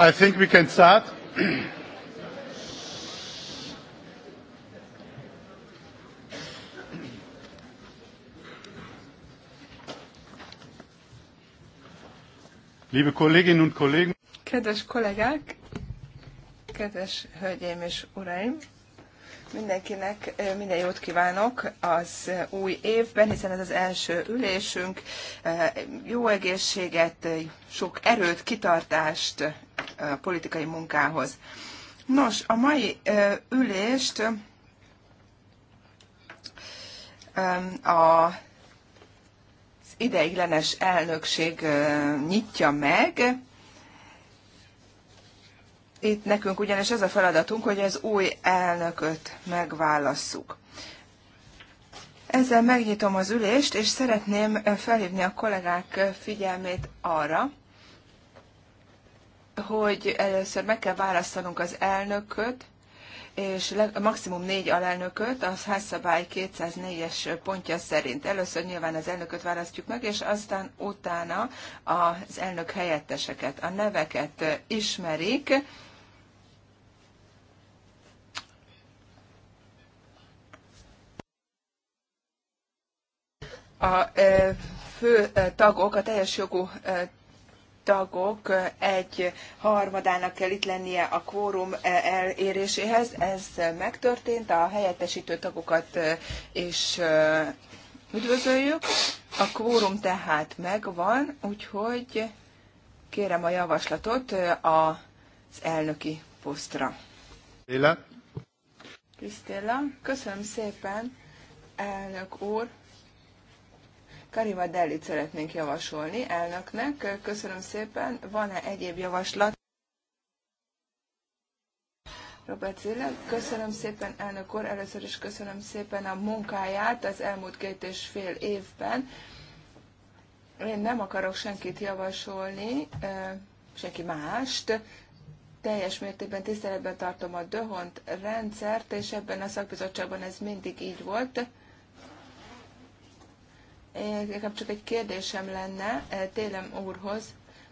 I think we can start. Liebe Kolleginnen und Kollegen. Kedves kollégák, kedves hölgyeim és uraim, mindenkinek minden jót kívánok az új évben, hiszen ez az első ülésünk. Jó egészséget, sok erőt, kitartást politikai munkához. Nos, a mai ülést a ideiglenes elnökség nyitja meg. Itt nekünk ugyanis ez a feladatunk, hogy az új elnököt megválasszuk. Ezzel megnyitom az ülést, és szeretném felhívni a kollégák figyelmét arra, hogy először meg kell választanunk az elnököt, és maximum négy alelnököt, az házszabály 204-es pontja szerint. Először nyilván az elnököt választjuk meg, és aztán utána az elnök helyetteseket, a neveket ismerik. A fő tagok, a teljes jogú tagok egy harmadának kell itt lennie a kvórum eléréséhez. Ez megtörtént, a helyettesítő tagokat eh, is eh, üdvözöljük. A kvórum tehát megvan, úgyhogy kérem a javaslatot eh, az elnöki posztra. Léla. Krisztéla, köszönöm szépen, elnök úr. Karima Dellit szeretnénk javasolni elnöknek. Köszönöm szépen. Van-e egyéb javaslat? Robert Zille, köszönöm szépen, elnök úr, először is köszönöm szépen a munkáját az elmúlt két és fél évben. Én nem akarok senkit javasolni, senki mást, teljes mértékben tiszteletben tartom a Döhont rendszert, és ebben a szakbizottságban ez mindig így volt. Nekem csak egy kérdésem lenne eh, Télem úrhoz,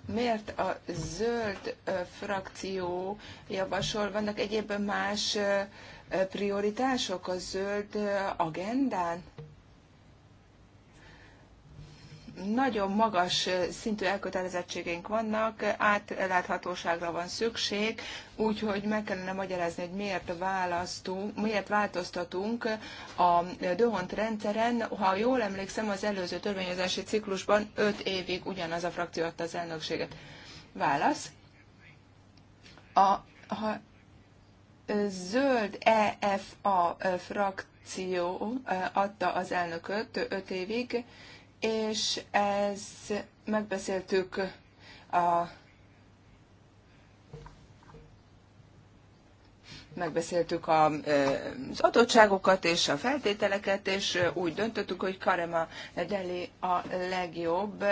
miért a zöld eh, frakció javasol, vannak egyéb más eh, prioritások a zöld agendán? nagyon magas szintű elkötelezettségeink vannak, átláthatóságra van szükség, úgyhogy meg kellene magyarázni, hogy miért választunk, miért változtatunk a Dohont rendszeren. Ha jól emlékszem, az előző törvényezési ciklusban 5 évig ugyanaz a frakció adta az elnökséget. Válasz. A, ha, zöld EFA frakció adta az elnököt 5 évig, és ez megbeszéltük a megbeszéltük a, az adottságokat és a feltételeket, és úgy döntöttük, hogy Karema Deli a legjobb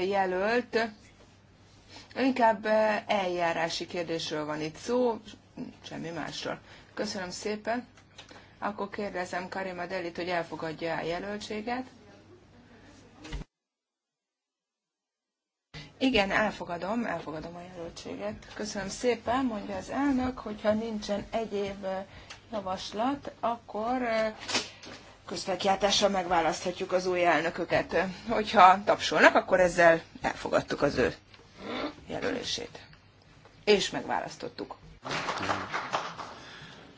jelölt. Inkább eljárási kérdésről van itt szó, semmi másról. Köszönöm szépen. Akkor kérdezem Karima Delit, hogy elfogadja a jelöltséget. Igen, elfogadom, elfogadom a jelöltséget. Köszönöm szépen, mondja az elnök, hogyha nincsen egyéb javaslat, akkor közfelkiáltással megválaszthatjuk az új elnököket. Hogyha tapsolnak, akkor ezzel elfogadtuk az ő jelölését. És megválasztottuk.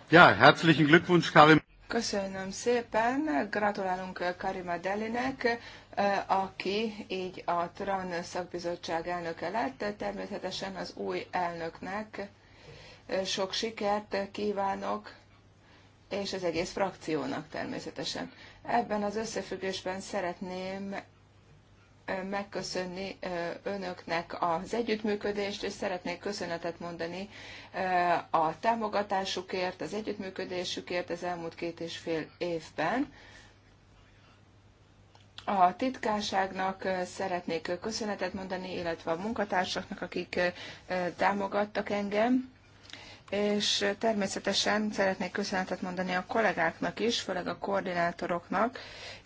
Ja, herzlichen Glückwunsch, Karim. Köszönöm szépen, gratulálunk eh, Karima Delinek, eh, aki így a TRAN szakbizottság elnöke lett, természetesen az új elnöknek eh, sok sikert kívánok, és az egész frakciónak természetesen. Ebben az összefüggésben szeretném megköszönni önöknek az együttműködést, és szeretnék köszönetet mondani a támogatásukért, az együttműködésükért az elmúlt két és fél évben. A titkárságnak szeretnék köszönetet mondani, illetve a munkatársaknak, akik támogattak engem és természetesen szeretnék köszönetet mondani a kollégáknak is, főleg a koordinátoroknak,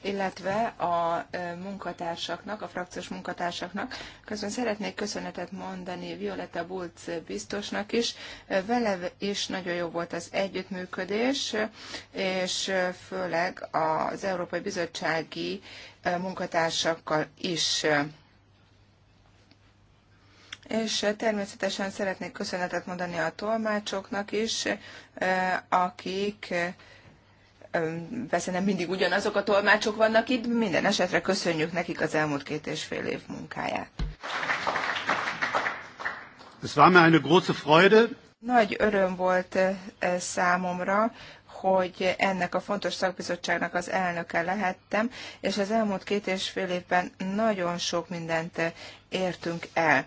illetve a munkatársaknak, a frakciós munkatársaknak. Közben szeretnék köszönetet mondani Violetta Bulc biztosnak is. Vele is nagyon jó volt az együttműködés, és főleg az Európai Bizottsági munkatársakkal is és természetesen szeretnék köszönetet mondani a tolmácsoknak is, eh, akik eh, persze nem mindig ugyanazok a tolmácsok vannak itt, minden esetre köszönjük nekik az elmúlt két és fél év munkáját. Es war mir eine große Freude. Nagy öröm volt eh, számomra, hogy ennek a fontos szakbizottságnak az elnöke lehettem, és az elmúlt két és fél évben nagyon sok mindent értünk el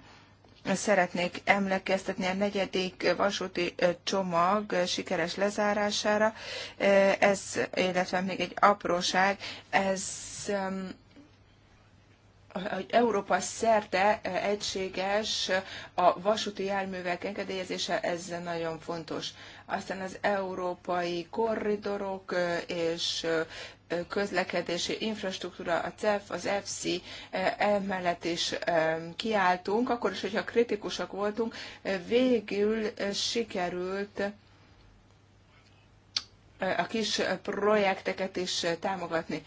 szeretnék emlékeztetni a negyedik vasúti csomag sikeres lezárására. Ez, illetve még egy apróság, ez hogy Európa szerte eh, egységes a vasúti járművek engedélyezése, ez nagyon fontos. Aztán az európai korridorok eh, és eh, közlekedési infrastruktúra, a CEF, az FC emellett is kiálltunk, akkor is, hogyha kritikusak voltunk, végül sikerült a kis projekteket is támogatni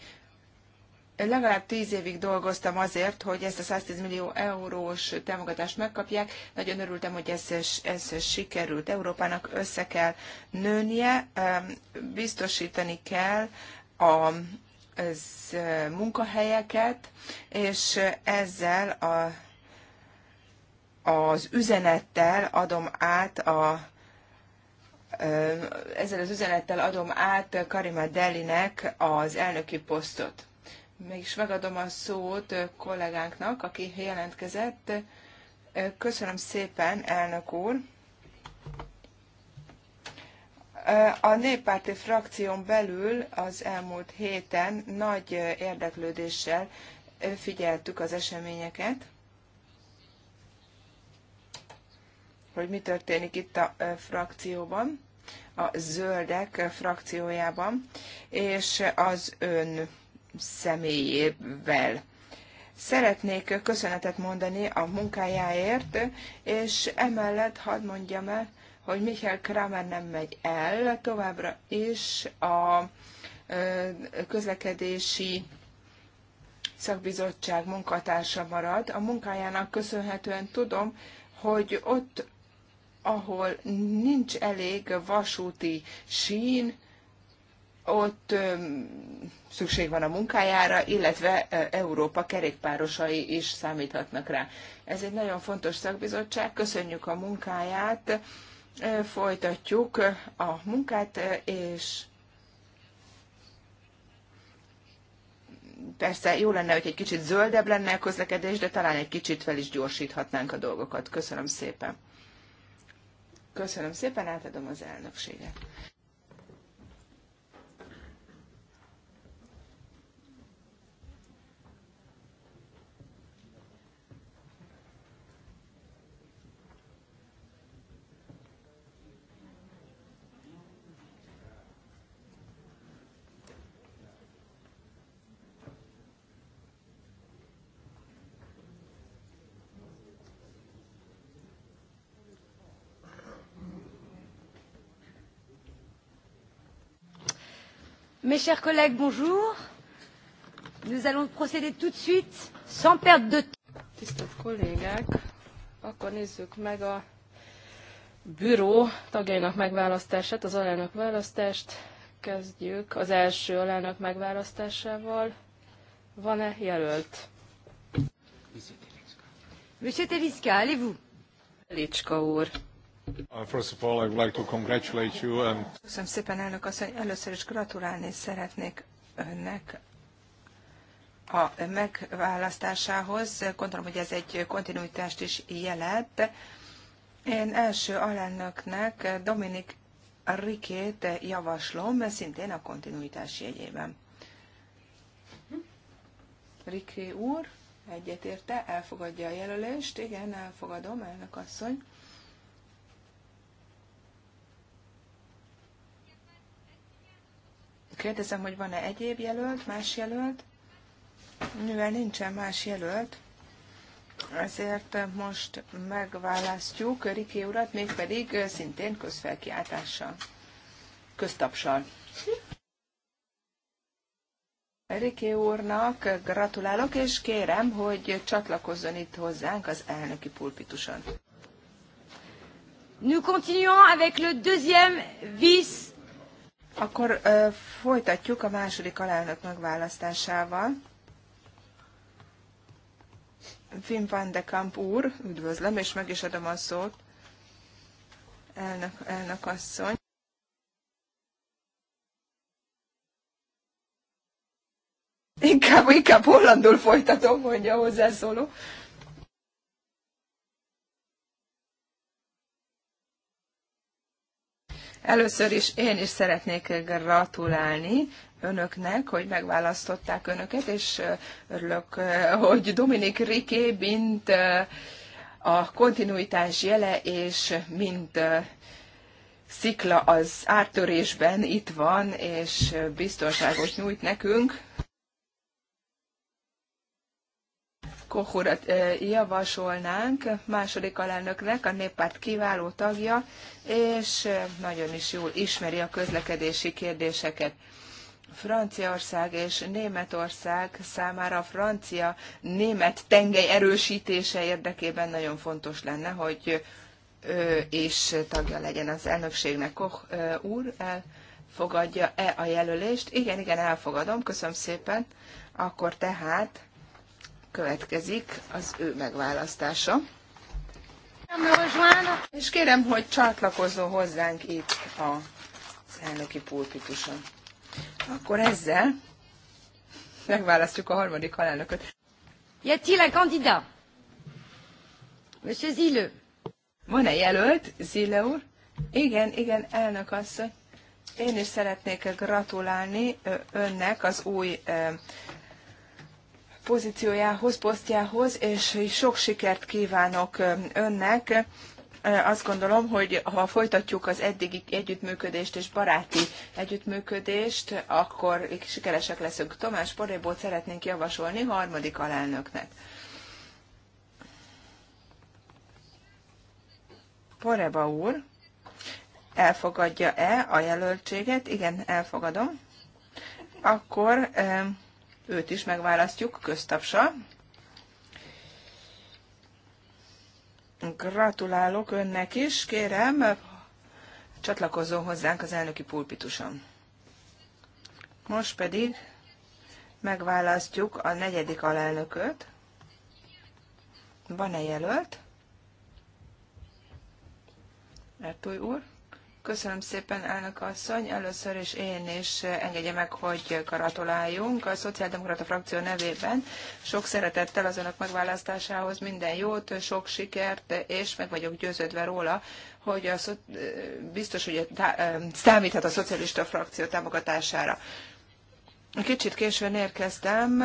legalább tíz évig dolgoztam azért, hogy ezt a 110 millió eurós támogatást megkapják. Nagyon örültem, hogy ez, ez sikerült. Európának össze kell nőnie, biztosítani kell a ez munkahelyeket, és ezzel a, az üzenettel adom át a ezzel az üzenettel adom át Karima Delinek az elnöki posztot is megadom a szót kollégánknak, aki jelentkezett. Köszönöm szépen, elnök úr! A néppárti frakción belül az elmúlt héten nagy érdeklődéssel figyeltük az eseményeket, hogy mi történik itt a frakcióban, a zöldek frakciójában, és az ön személyével. Szeretnék köszönetet mondani a munkájáért, és emellett hadd mondjam el, hogy Michael Kramer nem megy el, továbbra is a közlekedési szakbizottság munkatársa marad. A munkájának köszönhetően tudom, hogy ott, ahol nincs elég vasúti sín, ott szükség van a munkájára, illetve Európa kerékpárosai is számíthatnak rá. Ez egy nagyon fontos szakbizottság, köszönjük a munkáját, folytatjuk a munkát, és persze jó lenne, hogy egy kicsit zöldebb lenne a közlekedés, de talán egy kicsit fel is gyorsíthatnánk a dolgokat. Köszönöm szépen. Köszönöm szépen, átadom az elnökséget. Mes chers collègues, bonjour. Nous allons procéder tout de suite, sans perdre de temps. Tisztelt kollégák, akkor nézzük meg a büró tagjainak megválasztását, az alelnök választást. Kezdjük az első alelnök megválasztásával. Van-e jelölt? Monsieur Teliska, allez-vous? Teliska úr. Köszönöm szépen, elnök asszony. Először is gratulálni szeretnék önnek a megválasztásához. Gondolom, hogy ez egy kontinuitást is jelent. Én első alelnöknek Dominik Rikét javaslom, szintén a kontinuitás jegyében. Riké úr, egyetérte, elfogadja a jelölést. Igen, elfogadom, elnök asszony. Kérdezem, hogy van-e egyéb jelölt, más jelölt? Mivel nincsen más jelölt, ezért most megválasztjuk Riki urat, mégpedig szintén közfelkiáltással, köztapsal. Riki úrnak gratulálok, és kérem, hogy csatlakozzon itt hozzánk az elnöki pulpituson. Nous continuons avec le deuxième vice akkor ö, folytatjuk a második alelnök megválasztásával. Wim van de Kamp úr, üdvözlöm, és meg is adom a szót. Elnök, elnök asszony. Inkább, inkább hollandul folytatom, mondja a hozzászóló. Először is én is szeretnék gratulálni önöknek, hogy megválasztották önöket, és örülök, hogy Dominik Riké, mint a kontinuitás jele, és mint szikla az ártörésben itt van, és biztonságot nyújt nekünk. Kohorat eh, javasolnánk második alelnöknek, a néppárt kiváló tagja, és eh, nagyon is jól ismeri a közlekedési kérdéseket. Franciaország és Németország számára a francia-német tengely erősítése érdekében nagyon fontos lenne, hogy eh, ő is tagja legyen az elnökségnek. Koch úr elfogadja-e a jelölést? Igen, igen, elfogadom, köszönöm szépen. Akkor tehát következik az ő megválasztása. És kérem, hogy csatlakozzon hozzánk itt a elnöki pulpituson. Akkor ezzel megválasztjuk a harmadik halálnököt. Y a-t-il un candidat? Monsieur Zille. Van-e jelölt, Zille úr? Igen, igen, elnök asszony. Én is szeretnék gratulálni önnek az új pozíciójához, posztjához, és sok sikert kívánok um, önnek. Uh, azt gondolom, hogy ha folytatjuk az eddigi együttműködést és baráti együttműködést, akkor sikeresek leszünk. Tomás Porébót szeretnénk javasolni harmadik alelnöknek. Poreba úr, elfogadja-e a jelöltséget? Igen, elfogadom. Akkor um, őt is megválasztjuk köztapsa. Gratulálok önnek is, kérem, csatlakozzon hozzánk az elnöki pulpituson. Most pedig megválasztjuk a negyedik alelnököt. Van-e jelölt? Ertúj úr? Köszönöm szépen, elnök asszony. Először is én is engedje meg, hogy gratuláljunk a Szociáldemokrata frakció nevében. Sok szeretettel az önök megválasztásához minden jót, sok sikert, és meg vagyok győződve róla, hogy a, biztos, hogy számíthat a szocialista frakció támogatására. Kicsit későn érkeztem,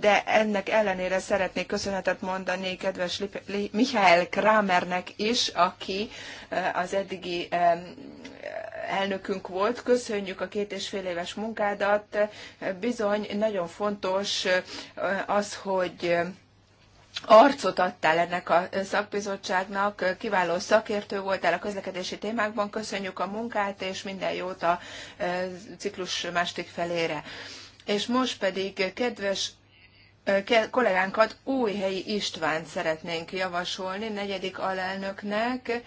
de ennek ellenére szeretnék köszönetet mondani kedves Mihály Kramernek is, aki az eddigi elnökünk volt. Köszönjük a két és fél éves munkádat. Bizony nagyon fontos az, hogy arcot adtál ennek a szakbizottságnak, kiváló szakértő voltál a közlekedési témákban, köszönjük a munkát, és minden jót a e, ciklus másik felére. És most pedig, kedves e, kollégánkat Újhelyi Istvánt szeretnénk javasolni negyedik alelnöknek,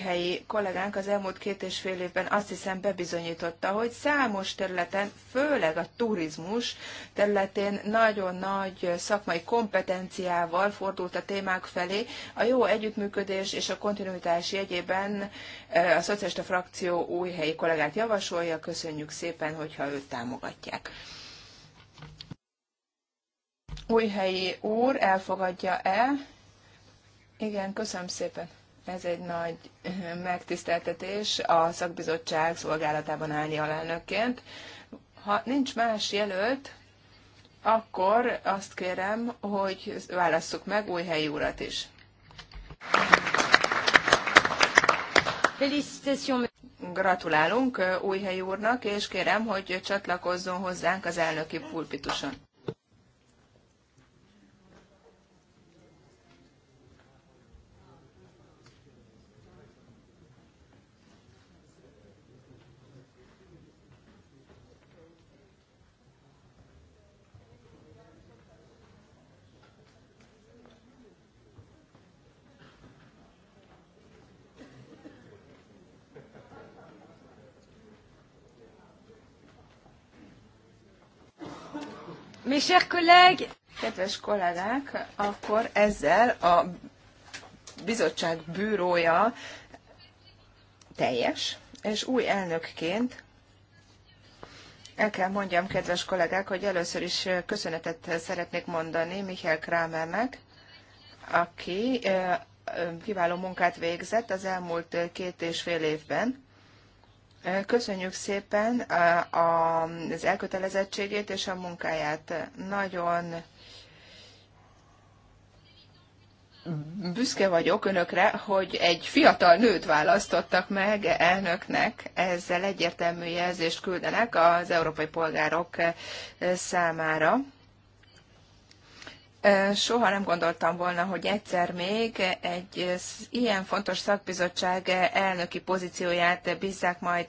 helyi kollégánk az elmúlt két és fél évben azt hiszem bebizonyította, hogy számos területen, főleg a turizmus területén nagyon nagy szakmai kompetenciával fordult a témák felé. A jó együttműködés és a kontinuitás jegyében eh, a szocialista frakció helyi kollégát javasolja. Köszönjük szépen, hogyha őt támogatják. Újhelyi úr elfogadja-e? Igen, köszönöm szépen. Ez egy nagy megtiszteltetés a szakbizottság szolgálatában állni alelnökként. Ha nincs más jelölt, akkor azt kérem, hogy válasszuk meg új helyi urat is. Gratulálunk új helyi úrnak, és kérem, hogy csatlakozzon hozzánk az elnöki pulpituson. Mes chers collègues! Kedves kollégák, akkor ezzel a bizottság bűrója teljes, és új elnökként el kell mondjam, kedves kollégák, hogy először is köszönetet szeretnék mondani Michael Kramernek, aki kiváló munkát végzett az elmúlt két és fél évben Köszönjük szépen az elkötelezettségét és a munkáját. Nagyon büszke vagyok önökre, hogy egy fiatal nőt választottak meg elnöknek, ezzel egyértelmű jelzést küldenek az európai polgárok számára. Soha nem gondoltam volna, hogy egyszer még egy ilyen fontos szakbizottság elnöki pozícióját bízzák majd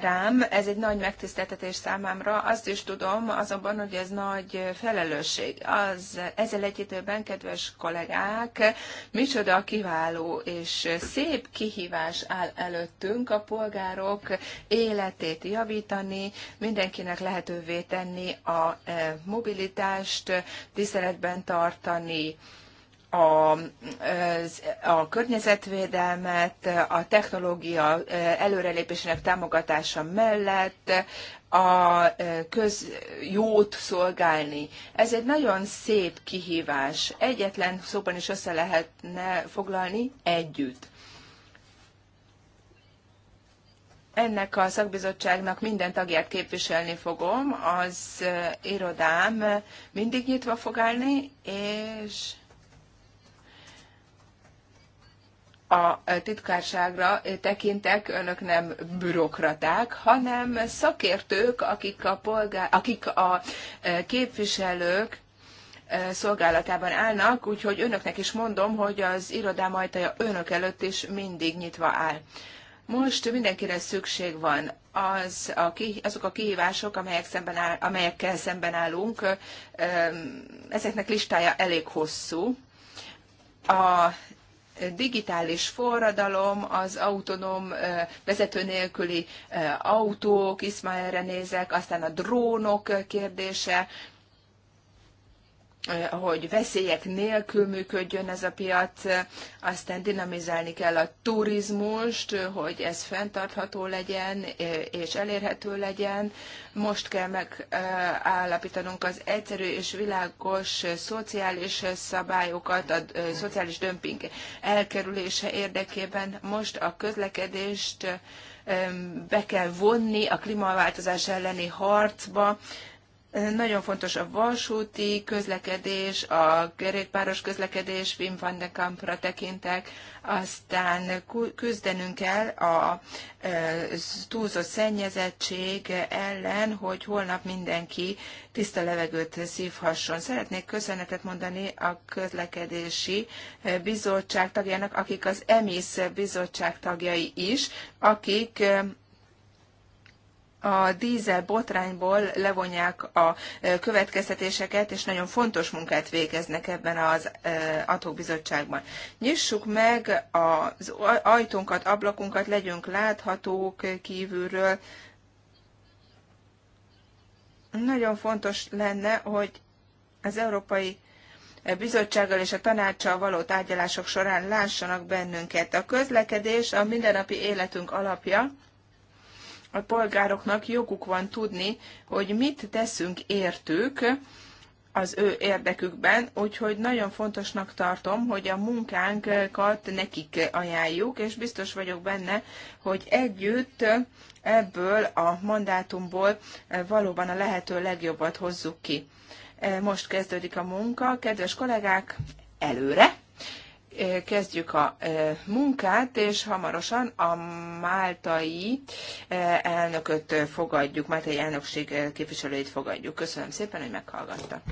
rám. Ez egy nagy megtiszteltetés számámra. Azt is tudom azonban, hogy ez nagy felelősség. Az, ezzel egy időben, kedves kollégák, micsoda kiváló és szép kihívás áll előttünk a polgárok életét javítani, mindenkinek lehetővé tenni a mobilitást, tiszteletben tiszteletben tartani a, a környezetvédelmet, a technológia előrelépésének támogatása mellett a közjót szolgálni. Ez egy nagyon szép kihívás. Egyetlen szóban is össze lehetne foglalni együtt. Ennek a szakbizottságnak minden tagját képviselni fogom, az irodám mindig nyitva fog állni, és a titkárságra tekintek, önök nem bürokraták, hanem szakértők, akik a, polgár, akik a képviselők szolgálatában állnak, úgyhogy önöknek is mondom, hogy az irodám ajtaja önök előtt is mindig nyitva áll. Most mindenkire szükség van az a ki, azok a kihívások, amelyek szemben áll, amelyekkel szemben állunk. Ezeknek listája elég hosszú. A digitális forradalom, az autonóm vezető nélküli autók, Ismaelre nézek, aztán a drónok kérdése, hogy veszélyek nélkül működjön ez a piac, aztán dinamizálni kell a turizmust, hogy ez fenntartható legyen és elérhető legyen. Most kell megállapítanunk az egyszerű és világos szociális szabályokat, a szociális dömping elkerülése érdekében. Most a közlekedést be kell vonni a klímaváltozás elleni harcba, nagyon fontos a vasúti közlekedés, a kerékpáros közlekedés, Wim van de Kampra tekintek, aztán küzdenünk kell a e, túlzott szennyezettség ellen, hogy holnap mindenki tiszta levegőt szívhasson. Szeretnék köszönetet mondani a közlekedési e, bizottság tagjának, akik az EMIS bizottság tagjai is, akik e, a dízel botrányból levonják a következtetéseket, és nagyon fontos munkát végeznek ebben az atóbizottságban. Nyissuk meg az ajtónkat, ablakunkat, legyünk láthatók kívülről. Nagyon fontos lenne, hogy az Európai bizottsággal és a tanácssal való tárgyalások során lássanak bennünket. A közlekedés a mindennapi életünk alapja, a polgároknak joguk van tudni, hogy mit teszünk értük az ő érdekükben, úgyhogy nagyon fontosnak tartom, hogy a munkánkat nekik ajánljuk, és biztos vagyok benne, hogy együtt ebből a mandátumból valóban a lehető legjobbat hozzuk ki. Most kezdődik a munka. Kedves kollégák, előre! kezdjük a munkát, és hamarosan a máltai elnököt fogadjuk, máltai elnökség képviselőit fogadjuk. Köszönöm szépen, hogy meghallgattak.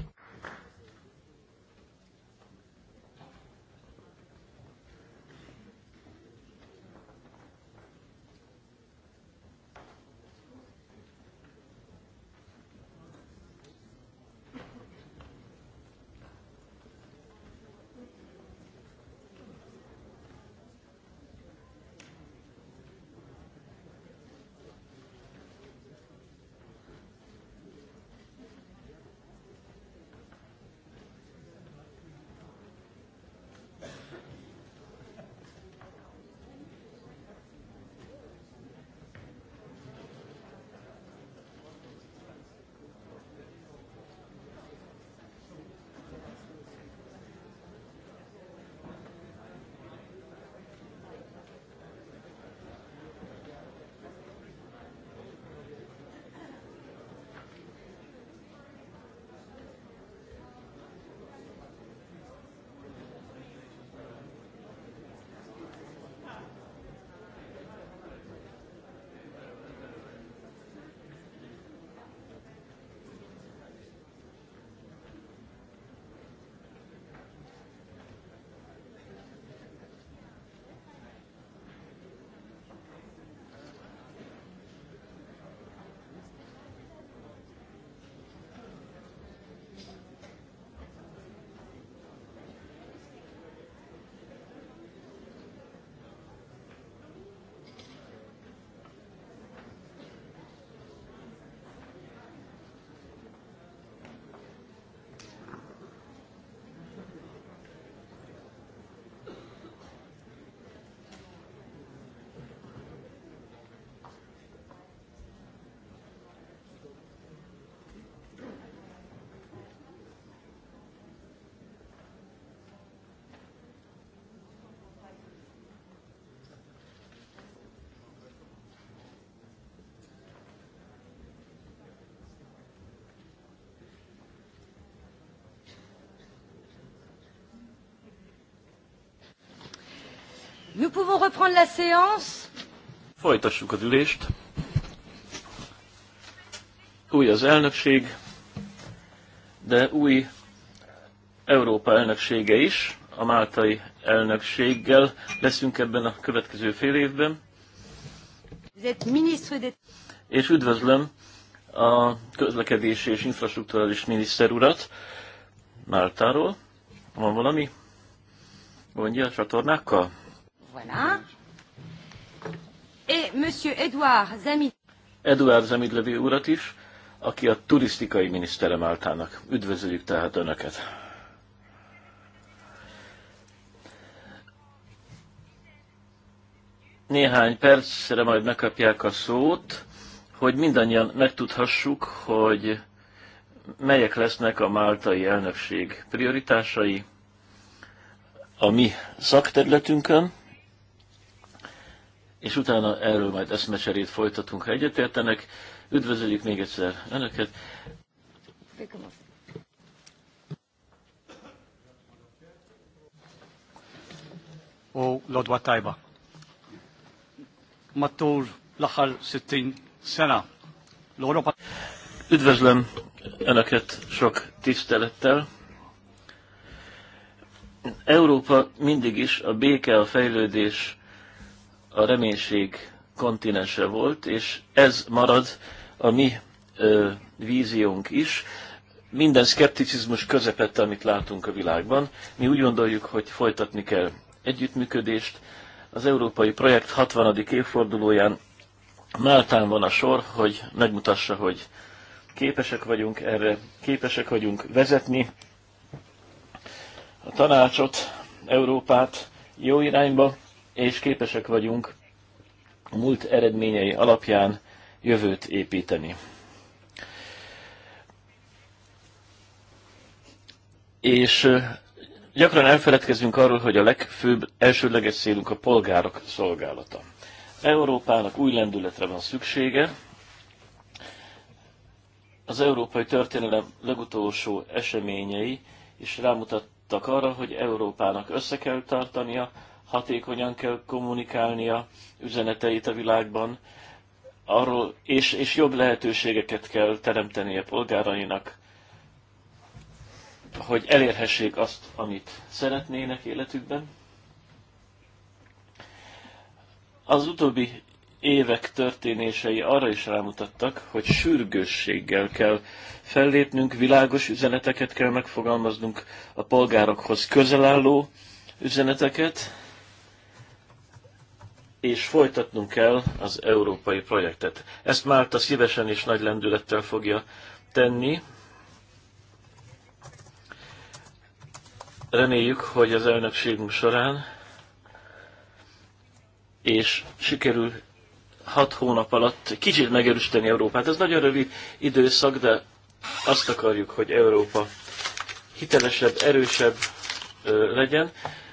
Nous pouvons reprendre la séance. Folytassuk az ülést. Új az elnökség, de új Európa elnöksége is. A máltai elnökséggel leszünk ebben a következő fél évben. És üdvözlöm a közlekedési és infrastruktúrális miniszter urat Máltáról. Van valami? Mondja a csatornákkal? Monsieur Edouard Zamit. urat is, aki a turisztikai minisztere Máltának. Üdvözöljük tehát Önöket! Néhány percre majd megkapják a szót, hogy mindannyian megtudhassuk, hogy melyek lesznek a máltai elnökség prioritásai a mi szakterületünkön, és utána erről majd eszmecserét folytatunk, ha egyetértenek. Üdvözöljük még egyszer Önöket! Ó, Lodva Tájba! Matur Lahal Sütin Sena. Üdvözlöm Önöket sok tisztelettel! Európa mindig is a béke, a fejlődés, a reménység kontinense volt, és ez marad a mi ö, víziónk is. Minden szkepticizmus közepette, amit látunk a világban. Mi úgy gondoljuk, hogy folytatni kell együttműködést. Az európai projekt 60. évfordulóján Máltán van a sor, hogy megmutassa, hogy képesek vagyunk erre, képesek vagyunk vezetni a tanácsot, Európát jó irányba, és képesek vagyunk a múlt eredményei alapján jövőt építeni. És gyakran elfeledkezünk arról, hogy a legfőbb elsődleges célunk a polgárok szolgálata. Európának új lendületre van szüksége. Az európai történelem legutolsó eseményei is rámutattak arra, hogy Európának össze kell tartania, hatékonyan kell kommunikálnia üzeneteit a világban, arról, és, és jobb lehetőségeket kell teremtenie a polgárainak, hogy elérhessék azt, amit szeretnének életükben. Az utóbbi évek történései arra is rámutattak, hogy sürgősséggel kell fellépnünk, világos üzeneteket kell megfogalmaznunk a polgárokhoz közel álló üzeneteket, és folytatnunk kell az európai projektet. Ezt Márta szívesen és nagy lendülettel fogja tenni. Reméljük, hogy az elnökségünk során és sikerül hat hónap alatt kicsit megerősíteni Európát. Ez nagyon rövid időszak, de azt akarjuk, hogy Európa hitelesebb, erősebb legyen.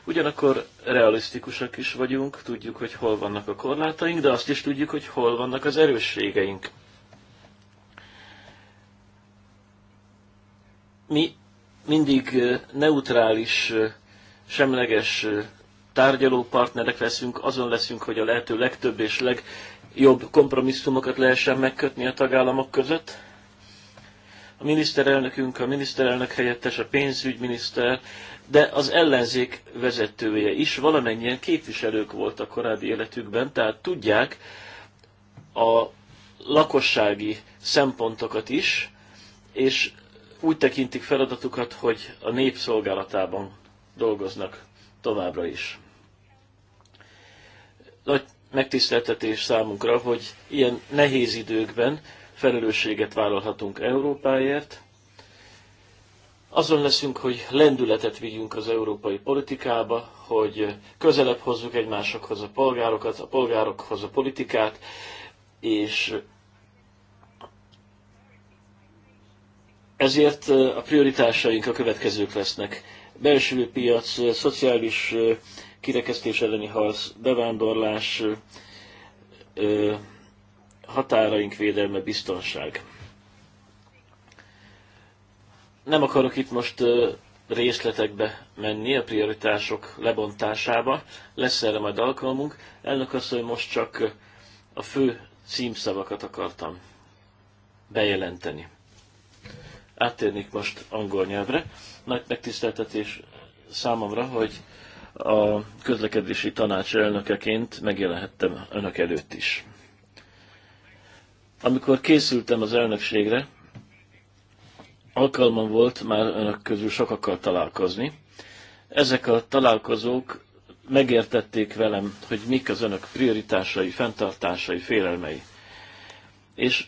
Ugyanakkor realisztikusak is vagyunk, tudjuk, hogy hol vannak a korlátaink, de azt is tudjuk, hogy hol vannak az erősségeink. Mi mindig neutrális, semleges tárgyaló partnerek leszünk, azon leszünk, hogy a lehető legtöbb és legjobb kompromisszumokat lehessen megkötni a tagállamok között. A miniszterelnökünk, a miniszterelnök helyettes, a pénzügyminiszter, de az ellenzék vezetője is valamennyien képviselők voltak korábbi életükben, tehát tudják a lakossági szempontokat is, és úgy tekintik feladatukat, hogy a nép szolgálatában dolgoznak továbbra is. Nagy megtiszteltetés számunkra, hogy ilyen nehéz időkben felelősséget vállalhatunk Európáért, azon leszünk, hogy lendületet vigyünk az európai politikába, hogy közelebb hozzuk egymásokhoz a polgárokat, a polgárokhoz a politikát, és ezért a prioritásaink a következők lesznek. Belső piac, szociális kirekesztés elleni harc, bevándorlás, határaink védelme, biztonság. Nem akarok itt most részletekbe menni, a prioritások lebontásába. Lesz erre majd alkalmunk. Elnök asszony, most csak a fő címszavakat akartam bejelenteni. Áttérnék most angol nyelvre. Nagy megtiszteltetés számomra, hogy a közlekedési tanács elnökeként megjelenhettem önök előtt is. Amikor készültem az elnökségre, alkalmam volt már önök közül sokakkal találkozni. Ezek a találkozók megértették velem, hogy mik az önök prioritásai, fenntartásai, félelmei. És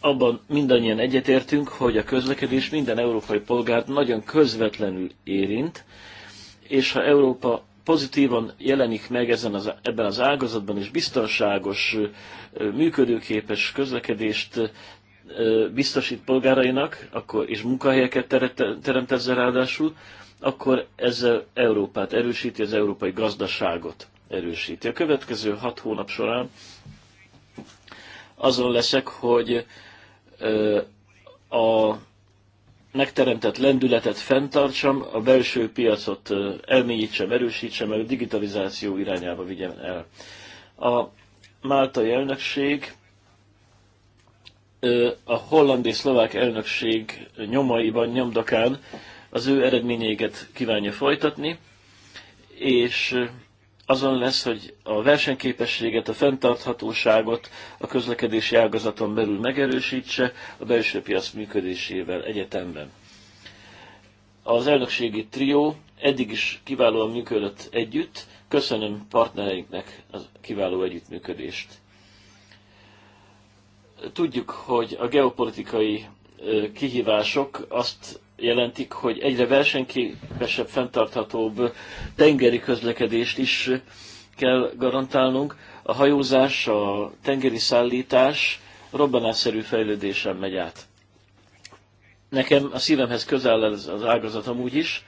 abban mindannyian egyetértünk, hogy a közlekedés minden európai polgárt nagyon közvetlenül érint, és ha Európa pozitívan jelenik meg ezen az, ebben az ágazatban, és biztonságos, működőképes közlekedést biztosít polgárainak, akkor, és munkahelyeket teremt ezzel ráadásul, akkor ezzel Európát erősíti, az európai gazdaságot erősíti. A következő hat hónap során azon leszek, hogy a megteremtett lendületet fenntartsam, a belső piacot elmélyítsem, erősítsem, el a digitalizáció irányába vigyem el. A máltai elnökség a holland és szlovák elnökség nyomaiban, nyomdokán az ő eredményeiket kívánja folytatni, és azon lesz, hogy a versenyképességet, a fenntarthatóságot a közlekedési ágazaton belül megerősítse a belső piac működésével egyetemben. Az elnökségi trió eddig is kiválóan működött együtt. Köszönöm partnereinknek a kiváló együttműködést. Tudjuk, hogy a geopolitikai kihívások azt jelentik, hogy egyre versenyképesebb, fenntarthatóbb tengeri közlekedést is kell garantálnunk. A hajózás, a tengeri szállítás robbanásszerű fejlődésen megy át. Nekem a szívemhez közel ez az ágazat amúgy is,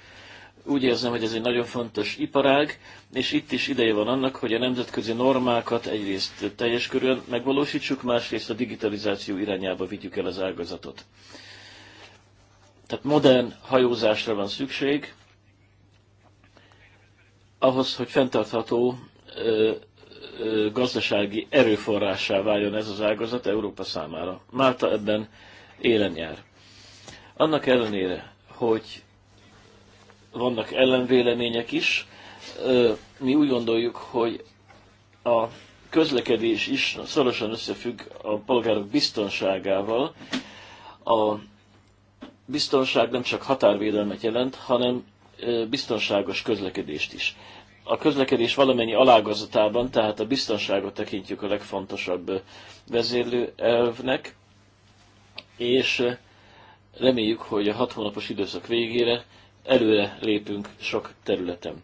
úgy érzem, hogy ez egy nagyon fontos iparág, és itt is ideje van annak, hogy a nemzetközi normákat egyrészt teljes körűen megvalósítsuk, másrészt a digitalizáció irányába vigyük el az ágazatot. Tehát modern hajózásra van szükség, ahhoz, hogy fenntartható ö, ö, gazdasági erőforrássá váljon ez az ágazat Európa számára. Málta ebben élen jár. Annak ellenére, hogy vannak ellenvélemények is. Mi úgy gondoljuk, hogy a közlekedés is szorosan összefügg a polgárok biztonságával. A biztonság nem csak határvédelmet jelent, hanem biztonságos közlekedést is. A közlekedés valamennyi alágazatában, tehát a biztonságot tekintjük a legfontosabb vezérlő elvnek, és reméljük, hogy a hat hónapos időszak végére előre lépünk sok területen.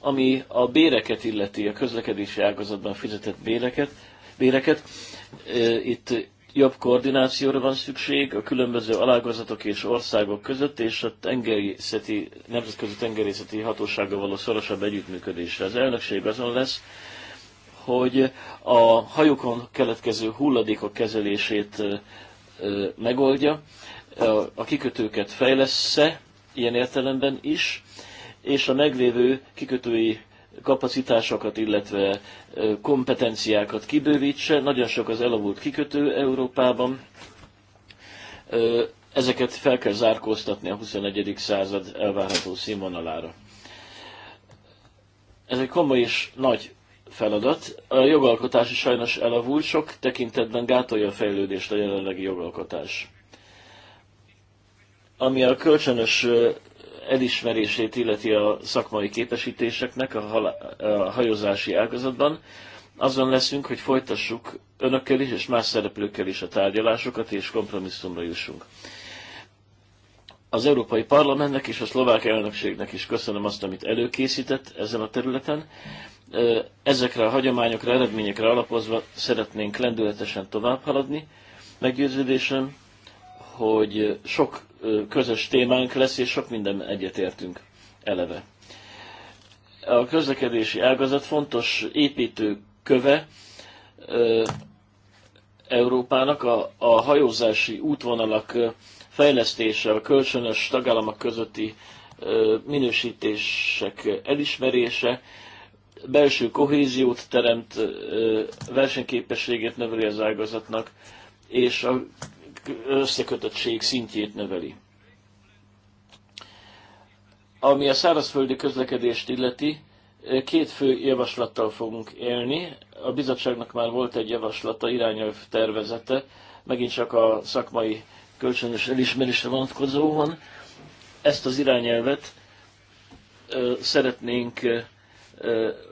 Ami a béreket illeti, a közlekedési ágazatban fizetett béreket, béreket itt jobb koordinációra van szükség a különböző alágazatok és országok között, és a tengerészeti, nemzetközi tengerészeti hatósággal való szorosabb együttműködésre. Az elnökség azon lesz, hogy a hajókon keletkező hulladékok kezelését megoldja, a kikötőket fejlesz ilyen értelemben is, és a meglévő kikötői kapacitásokat, illetve kompetenciákat kibővítse. Nagyon sok az elavult kikötő Európában. Ezeket fel kell zárkóztatni a 21. század elvárható színvonalára. Ez egy komoly és nagy feladat. A jogalkotás is sajnos elavult, sok tekintetben gátolja a fejlődést a jelenlegi jogalkotás. Ami a kölcsönös elismerését illeti a szakmai képesítéseknek a, halá- a hajózási ágazatban, azon leszünk, hogy folytassuk önökkel is, és más szereplőkkel is a tárgyalásokat, és kompromisszumra jussunk. Az Európai Parlamentnek és a szlovák elnökségnek is köszönöm azt, amit előkészített ezen a területen. Ezekre a hagyományokra, eredményekre alapozva szeretnénk lendületesen tovább haladni. Meggyőződésem, hogy sok közös témánk lesz, és sok minden egyetértünk eleve. A közlekedési ágazat fontos építő köve Európának a, a hajózási útvonalak fejlesztése, a kölcsönös tagállamok közötti minősítések elismerése, belső kohéziót teremt, versenyképességet növeli az ágazatnak, és a összekötöttség szintjét növeli. Ami a szárazföldi közlekedést illeti, két fő javaslattal fogunk élni. A bizottságnak már volt egy javaslata, irányelv tervezete, megint csak a szakmai kölcsönös elismerésre vonatkozóan. Ezt az irányelvet szeretnénk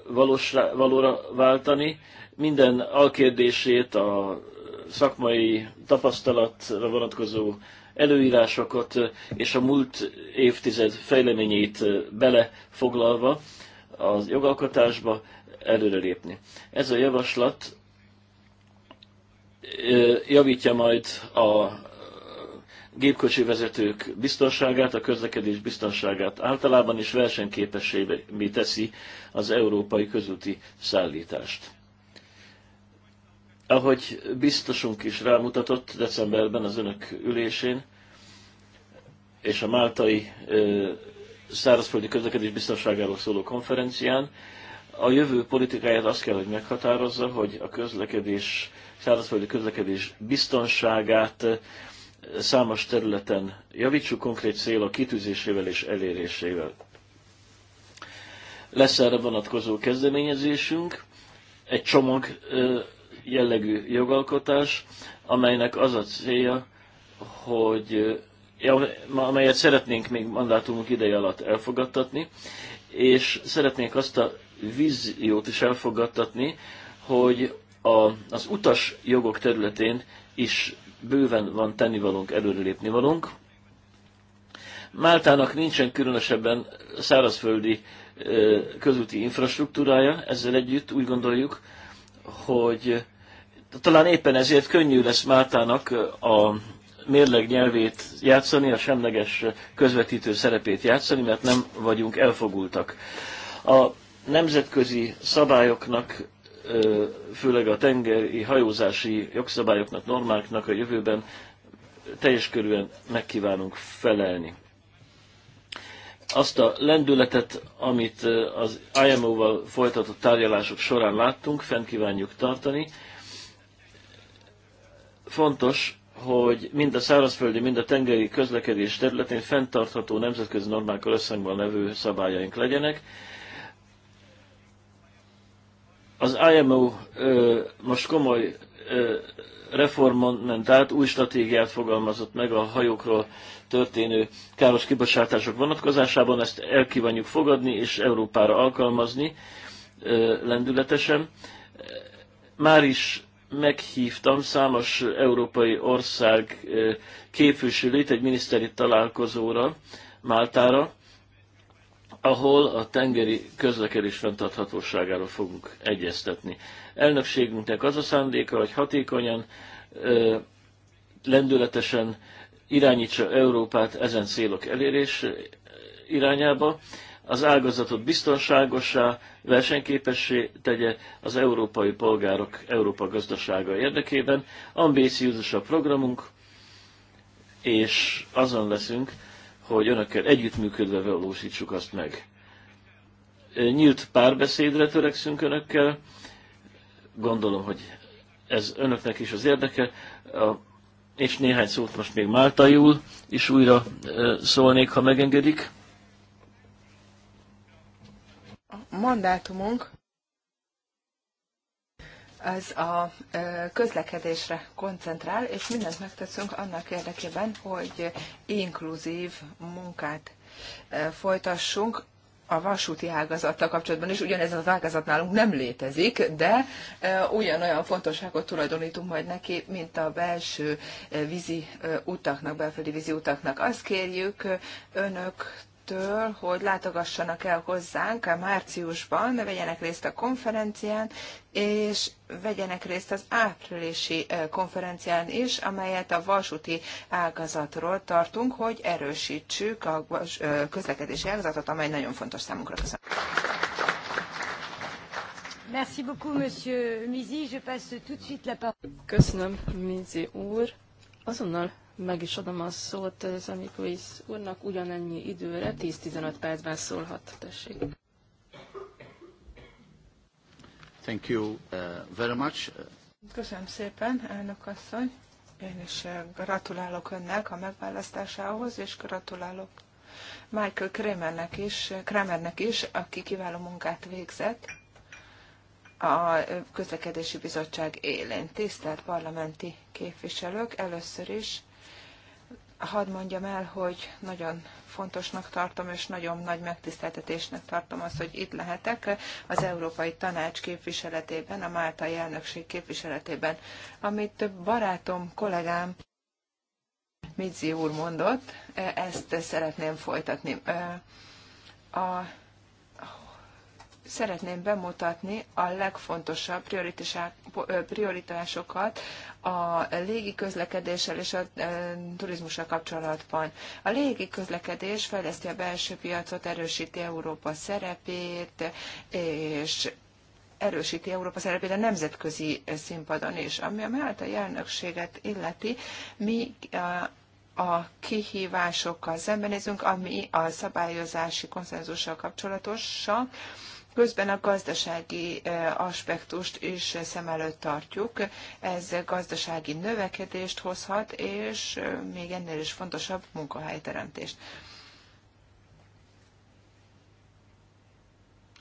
valósra, valóra váltani. Minden alkérdését, a szakmai tapasztalatra vonatkozó előírásokat és a múlt évtized fejleményét belefoglalva az jogalkotásba előrelépni. Ez a javaslat javítja majd a gépkocsi vezetők biztonságát, a közlekedés biztonságát általában, is versenyképessé teszi az európai közúti szállítást. Ahogy biztosunk is rámutatott decemberben az önök ülésén, és a máltai ö, szárazföldi közlekedés biztonságáról szóló konferencián, a jövő politikáját azt kell, hogy meghatározza, hogy a közlekedés, szárazföldi közlekedés biztonságát számos területen javítsuk konkrét cél a kitűzésével és elérésével. Lesz erre vonatkozó kezdeményezésünk, egy csomag jellegű jogalkotás, amelynek az a célja, hogy amelyet szeretnénk még mandátumunk ideje alatt elfogadtatni, és szeretnénk azt a víziót is elfogadtatni, hogy a, az utas jogok területén is bőven van tennivalónk, előrelépni valónk. Máltának nincsen különösebben szárazföldi közúti infrastruktúrája, ezzel együtt úgy gondoljuk, hogy talán éppen ezért könnyű lesz Máltának a mérleg nyelvét játszani, a semleges közvetítő szerepét játszani, mert nem vagyunk elfogultak. A nemzetközi szabályoknak, főleg a tengeri hajózási jogszabályoknak, normáknak a jövőben teljes körülön megkívánunk felelni. Azt a lendületet, amit az IMO-val folytatott tárgyalások során láttunk, fent kívánjuk tartani, Fontos, hogy mind a szárazföldi, mind a tengeri közlekedés területén fenntartható nemzetközi normákkal összhangban levő szabályaink legyenek. Az IMO ö, most komoly ö, reformon ment át, új stratégiát fogalmazott meg a hajókról történő káros kibocsátások vonatkozásában, ezt elkívánjuk fogadni és Európára alkalmazni ö, lendületesen. Már is meghívtam számos európai ország képviselőit egy miniszteri találkozóra Máltára, ahol a tengeri közlekedés fenntarthatóságáról fogunk egyeztetni. Elnökségünknek az a szándéka, hogy hatékonyan, lendületesen irányítsa Európát ezen célok elérés irányába, az ágazatot biztonságosá, versenyképessé tegye az európai polgárok Európa gazdasága érdekében. Ambíciózus a programunk, és azon leszünk, hogy önökkel együttműködve valósítsuk azt meg. Nyílt párbeszédre törekszünk önökkel, gondolom, hogy ez önöknek is az érdeke, és néhány szót most még Máltaiul is újra szólnék, ha megengedik. mandátumunk az a közlekedésre koncentrál, és mindent megteszünk annak érdekében, hogy inkluzív munkát folytassunk a vasúti ágazattal kapcsolatban is. Ugyanez az ágazat nálunk nem létezik, de ugyanolyan fontosságot tulajdonítunk majd neki, mint a belső vízi utaknak, belföldi vízi utaknak. Azt kérjük önök től, hogy látogassanak el hozzánk a márciusban, vegyenek részt a konferencián, és vegyenek részt az áprilisi konferencián is, amelyet a vasúti ágazatról tartunk, hogy erősítsük a közlekedési ágazatot, amely nagyon fontos számunkra. Köszönöm. Merci beaucoup, monsieur Mizi. Je passe tout de suite la parole. Köszönöm, Mizi úr. Azonnal meg is adom a szót eh, Zemikovic úrnak ugyanennyi időre, 10-15 percben szólhat, tessék. Thank you eh, very much. Köszönöm szépen, elnök asszony. Én is eh, gratulálok önnek a megválasztásához, és gratulálok Michael Kramernek is, Kramernek is, aki kiváló munkát végzett a közlekedési bizottság élén. Tisztelt parlamenti képviselők, először is hadd mondjam el, hogy nagyon fontosnak tartom, és nagyon nagy megtiszteltetésnek tartom azt, hogy itt lehetek az Európai Tanács képviseletében, a Máltai elnökség képviseletében, amit több barátom, kollégám, Mizzi úr mondott, e, ezt szeretném folytatni. E, a szeretném bemutatni a legfontosabb prioritásokat a légi közlekedéssel és a turizmussal kapcsolatban. A légi közlekedés fejleszti a belső piacot, erősíti Európa szerepét, és erősíti Európa szerepét a nemzetközi színpadon is. Ami a Máltai jelnökséget illeti, mi a kihívásokkal szembenézünk, ami a szabályozási konszenzussal kapcsolatosak, Közben a gazdasági eh, aspektust is szem előtt tartjuk. Ez gazdasági növekedést hozhat, és eh, még ennél is fontosabb munkahelyteremtést.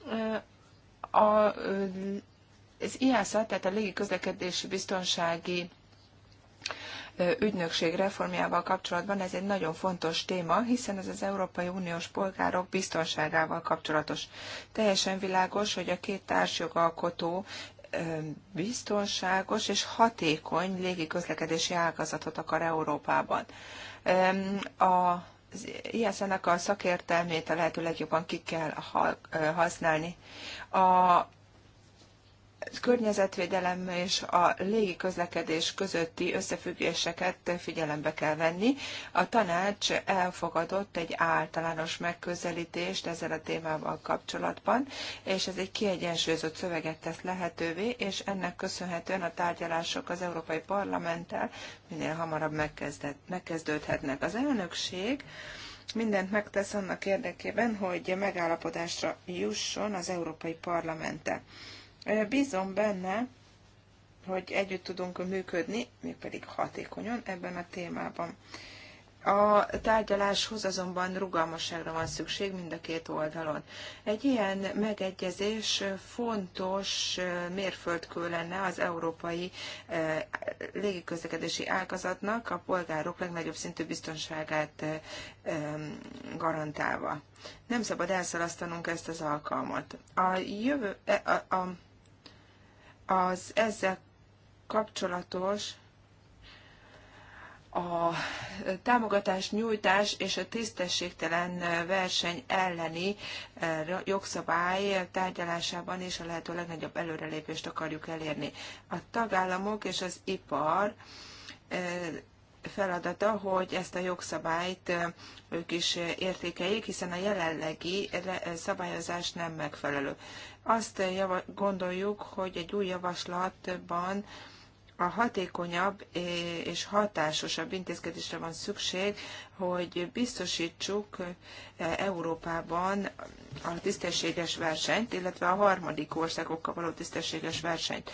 Eh, a, az IASA, tehát a közlekedési biztonsági ügynökség reformjával kapcsolatban ez egy nagyon fontos téma, hiszen ez az Európai Uniós polgárok biztonságával kapcsolatos. Teljesen világos, hogy a két társjogalkotó biztonságos és hatékony légiközlekedési ágazatot akar Európában. A az ISZ-nek a szakértelmét a lehető legjobban ki kell használni. A környezetvédelem és a légi közlekedés közötti összefüggéseket figyelembe kell venni. A tanács elfogadott egy általános megközelítést ezzel a témával kapcsolatban, és ez egy kiegyensúlyozott szöveget tesz lehetővé, és ennek köszönhetően a tárgyalások az Európai Parlamenttel minél hamarabb megkezdődhetnek. Az elnökség mindent megtesz annak érdekében, hogy megállapodásra jusson az Európai Parlamenttel. Bízom benne, hogy együtt tudunk működni, mégpedig hatékonyan ebben a témában. A tárgyaláshoz azonban rugalmasságra van szükség mind a két oldalon. Egy ilyen megegyezés fontos mérföldkő lenne az európai légiközlekedési ágazatnak a polgárok legnagyobb szintű biztonságát garantálva. Nem szabad elszalasztanunk ezt az alkalmat. A jövő, e, a, a, az ezzel kapcsolatos a támogatás nyújtás és a tisztességtelen verseny elleni eh, jogszabály tárgyalásában is a lehető legnagyobb előrelépést akarjuk elérni. A tagállamok és az ipar eh, feladata, hogy ezt a jogszabályt ők is értékeljék, hiszen a jelenlegi szabályozás nem megfelelő. Azt gondoljuk, hogy egy új javaslatban a hatékonyabb és hatásosabb intézkedésre van szükség, hogy biztosítsuk Európában a tisztességes versenyt, illetve a harmadik országokkal való tisztességes versenyt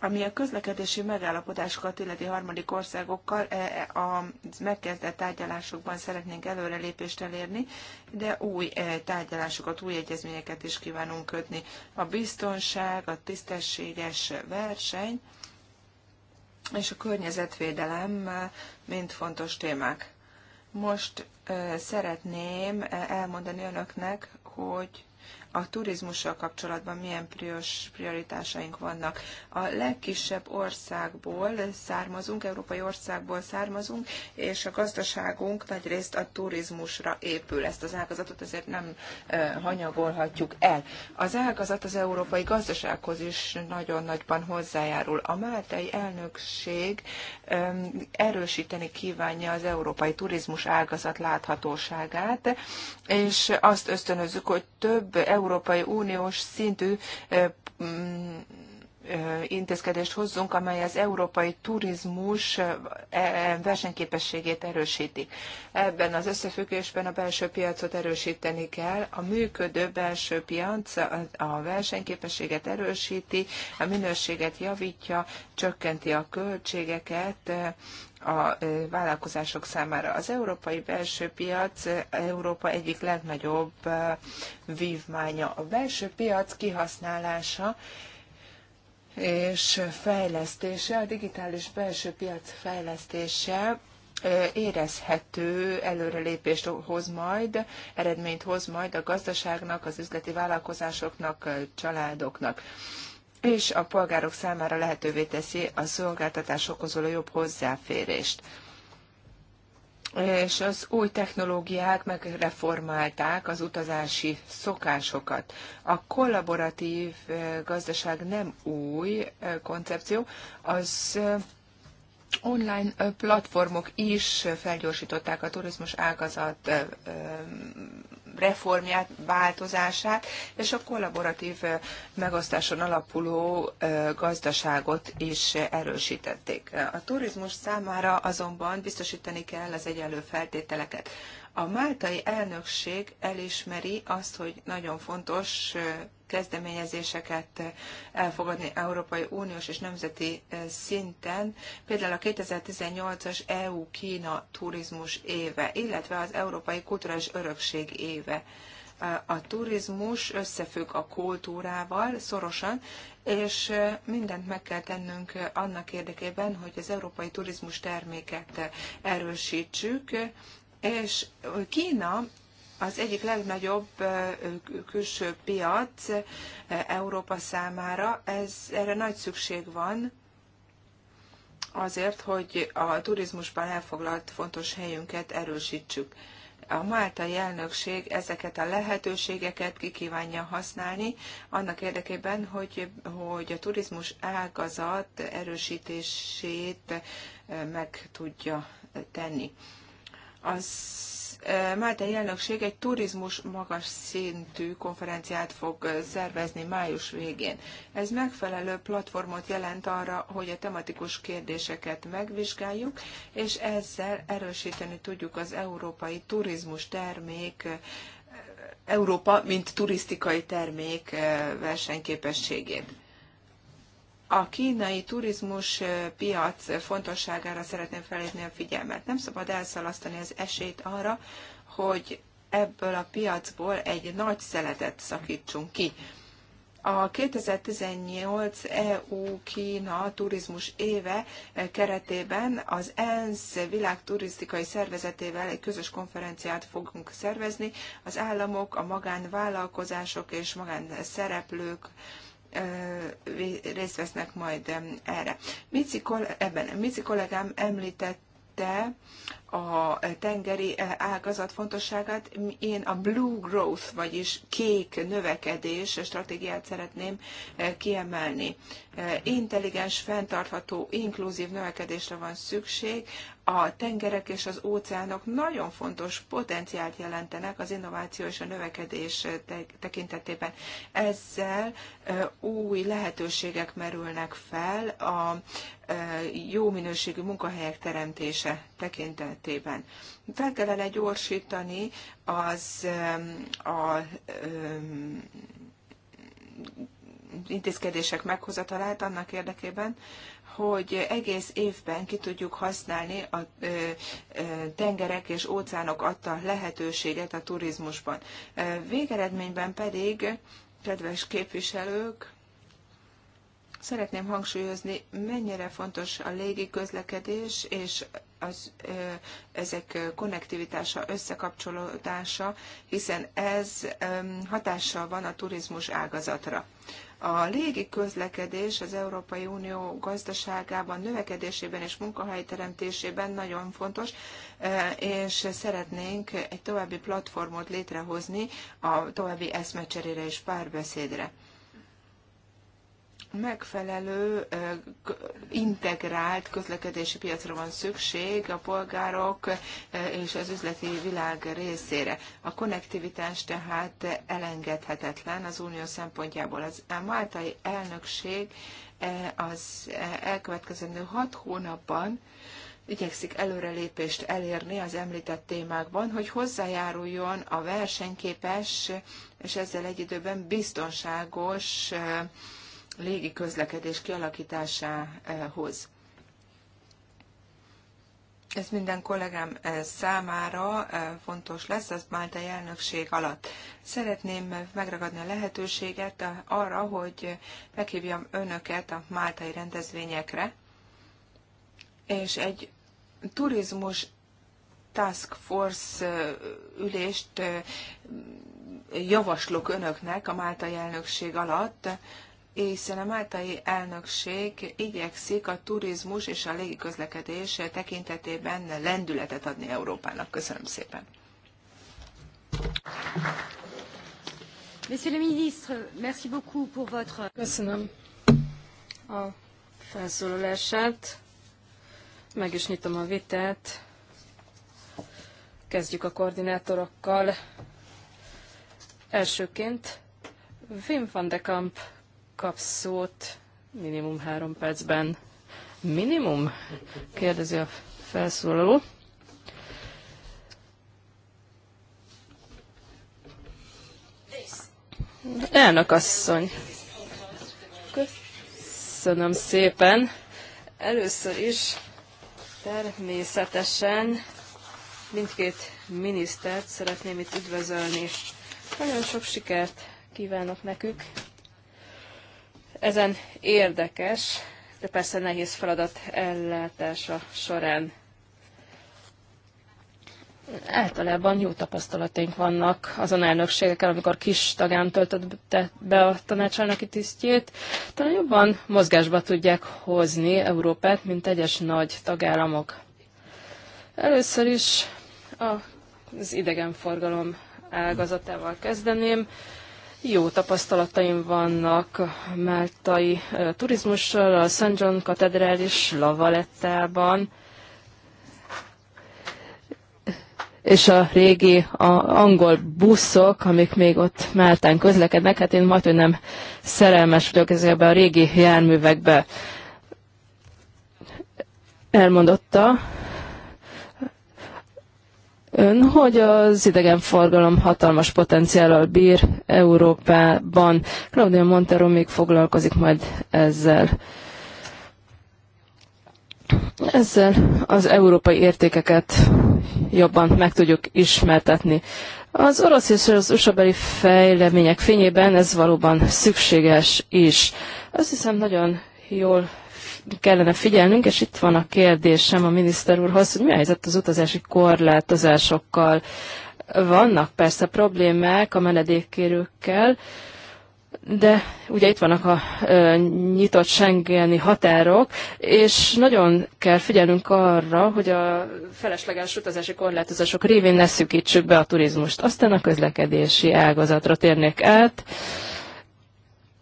ami a közlekedési megállapodásokat illeti harmadik országokkal e, e, a megkezdett tárgyalásokban szeretnénk előrelépést elérni, de új e, tárgyalásokat, új egyezményeket is kívánunk kötni. A biztonság, a tisztességes verseny és a környezetvédelem mind fontos témák. Most szeretném elmondani önöknek, hogy a turizmussal kapcsolatban milyen prioritásaink vannak. A legkisebb országból származunk, európai országból származunk, és a gazdaságunk nagy részt a turizmusra épül. Ezt az ágazatot ezért nem hanyagolhatjuk el. Az ágazat az európai gazdasághoz is nagyon nagyban hozzájárul. A máltai elnökség erősíteni kívánja az európai turizmus ágazat láthatóságát, és azt ösztönözzük, hogy több európai Európai Uniós szintű intézkedést hozzunk, amely az európai turizmus e, versenyképességét erősíti. Ebben az összefüggésben a belső piacot erősíteni kell. A működő belső piac a versenyképességet erősíti, a minőséget javítja, csökkenti a költségeket, a vállalkozások számára. Az európai belső piac Európa egyik legnagyobb vívmánya. A belső piac kihasználása és fejlesztése, a digitális belső piac fejlesztése érezhető előrelépést hoz majd, eredményt hoz majd a gazdaságnak, az üzleti vállalkozásoknak, családoknak és a polgárok számára lehetővé teszi a szolgáltatás okozó jobb hozzáférést és az új technológiák megreformálták az utazási szokásokat. A kollaboratív gazdaság nem új koncepció, az online platformok is felgyorsították a turizmus ágazat reformját, változását, és a kollaboratív megosztáson alapuló gazdaságot is erősítették. A turizmus számára azonban biztosítani kell az egyenlő feltételeket. A máltai elnökség elismeri azt, hogy nagyon fontos kezdeményezéseket elfogadni Európai Uniós és nemzeti eh, szinten, például a 2018-as EU-Kína turizmus éve, illetve az Európai Kulturális Örökség éve eh, a turizmus összefügg a kultúrával szorosan, és eh, mindent meg kell tennünk annak érdekében, hogy az európai turizmus terméket erősítsük, és Kína az egyik legnagyobb külső piac Európa számára. Ez, erre nagy szükség van azért, hogy a turizmusban elfoglalt fontos helyünket erősítsük. A máltai elnökség ezeket a lehetőségeket ki kívánja használni, annak érdekében, hogy, hogy a turizmus ágazat erősítését meg tudja tenni. Az Eh, Máltai elnökség egy turizmus magas szintű konferenciát fog szervezni május végén. Ez megfelelő platformot jelent arra, hogy a tematikus kérdéseket megvizsgáljuk, és ezzel erősíteni tudjuk az európai turizmus termék eh, Európa, mint turisztikai termék eh, versenyképességét a kínai turizmus piac fontosságára szeretném felhívni a figyelmet. Nem szabad elszalasztani az esélyt arra, hogy ebből a piacból egy nagy szeletet szakítsunk ki. A 2018 EU-Kína turizmus éve keretében az ENSZ világturisztikai szervezetével egy közös konferenciát fogunk szervezni. Az államok, a magánvállalkozások és magánszereplők szereplők részt vesznek majd erre. Mici, ebben, Mici kollégám említette a tengeri ágazat fontosságát. Én a Blue Growth, vagyis kék növekedés stratégiát szeretném kiemelni. Intelligens, fenntartható, inkluzív növekedésre van szükség, a tengerek és az óceánok nagyon fontos potenciált jelentenek az innováció és a növekedés tekintetében. Ezzel új lehetőségek merülnek fel a jó minőségű munkahelyek teremtése tekintetében. Fel kellene gyorsítani az a, a, a intézkedések meghozatalát annak érdekében, hogy egész évben ki tudjuk használni a tengerek és óceánok adta lehetőséget a turizmusban. Végeredményben pedig, kedves képviselők, Szeretném hangsúlyozni, mennyire fontos a légi közlekedés és az, ezek konnektivitása, összekapcsolódása, hiszen ez hatással van a turizmus ágazatra. A légi közlekedés az Európai Unió gazdaságában, növekedésében és munkahelyteremtésében nagyon fontos, e, és szeretnénk egy további platformot létrehozni a további eszmecserére és párbeszédre megfelelő integrált közlekedési piacra van szükség a polgárok és az üzleti világ részére. A konnektivitás tehát elengedhetetlen az unió szempontjából. Az máltai elnökség az elkövetkezendő hat hónapban igyekszik előrelépést elérni az említett témákban, hogy hozzájáruljon a versenyképes és ezzel egy időben biztonságos légi közlekedés kialakításához. Ez minden kollégám eh, számára eh, fontos lesz, az Máltai elnökség alatt. Szeretném megragadni a lehetőséget eh, arra, hogy meghívjam önöket a máltai rendezvényekre, és egy turizmus task force ülést javaslok önöknek a máltai elnökség alatt, hiszen a máltai elnökség igyekszik a turizmus és a légiközlekedés tekintetében lendületet adni Európának. Köszönöm szépen. Monsieur le ministre, merci beaucoup pour votre... Köszönöm a felszólalását. Meg is nyitom a vitát. Kezdjük a koordinátorokkal. Elsőként Wim van de Kamp kap szót minimum három percben. Minimum? Kérdezi a felszólaló. Elnök asszony. Köszönöm szépen. Először is természetesen mindkét minisztert szeretném itt üdvözölni. Nagyon sok sikert kívánok nekük ezen érdekes, de persze nehéz feladat ellátása során. Általában jó tapasztalataink vannak azon elnökségekkel, amikor kis tagán töltötte be a tanácselnöki tisztjét. Talán jobban mozgásba tudják hozni Európát, mint egyes nagy tagállamok. Először is az idegenforgalom ágazatával kezdeném. Jó tapasztalataim vannak máltai turizmussal, a St. John katedrális lavalettában, és a régi a angol buszok, amik még ott Máltán közlekednek, hát én majd nem szerelmes vagyok ezekbe a régi járművekbe. Elmondotta, ön, hogy az idegenforgalom hatalmas potenciállal bír Európában. Claudia Montero még foglalkozik majd ezzel. Ezzel az európai értékeket jobban meg tudjuk ismertetni. Az orosz és az usa fejlemények fényében ez valóban szükséges is. Azt hiszem nagyon jól kellene figyelnünk, és itt van a kérdésem a miniszter úrhoz, hogy mi a helyzet az utazási korlátozásokkal. Vannak persze problémák a menedékkérőkkel, de ugye itt vannak a e, nyitott Schengeni határok, és nagyon kell figyelnünk arra, hogy a felesleges utazási korlátozások révén ne szűkítsük be a turizmust. Aztán a közlekedési ágazatra térnék át. E,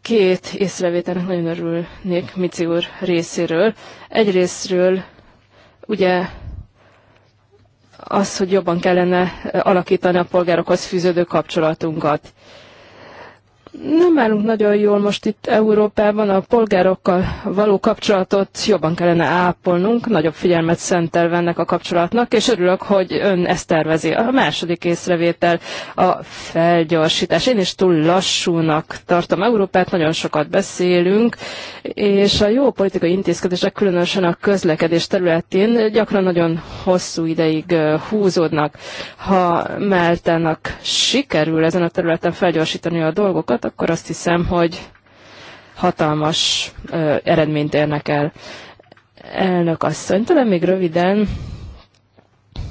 két észrevételnek nagyon örülnék Mici úr részéről. Egyrésztről ugye az, hogy jobban kellene alakítani a polgárokhoz fűződő kapcsolatunkat nem állunk nagyon jól most itt Európában, a polgárokkal való kapcsolatot jobban kellene ápolnunk, nagyobb figyelmet szentelve ennek a kapcsolatnak, és örülök, hogy ön ezt tervezi. A második észrevétel a felgyorsítás. Én is túl lassúnak tartom Európát, nagyon sokat beszélünk, és a jó politikai intézkedések különösen a közlekedés területén gyakran nagyon hosszú ideig húzódnak. Ha Meltának sikerül ezen a területen felgyorsítani a dolgokat, munkát, akkor azt hiszem, hogy hatalmas ö, eredményt érnek el. Elnök asszony, talán még röviden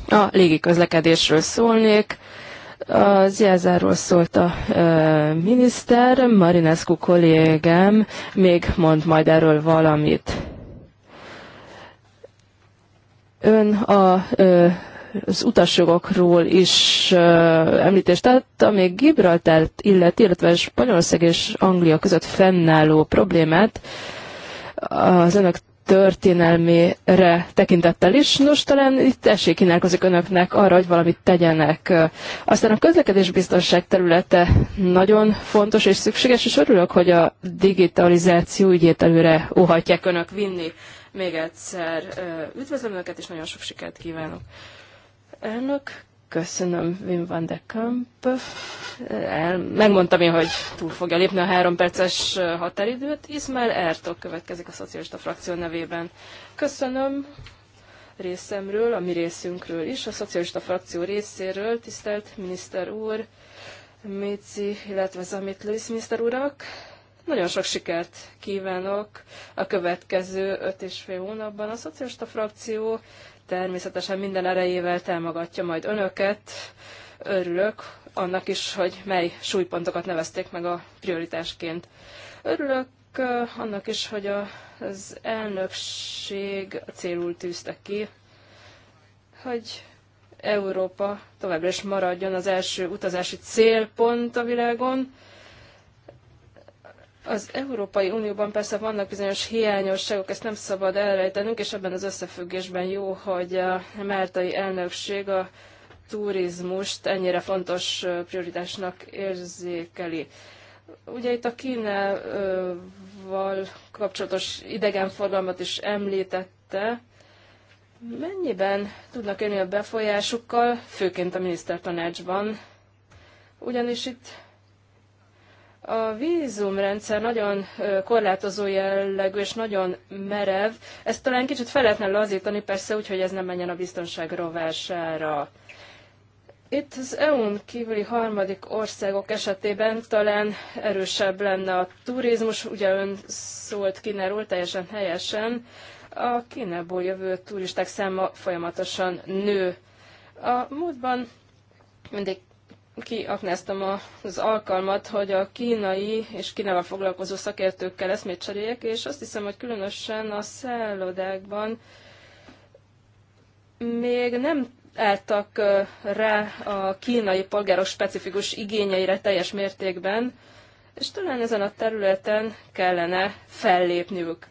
a légiközlekedésről szólnék. Az jelzáról szólt a ö, miniszter, Marinescu kollégám még mond majd erről valamit. Ön a ö, az utasjogokról is említést tett, ami Gibraltárt illet, illetve Spanyolország és Anglia között fennálló problémát az önök történelmére tekintettel is. Nos, talán itt esély kínálkozik önöknek arra, hogy valamit tegyenek. Aztán a közlekedésbiztonság területe nagyon fontos és szükséges, és örülök, hogy a digitalizáció ügyét előre óhatják önök vinni. Még egyszer üdvözlöm önöket, és nagyon sok sikert kívánok! Elnök, köszönöm Wim van de Kamp. El, megmondtam én, hogy túl fogja lépni a három perces határidőt. Ismail Ertok következik a szocialista frakció nevében. Köszönöm részemről, a mi részünkről is, a szocialista frakció részéről, tisztelt miniszter úr, Méci, illetve Zamit Lewis miniszter urak. Nagyon sok sikert kívánok a következő öt és fél hónapban. A szocialista frakció természetesen minden erejével támogatja majd önöket. Örülök annak is, hogy mely súlypontokat nevezték meg a prioritásként. Örülök eh, annak is, hogy az elnökség célul tűzte ki, hogy Európa továbbra is maradjon az első utazási célpont a világon, az Európai Unióban persze vannak bizonyos hiányosságok, ezt nem szabad elrejtenünk, és ebben az összefüggésben jó, hogy a Mártai elnökség a turizmust ennyire fontos prioritásnak érzékeli. Ugye itt a Kínával kapcsolatos idegenforgalmat is említette. Mennyiben tudnak élni a befolyásukkal, főként a minisztertanácsban? Ugyanis itt a vízumrendszer nagyon korlátozó jellegű és nagyon merev. Ezt talán kicsit fel lehetne lazítani, persze úgy, hogy ez nem menjen a biztonság rovására. Itt az EU-n kívüli harmadik országok esetében talán erősebb lenne a turizmus, ugye ön szólt Kineról teljesen helyesen, a Kineból jövő turisták száma folyamatosan nő. A múltban mindig kiaknáztam az alkalmat, hogy a kínai és Kínával foglalkozó szakértőkkel eszmét cseréljek, és azt hiszem, hogy különösen a szállodákban még nem álltak rá a kínai polgárok specifikus igényeire teljes mértékben, és talán ezen a területen kellene fellépniük.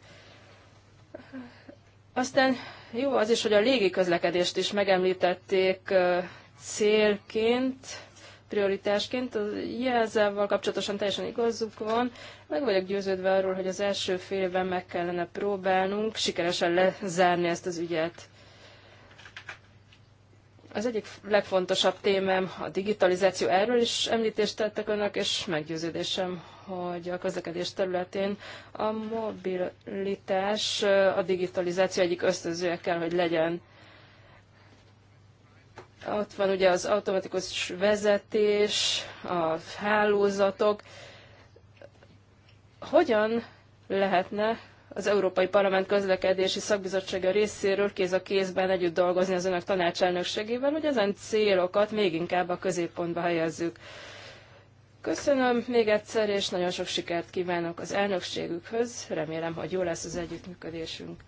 Aztán jó az is, hogy a légi közlekedést is megemlítették célként, prioritásként. A jelzával kapcsolatosan teljesen igazuk van. Meg vagyok győződve arról, hogy az első fél évben meg kellene próbálnunk sikeresen lezárni ezt az ügyet. Az egyik legfontosabb témám a digitalizáció. Erről is említést tettek önök, és meggyőződésem, hogy a közlekedés területén a mobilitás a digitalizáció egyik ösztönzője kell, hogy legyen. Ott van ugye az automatikus vezetés, a hálózatok. Hogyan lehetne az Európai Parlament közlekedési szakbizottsága részéről kéz a kézben együtt dolgozni az önök tanácselnökségével, hogy ezen célokat még inkább a középpontba helyezzük. Köszönöm még egyszer, és nagyon sok sikert kívánok az elnökségükhöz. Remélem, hogy jó lesz az együttműködésünk.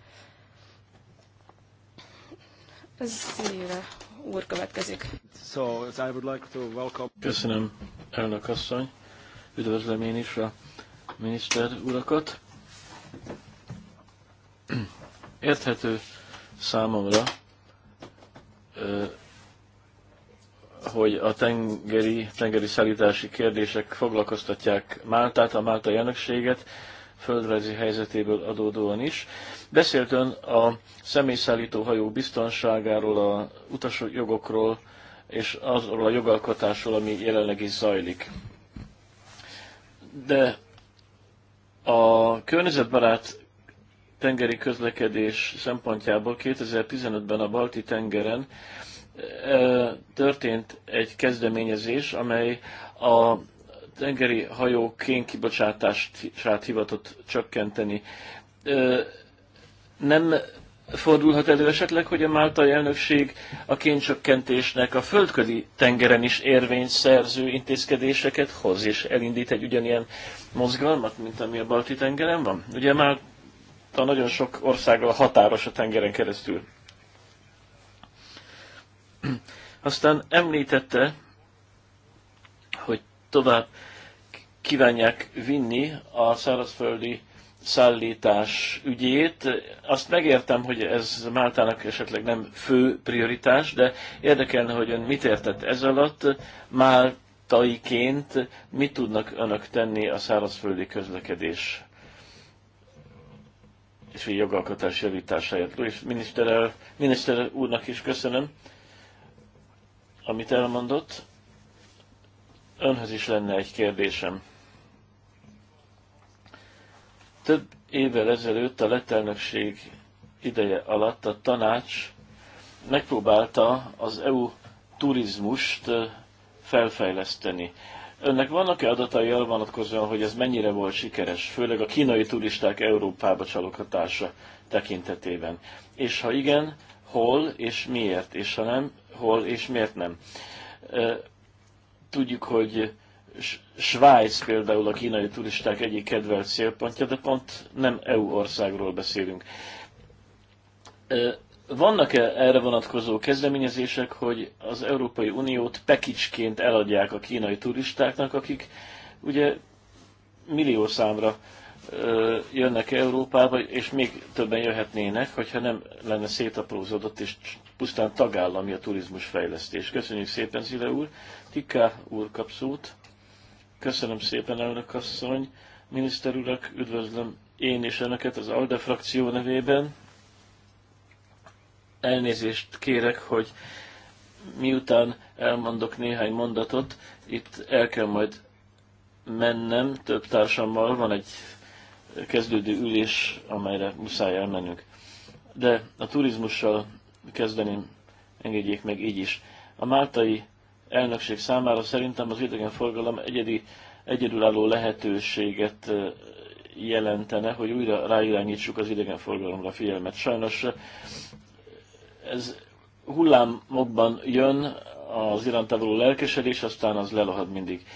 szíve úr következik. Köszönöm, elnök asszony. Üdvözlöm én is a miniszter urakat. Érthető számomra, hogy a tengeri, tengeri szállítási kérdések foglalkoztatják Máltát, a Máltai elnökséget, földrajzi helyzetéből adódóan is. Beszélt ön a személyszállító hajó biztonságáról, a jogokról és azról a jogalkotásról, ami jelenleg is zajlik. De a környezetbarát tengeri közlekedés szempontjából 2015-ben a Balti tengeren történt egy kezdeményezés, amely a tengeri hajók kénkibocsátását hivatott csökkenteni. Nem fordulhat elő esetleg, hogy a Máltai elnökség a kéncsökkentésnek a földközi tengeren is érvényt szerző intézkedéseket hoz, és elindít egy ugyanilyen mozgalmat, mint ami a Balti tengeren van? Ugye már nagyon sok országgal határos a tengeren keresztül. Aztán említette tovább kívánják vinni a szárazföldi szállítás ügyét. Azt megértem, hogy ez Máltának esetleg nem fő prioritás, de érdekelne, hogy ön mit értett ez alatt. Máltaiként mit tudnak önök tenni a szárazföldi közlekedés és a jogalkotás javításáért. Luis miniszter, miniszter úrnak is köszönöm, amit elmondott önhöz is lenne egy kérdésem. Több évvel ezelőtt a letelnökség ideje alatt a tanács megpróbálta az EU turizmust felfejleszteni. Önnek vannak-e adatai arra vonatkozóan, hogy ez mennyire volt sikeres, főleg a kínai turisták Európába csalogatása tekintetében? És ha igen, hol és miért, és ha nem, hol és miért nem? Tudjuk, hogy Svájc például a kínai turisták egyik kedvelt célpontja, de pont nem EU országról beszélünk. Vannak-e erre vonatkozó kezdeményezések, hogy az Európai Uniót pekicsként eladják a kínai turistáknak, akik ugye millió számra jönnek Európába, és még többen jöhetnének, hogyha nem lenne szétaprózódott és pusztán tagállami a turizmus fejlesztés. Köszönjük szépen, Zile úr! Tika úr kap szót. Köszönöm szépen, elnök asszony. Miniszter urak, üdvözlöm én is önöket az ALDE frakció nevében. Elnézést kérek, hogy miután elmondok néhány mondatot, itt el kell majd mennem, több társammal van egy kezdődő ülés, amelyre muszáj elmennünk. De a turizmussal kezdeném, engedjék meg így is. A máltai elnökség számára szerintem az idegenforgalom egyedi, egyedülálló lehetőséget jelentene, hogy újra ráirányítsuk az idegenforgalomra figyelmet. Sajnos ez hullámokban jön az iránta való lelkesedés, aztán az lelohad mindig.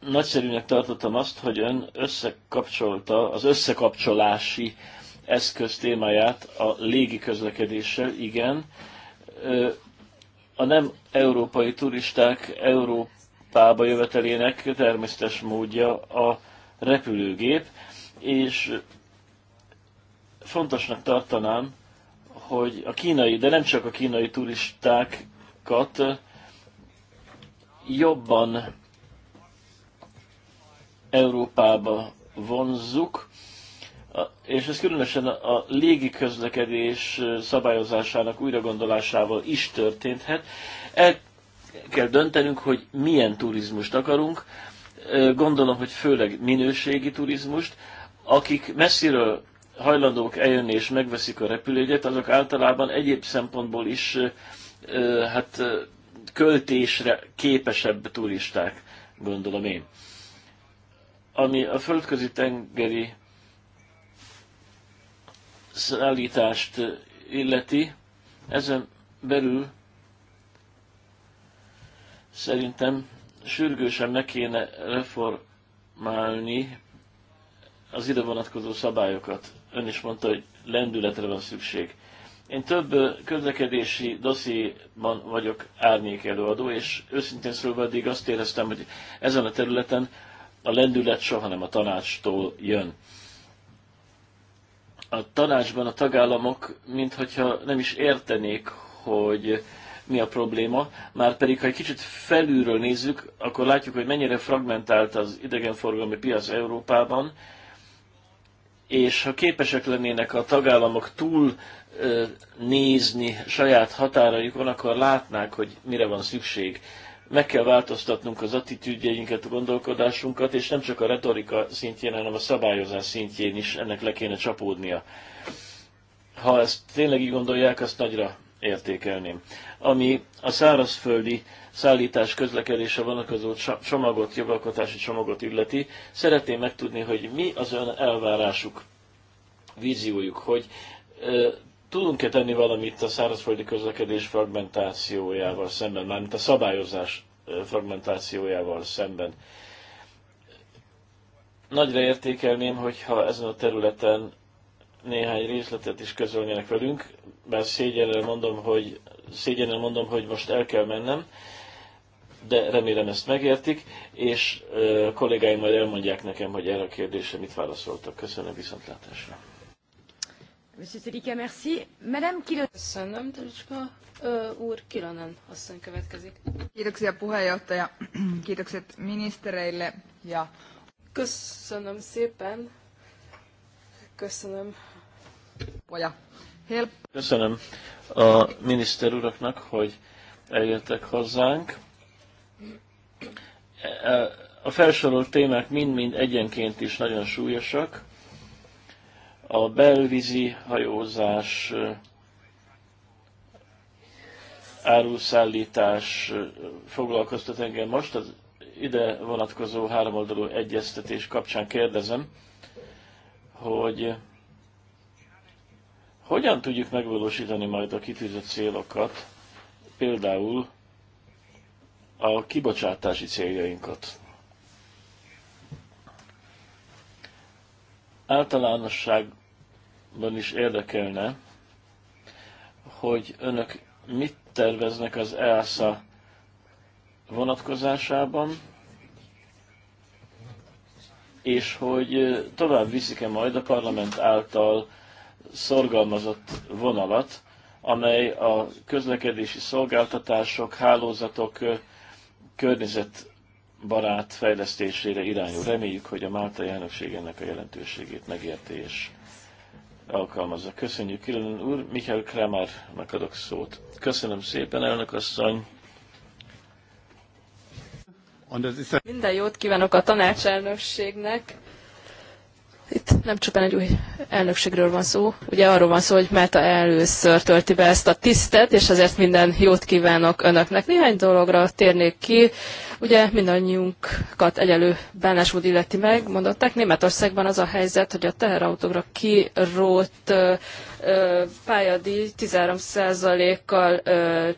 Nagyszerűnek tartottam azt, hogy ön összekapcsolta az összekapcsolási eszköz témáját a légi közlekedéssel, igen a nem európai turisták Európába jövetelének természetes módja a repülőgép, és fontosnak tartanám, hogy a kínai, de nem csak a kínai turistákat jobban Európába vonzzuk, és ez különösen a légi közlekedés szabályozásának újragondolásával is történthet. El kell döntenünk, hogy milyen turizmust akarunk. Gondolom, hogy főleg minőségi turizmust. Akik messziről hajlandók eljönni és megveszik a repülőjegyet, azok általában egyéb szempontból is hát költésre képesebb turisták, gondolom én. Ami a földközi tengeri szállítást illeti, ezen belül szerintem sürgősen meg kéne reformálni az ide vonatkozó szabályokat. Ön is mondta, hogy lendületre van szükség. Én több közlekedési dossziéban vagyok árnyék előadó, és őszintén szólva eddig azt éreztem, hogy ezen a területen a lendület soha nem a tanácstól jön a tanácsban a tagállamok, mintha nem is értenék, hogy mi a probléma, már pedig ha egy kicsit felülről nézzük, akkor látjuk, hogy mennyire fragmentált az idegenforgalmi piac Európában, és ha képesek lennének a tagállamok túl nézni saját határaikon, akkor látnák, hogy mire van szükség meg kell változtatnunk az attitűdjeinket, a gondolkodásunkat, és nem csak a retorika szintjén, hanem a szabályozás szintjén is ennek le kéne csapódnia. Ha ezt tényleg így gondolják, azt nagyra értékelném. Ami a szárazföldi szállítás közlekedése vonatkozó csomagot, jogalkotási csomagot illeti, szeretném megtudni, hogy mi az ön elvárásuk, víziójuk, hogy tudunk-e tenni valamit a szárazföldi közlekedés fragmentációjával szemben, mármint a szabályozás fragmentációjával szemben. Nagyra értékelném, hogyha ezen a területen néhány részletet is közölnének velünk, bár szégyennel mondom, hogy, szégyennel mondom, hogy most el kell mennem, de remélem ezt megértik, és kollégáim majd elmondják nekem, hogy erre a kérdésre mit válaszoltak. Köszönöm viszontlátásra! Monsieur Selika, merci. Madame Kilonen. Köszönöm, Telicska. Úr Kilonen asszony következik. Kiitoksia puheenjohtaja. Kiitokset ministereille. Ja. Köszönöm szépen. Köszönöm. Poja. Help. Köszönöm a miniszter uraknak, hogy eljöttek hozzánk. E, e, a felsorolt témák mind-mind egyenként is nagyon súlyosak a belvízi hajózás, áruszállítás foglalkoztat engem most, az ide vonatkozó háromoldalú egyeztetés kapcsán kérdezem, hogy hogyan tudjuk megvalósítani majd a kitűzött célokat, például a kibocsátási céljainkat. általánosságban is érdekelne, hogy önök mit terveznek az EASA vonatkozásában, és hogy tovább viszik-e majd a parlament által szorgalmazott vonalat, amely a közlekedési szolgáltatások, hálózatok, környezet barát fejlesztésére irányul. Reméljük, hogy a Málta elnökség ennek a jelentőségét megérti és alkalmazza. Köszönjük, külön úr. Michael Kramernak adok szót. Köszönöm szépen, elnök asszony. Minden jót kívánok a tanácselnökségnek. Itt nem csupán egy új elnökségről van szó, ugye arról van szó, hogy Meta először tölti be ezt a tisztet, és azért minden jót kívánok önöknek. Néhány dologra térnék ki, Ugye mindannyiunkat egyelő bánásmód illeti meg, mondották. Németországban az a helyzet, hogy a teherautókra kirót pályadíj 13%-kal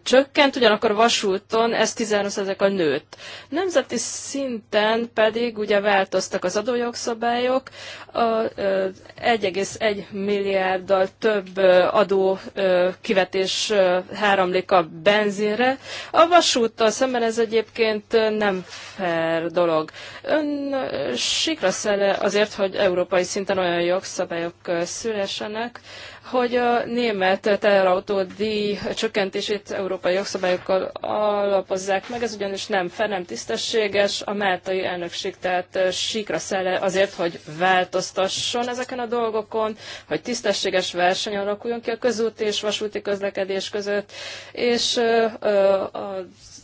csökkent, ugyanakkor vasúton ez 13%-kal nőtt. Nemzeti szinten pedig ugye változtak az adójogszabályok, a 1,1 milliárddal több adó kivetés háromlik a benzinre. A vasúttal szemben ez egyébként nem fair dolog. Ön sikra szele azért, hogy európai szinten olyan jogszabályok szülessenek, hogy a német teherautó díj csökkentését európai jogszabályokkal alapozzák meg, ez ugyanis nem fel, nem tisztességes, a máltai elnökség tehát síkra szele azért, hogy változtasson ezeken a dolgokon, hogy tisztességes verseny alakuljon ki a közúti és vasúti közlekedés között, és az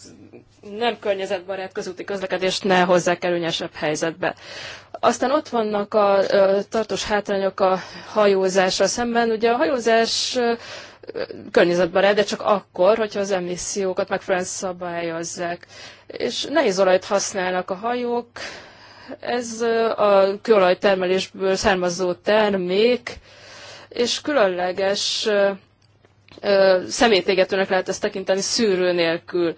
nem környezetbarát közúti közlekedést ne hozzák előnyesebb helyzetbe. Aztán ott vannak a tartós hátrányok a hajózásra szemben. Ugye a hajózás környezetbarát, de csak akkor, hogyha az emissziókat megfelelően szabályozzák. És nehéz olajt használnak a hajók, ez a kőolajtermelésből származó termék, és különleges szemétégetőnek lehet ezt tekinteni szűrő nélkül.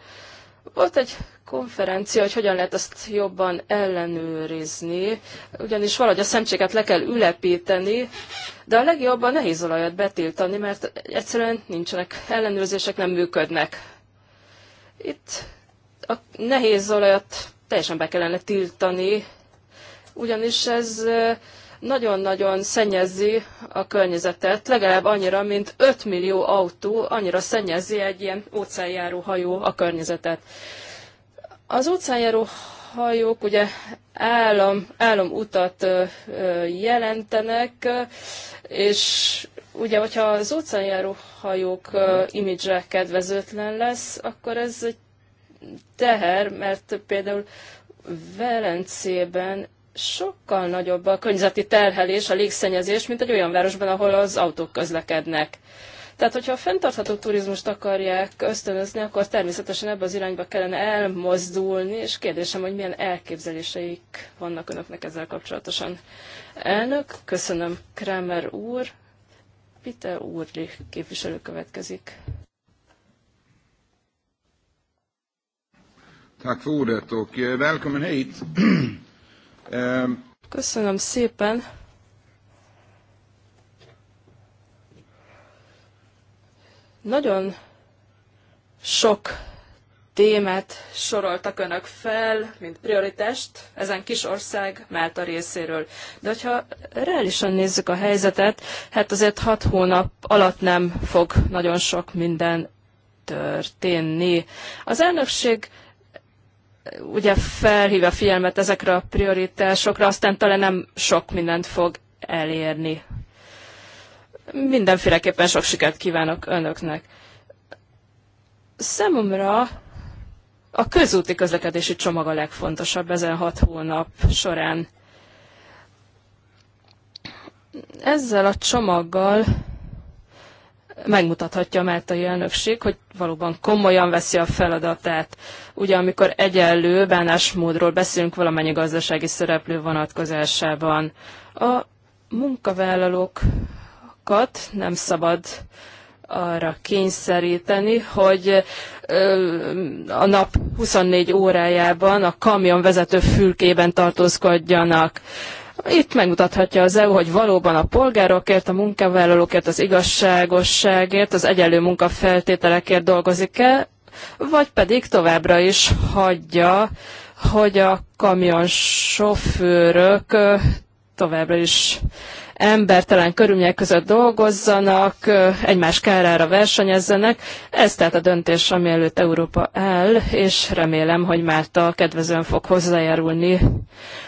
Volt egy konferencia, hogy hogyan lehet ezt jobban ellenőrizni, ugyanis valahogy a szemcséket le kell ülepíteni, de a legjobban nehéz olajat betiltani, mert egyszerűen nincsenek ellenőrzések, nem működnek. Itt a nehéz olajat teljesen be kellene tiltani, ugyanis ez nagyon-nagyon szennyezi a környezetet, legalább annyira, mint 5 millió autó, annyira szennyezi egy ilyen óceánjáró hajó a környezetet. Az óceánjáró hajók ugye állam, állam utat jelentenek, és ugye, hogyha az óceánjáró hajók imidzse kedvezőtlen lesz, akkor ez egy teher, mert például Velencében sokkal nagyobb a környezeti terhelés, a légszennyezés, mint egy olyan városban, ahol az autók közlekednek. Tehát, hogyha a fenntartható turizmust akarják ösztönözni, akkor természetesen ebbe az irányba kellene elmozdulni, és kérdésem, hogy milyen elképzeléseik vannak önöknek ezzel kapcsolatosan. Elnök, köszönöm Kramer úr, Peter úrli képviselő következik. Tack för ordet och eh, Köszönöm szépen. Nagyon sok témát soroltak önök fel, mint prioritást ezen kis ország Málta részéről. De hogyha reálisan nézzük a helyzetet, hát azért hat hónap alatt nem fog nagyon sok minden történni. Az elnökség ugye felhívja a figyelmet ezekre a prioritásokra, aztán talán nem sok mindent fog elérni. Mindenféleképpen sok sikert kívánok önöknek. Számomra a közúti közlekedési csomag a legfontosabb ezen hat hónap során. Ezzel a csomaggal megmutathatja a máltai elnökség, hogy valóban komolyan veszi a feladatát. Ugye amikor egyenlő bánásmódról beszélünk valamennyi gazdasági szereplő vonatkozásában, a munkavállalókat nem szabad arra kényszeríteni, hogy a nap 24 órájában a kamion vezető fülkében tartózkodjanak. Itt megmutathatja az EU, hogy valóban a polgárokért, a munkavállalókért, az igazságosságért, az egyenlő munkafeltételekért dolgozik-e, vagy pedig továbbra is hagyja, hogy a kamionsofőrök továbbra is embertelen körülmények között dolgozzanak, egymás kárára versenyezzenek. Ez tehát a döntés, ami előtt Európa áll, és remélem, hogy Márta kedvezően fog hozzájárulni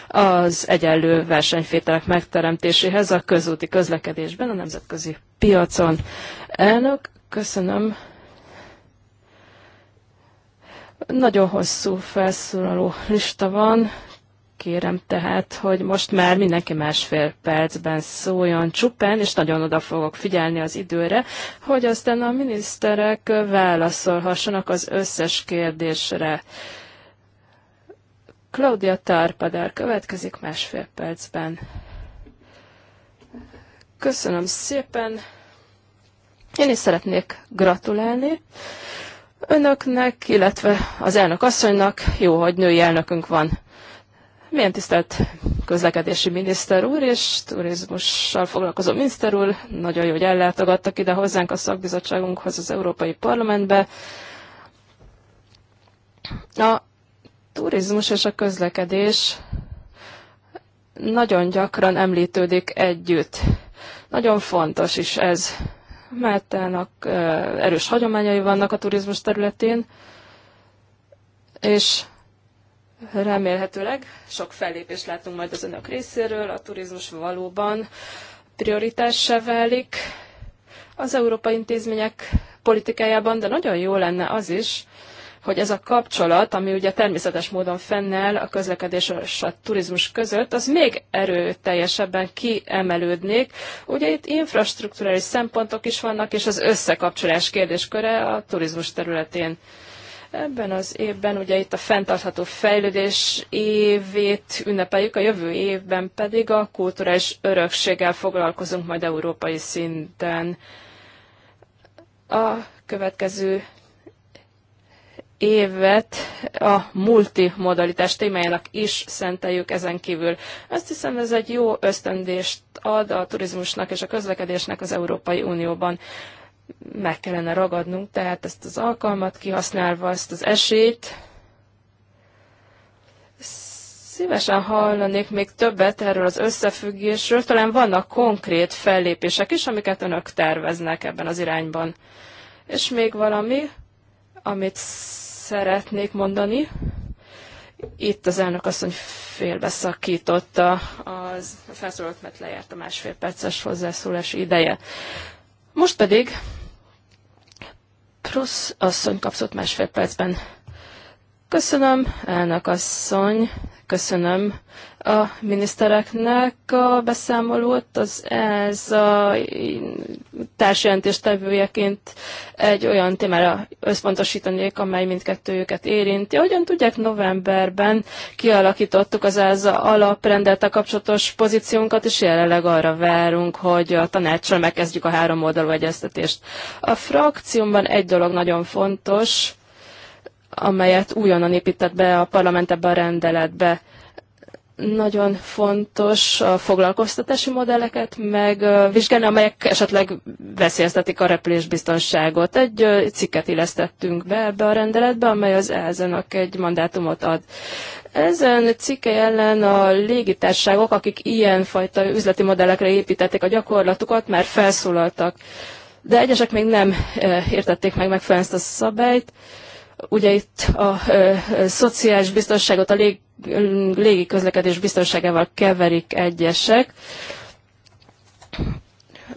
az egyenlő versenyfételek megteremtéséhez a közúti közlekedésben, a nemzetközi piacon. Elnök, köszönöm nagyon hosszú felszólaló lista van, Kérem tehát, hogy most már mindenki másfél percben szóljon csupán, és nagyon oda fogok figyelni az időre, hogy aztán a miniszterek válaszolhassanak az összes kérdésre. Claudia Tarpadár következik másfél percben. Köszönöm szépen. Én is szeretnék gratulálni önöknek, illetve az elnök asszonynak. Jó, hogy női elnökünk van milyen tisztelt közlekedési miniszter úr és turizmussal foglalkozó miniszter úr, nagyon jó, hogy ellátogattak ide hozzánk a szakbizottságunkhoz az Európai Parlamentbe. A turizmus és a közlekedés nagyon gyakran említődik együtt. Nagyon fontos is ez, mert ennek erős hagyományai vannak a turizmus területén, és remélhetőleg sok fellépést látunk majd az önök részéről, a turizmus valóban prioritássá válik az európai intézmények politikájában, de nagyon jó lenne az is, hogy ez a kapcsolat, ami ugye természetes módon fennáll a közlekedés és a turizmus között, az még erőteljesebben kiemelődnék. Ugye itt infrastruktúrális szempontok is vannak, és az összekapcsolás kérdésköre a turizmus területén. Ebben az évben ugye itt a fenntartható fejlődés évét ünnepeljük, a jövő évben pedig a kulturális örökséggel foglalkozunk majd európai szinten. A következő évet a multimodalitás témájának is szenteljük ezen kívül. Azt hiszem, ez egy jó ösztöndést ad a turizmusnak és a közlekedésnek az Európai Unióban meg kellene ragadnunk, tehát ezt az alkalmat kihasználva, ezt az esélyt. Szívesen hallanék még többet erről az összefüggésről, talán vannak konkrét fellépések is, amiket önök terveznek ebben az irányban. És még valami, amit szeretnék mondani. Itt az elnök asszony félbeszakította, az felszólalt, mert lejárt a másfél perces hozzászólási ideje. Most pedig Plus asszony kapszott másfél percben. Köszönöm, elnök asszony, köszönöm a minisztereknek a beszámolót. Az, ez a tevőjeként egy olyan témára összpontosítanék, amely mindkettőjüket érinti. Ahogyan tudják, novemberben kialakítottuk az ez alaprendelte kapcsolatos pozíciónkat, és jelenleg arra várunk, hogy a tanácssal megkezdjük a három oldalú egyeztetést. A frakciómban egy dolog nagyon fontos, amelyet újonnan épített be a parlament ebbe a rendeletbe. Nagyon fontos a foglalkoztatási modelleket megvizsgálni, amelyek esetleg veszélyeztetik a repülésbiztonságot. Egy cikket illesztettünk be ebbe a rendeletbe, amely az ELZEN-nak egy mandátumot ad. Ezen cikke ellen a légitárságok, akik ilyenfajta üzleti modellekre építették a gyakorlatukat, már felszólaltak. De egyesek még nem értették meg megfelelően ezt a szabályt Ugye itt a szociális biztonságot a lég, légi közlekedés biztonságával keverik egyesek,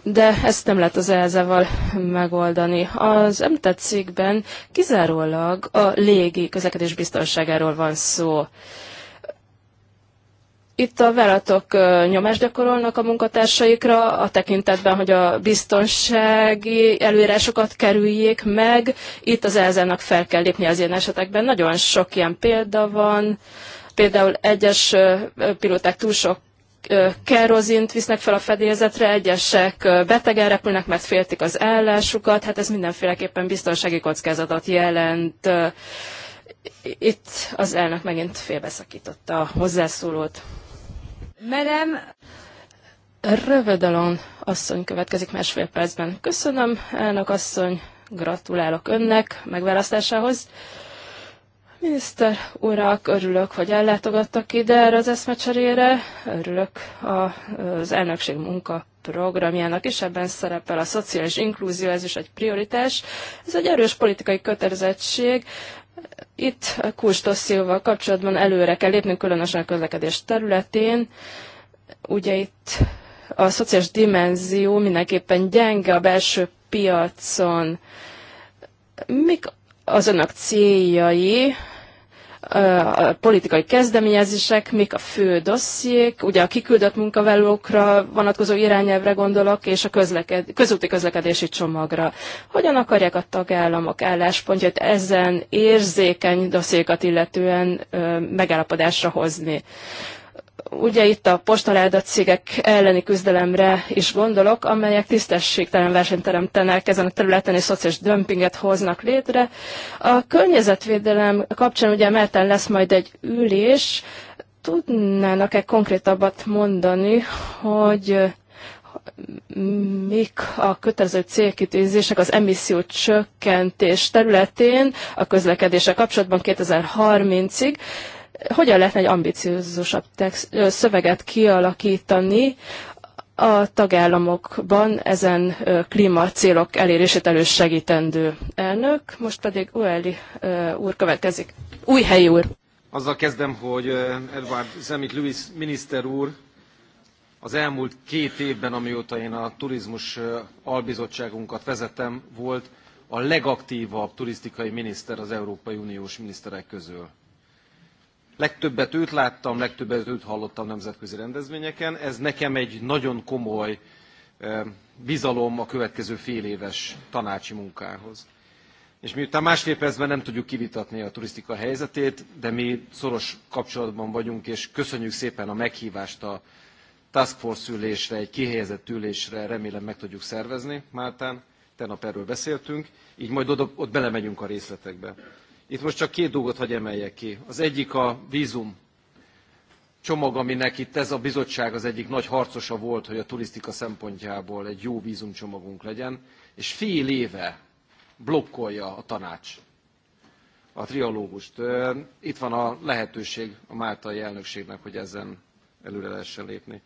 de ezt nem lehet az elzával megoldani. Az említett cikkben kizárólag a légi közlekedés biztonságáról van szó. Itt a veletok nyomást gyakorolnak a munkatársaikra, a tekintetben, hogy a biztonsági előírásokat kerüljék meg. Itt az elzenak fel kell lépni az ilyen esetekben. Nagyon sok ilyen példa van. Például egyes pilóták túl sok kerozint visznek fel a fedélzetre, egyesek betegen repülnek, mert féltik az állásukat, hát ez mindenféleképpen biztonsági kockázatot jelent. Itt az elnök megint félbeszakította a hozzászólót. Merem. Rövedalon asszony következik másfél percben. Köszönöm, elnök asszony, gratulálok önnek megválasztásához. Miniszter urak, örülök, hogy ellátogattak ide erre az eszmecserére. Örülök az elnökség munka programjának, is ebben szerepel a szociális inklúzió, ez is egy prioritás. Ez egy erős politikai kötelezettség, itt a kulcsdosszióval kapcsolatban előre kell lépnünk, különösen a közlekedés területén. Ugye itt a szociális dimenzió mindenképpen gyenge a belső piacon. Mik az önök céljai a politikai kezdeményezések, mik a fő dossziék, ugye a kiküldött munkavállalókra vonatkozó irányelvre gondolok, és a közleked, közúti közlekedési csomagra. Hogyan akarják a tagállamok álláspontját ezen érzékeny dossziékat illetően megállapodásra hozni? Ugye itt a postaládat cégek elleni küzdelemre is gondolok, amelyek tisztességtelen versenyt teremtenek ezen a területen, és szociális dömpinget hoznak létre. A környezetvédelem kapcsán ugye Merten lesz majd egy ülés, tudnának-e konkrétabbat mondani, hogy mik a kötelező célkitűzések az emisszió csökkentés területén a közlekedése kapcsolatban 2030-ig, hogyan lehetne egy ambiciózusabb text, szöveget kialakítani a tagállamokban ezen klímacélok elérését elősegítendő elnök. Most pedig Ueli úr következik. Új helyi úr. Azzal kezdem, hogy Edward Zemik Lewis miniszter úr az elmúlt két évben, amióta én a turizmus albizottságunkat vezetem, volt a legaktívabb turisztikai miniszter az Európai Uniós miniszterek közül Legtöbbet őt láttam, legtöbbet őt hallottam nemzetközi rendezvényeken. Ez nekem egy nagyon komoly bizalom a következő féléves tanácsi munkához. És miután másfél percben nem tudjuk kivitatni a turisztika helyzetét, de mi szoros kapcsolatban vagyunk, és köszönjük szépen a meghívást a Task Force ülésre, egy kihelyezett ülésre, remélem meg tudjuk szervezni Máltán. Tegnap erről beszéltünk, így majd oda, ott belemegyünk a részletekbe. Itt most csak két dolgot hagy emeljek ki. Az egyik a vízum csomag, aminek itt ez a bizottság az egyik nagy harcosa volt, hogy a turisztika szempontjából egy jó vízumcsomagunk legyen, és fél éve blokkolja a tanács a trialógust. Itt van a lehetőség a máltai elnökségnek, hogy ezen előre lehessen lépni.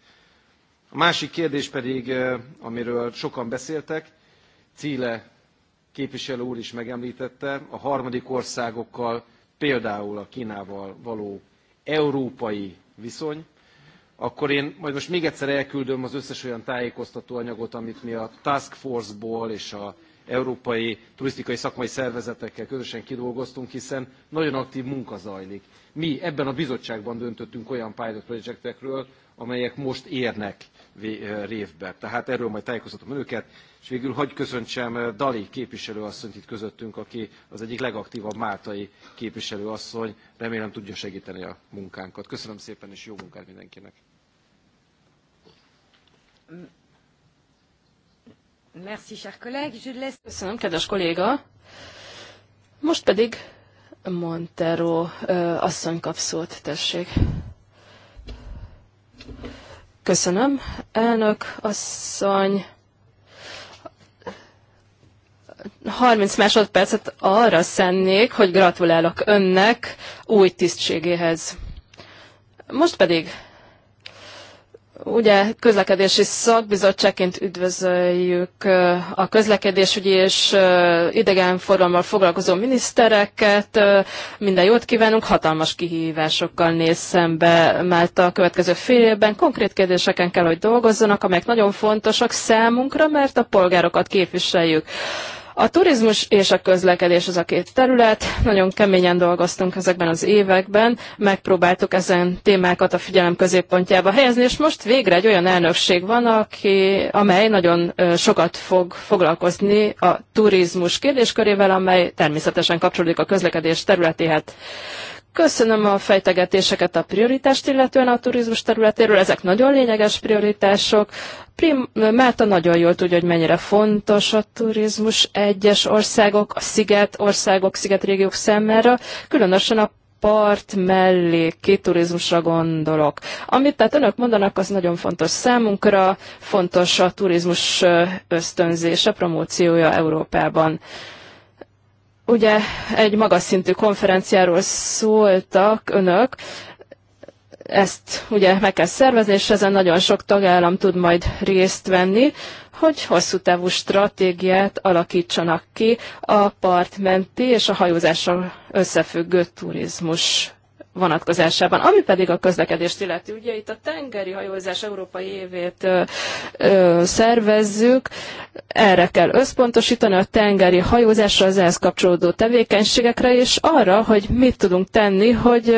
A másik kérdés pedig, amiről sokan beszéltek, Cíle képviselő úr is megemlítette, a harmadik országokkal, például a Kínával való európai viszony, akkor én majd most még egyszer elküldöm az összes olyan tájékoztató anyagot, amit mi a Task Force-ból és a európai turisztikai szakmai szervezetekkel közösen kidolgoztunk, hiszen nagyon aktív munka zajlik. Mi ebben a bizottságban döntöttünk olyan pilot projektekről, amelyek most érnek révbe. Tehát erről majd tájékoztatom önöket. És végül hagy köszöntsem eh, Dali képviselőasszonyt itt közöttünk, aki az egyik legaktívabb máltai képviselőasszony. Remélem tudja segíteni a munkánkat. Köszönöm szépen, és jó munkát mindenkinek. Merci, cher collègue. Je laisse... Köszönöm, kedves kolléga. Most pedig Montero eh, asszony kap szót, tessék. Köszönöm, elnök asszony. 30 másodpercet arra szennék, hogy gratulálok önnek új tisztségéhez. Most pedig, ugye közlekedési szakbizottságként üdvözöljük a közlekedésügyi és idegenforgalommal foglalkozó minisztereket. Minden jót kívánunk, hatalmas kihívásokkal néz szembe Málta a következő fél évben. Konkrét kérdéseken kell, hogy dolgozzanak, amelyek nagyon fontosak számunkra, mert a polgárokat képviseljük. A turizmus és a közlekedés az a két terület. Nagyon keményen dolgoztunk ezekben az években, megpróbáltuk ezen témákat a figyelem középpontjába helyezni, és most végre egy olyan elnökség van, aki, amely nagyon sokat fog foglalkozni a turizmus kérdéskörével, amely természetesen kapcsolódik a közlekedés területéhez. Köszönöm a fejtegetéseket a prioritást illetően a turizmus területéről, ezek nagyon lényeges prioritások. Prim, a nagyon jól tudja, hogy mennyire fontos a turizmus egyes országok, a sziget országok, sziget régiók számára, különösen a part mellé turizmusra gondolok. Amit tehát önök mondanak, az nagyon fontos számunkra, fontos a turizmus ösztönzése, promóciója Európában. Ugye egy magas szintű konferenciáról szóltak önök, ezt ugye meg kell szervezni, és ezen nagyon sok tagállam tud majd részt venni, hogy hosszú távú stratégiát alakítsanak ki a partmenti és a hajózással összefüggő turizmus vonatkozásában. Ami pedig a közlekedést illeti, ugye itt a tengeri hajózás európai évét ö, ö, szervezzük, erre kell összpontosítani a tengeri hajózásra, az ehhez kapcsolódó tevékenységekre, és arra, hogy mit tudunk tenni, hogy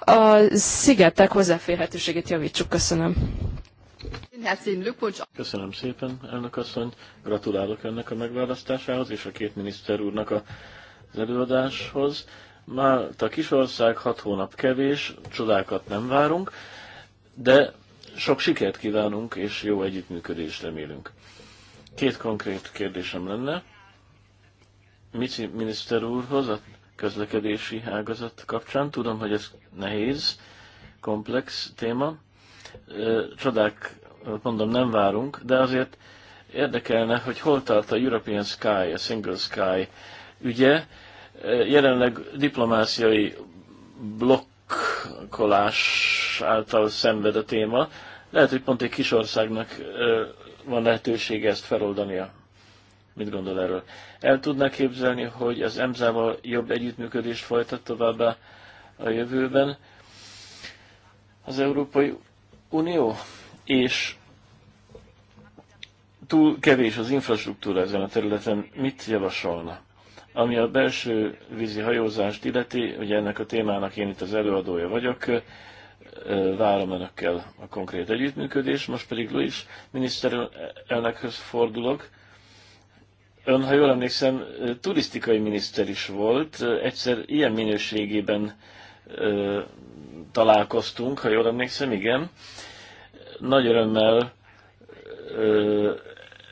a szigetek hozzáférhetőségét javítsuk. Köszönöm. Köszönöm szépen, elnök asszony. Gratulálok ennek a megválasztásához és a két miniszter úrnak az előadáshoz kis kisország, hat hónap kevés, csodákat nem várunk, de sok sikert kívánunk, és jó együttműködést remélünk. Két konkrét kérdésem lenne. Mici miniszter úrhoz a közlekedési ágazat kapcsán. Tudom, hogy ez nehéz, komplex téma. Csodák, mondom, nem várunk, de azért érdekelne, hogy hol tart a European Sky, a Single Sky ügye, jelenleg diplomáciai blokkolás által szenved a téma. Lehet, hogy pont egy kis országnak van lehetősége ezt feloldania. Mit gondol erről? El tudná képzelni, hogy az EMZÁ-val jobb együttműködést folytat továbbá a jövőben az Európai Unió? És túl kevés az infrastruktúra ezen a területen. Mit javasolna? Ami a belső vízi hajózást illeti, ugye ennek a témának én itt az előadója vagyok, várom önökkel a konkrét együttműködést, most pedig Luis miniszterelnökhöz fordulok. Ön, ha jól emlékszem, turisztikai miniszter is volt, egyszer ilyen minőségében találkoztunk, ha jól emlékszem, igen. Nagy örömmel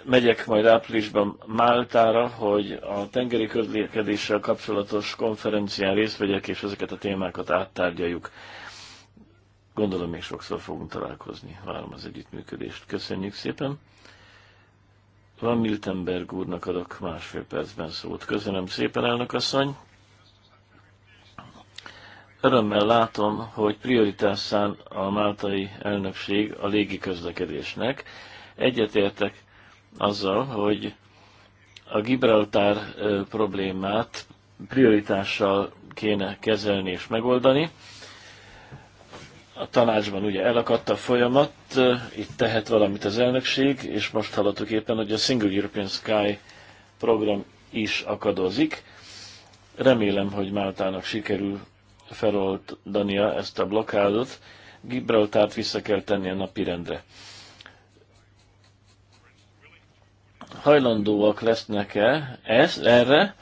megyek majd áprilisban Máltára, hogy a tengeri közlekedéssel kapcsolatos konferencián részt vegyek, és ezeket a témákat áttárgyaljuk. Gondolom még sokszor fogunk találkozni. Várom az együttműködést. Köszönjük szépen. Van Miltenberg úrnak adok másfél percben szót. Köszönöm szépen, elnök asszony. Örömmel látom, hogy prioritásszán a máltai elnökség a légi közlekedésnek. Egyetértek azzal, hogy a Gibraltár problémát prioritással kéne kezelni és megoldani. A tanácsban ugye elakadt a folyamat, itt tehet valamit az elnökség, és most hallottuk éppen, hogy a Single European Sky program is akadozik. Remélem, hogy Máltának sikerül feloldania ezt a blokkádot. Gibraltárt vissza kell tenni a napi rendre hajlandóak lesznek-e ez, erre,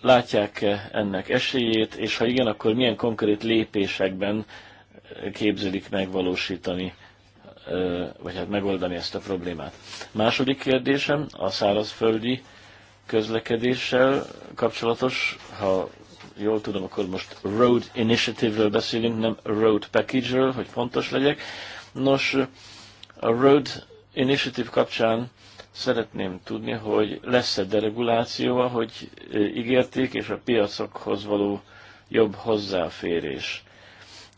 látják-e ennek esélyét, és ha igen, akkor milyen konkrét lépésekben eh, képzelik megvalósítani, eh, vagy hát megoldani ezt a problémát. Második kérdésem a szárazföldi közlekedéssel kapcsolatos, ha jól tudom, akkor most Road Initiative-ről beszélünk, nem Road Package-ről, hogy fontos legyek. Nos, a Road Initiative kapcsán szeretném tudni, hogy lesz-e dereguláció, ahogy e, ígérték, és a piacokhoz való jobb hozzáférés.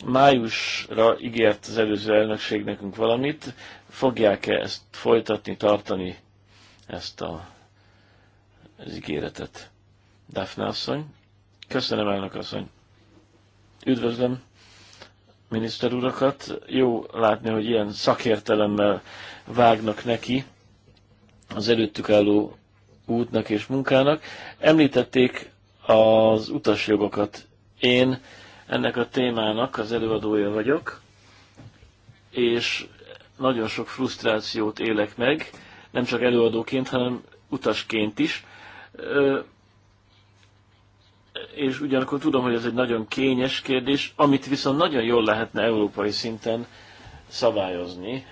Májusra ígért az előző elnökség nekünk valamit, fogják-e ezt folytatni, tartani, ezt a, az ígéretet? Daphne asszony, köszönöm elnök asszony, üdvözlöm miniszter urakat. Jó látni, hogy ilyen szakértelemmel vágnak neki az előttük álló útnak és munkának. Említették az utasjogokat. Én ennek a témának az előadója vagyok, és nagyon sok frusztrációt élek meg, nem csak előadóként, hanem utasként is és ugyanakkor tudom, hogy ez egy nagyon kényes kérdés, amit viszont nagyon jól lehetne európai szinten szabályozni,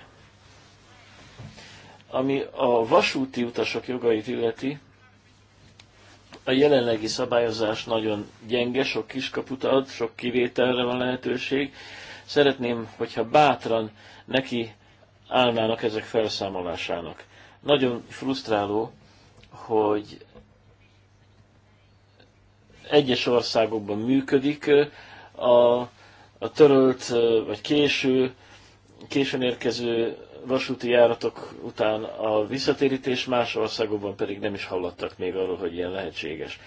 ami a vasúti utasok jogait illeti, a jelenlegi szabályozás nagyon gyenge, sok kiskaput ad, sok kivételre van lehetőség. Szeretném, hogyha bátran neki állnának ezek felszámolásának. Nagyon frusztráló, hogy egyes országokban működik, a, a törölt vagy késő, későn érkező vasúti járatok után a visszatérítés, más országokban pedig nem is hallottak még arról, hogy ilyen lehetséges.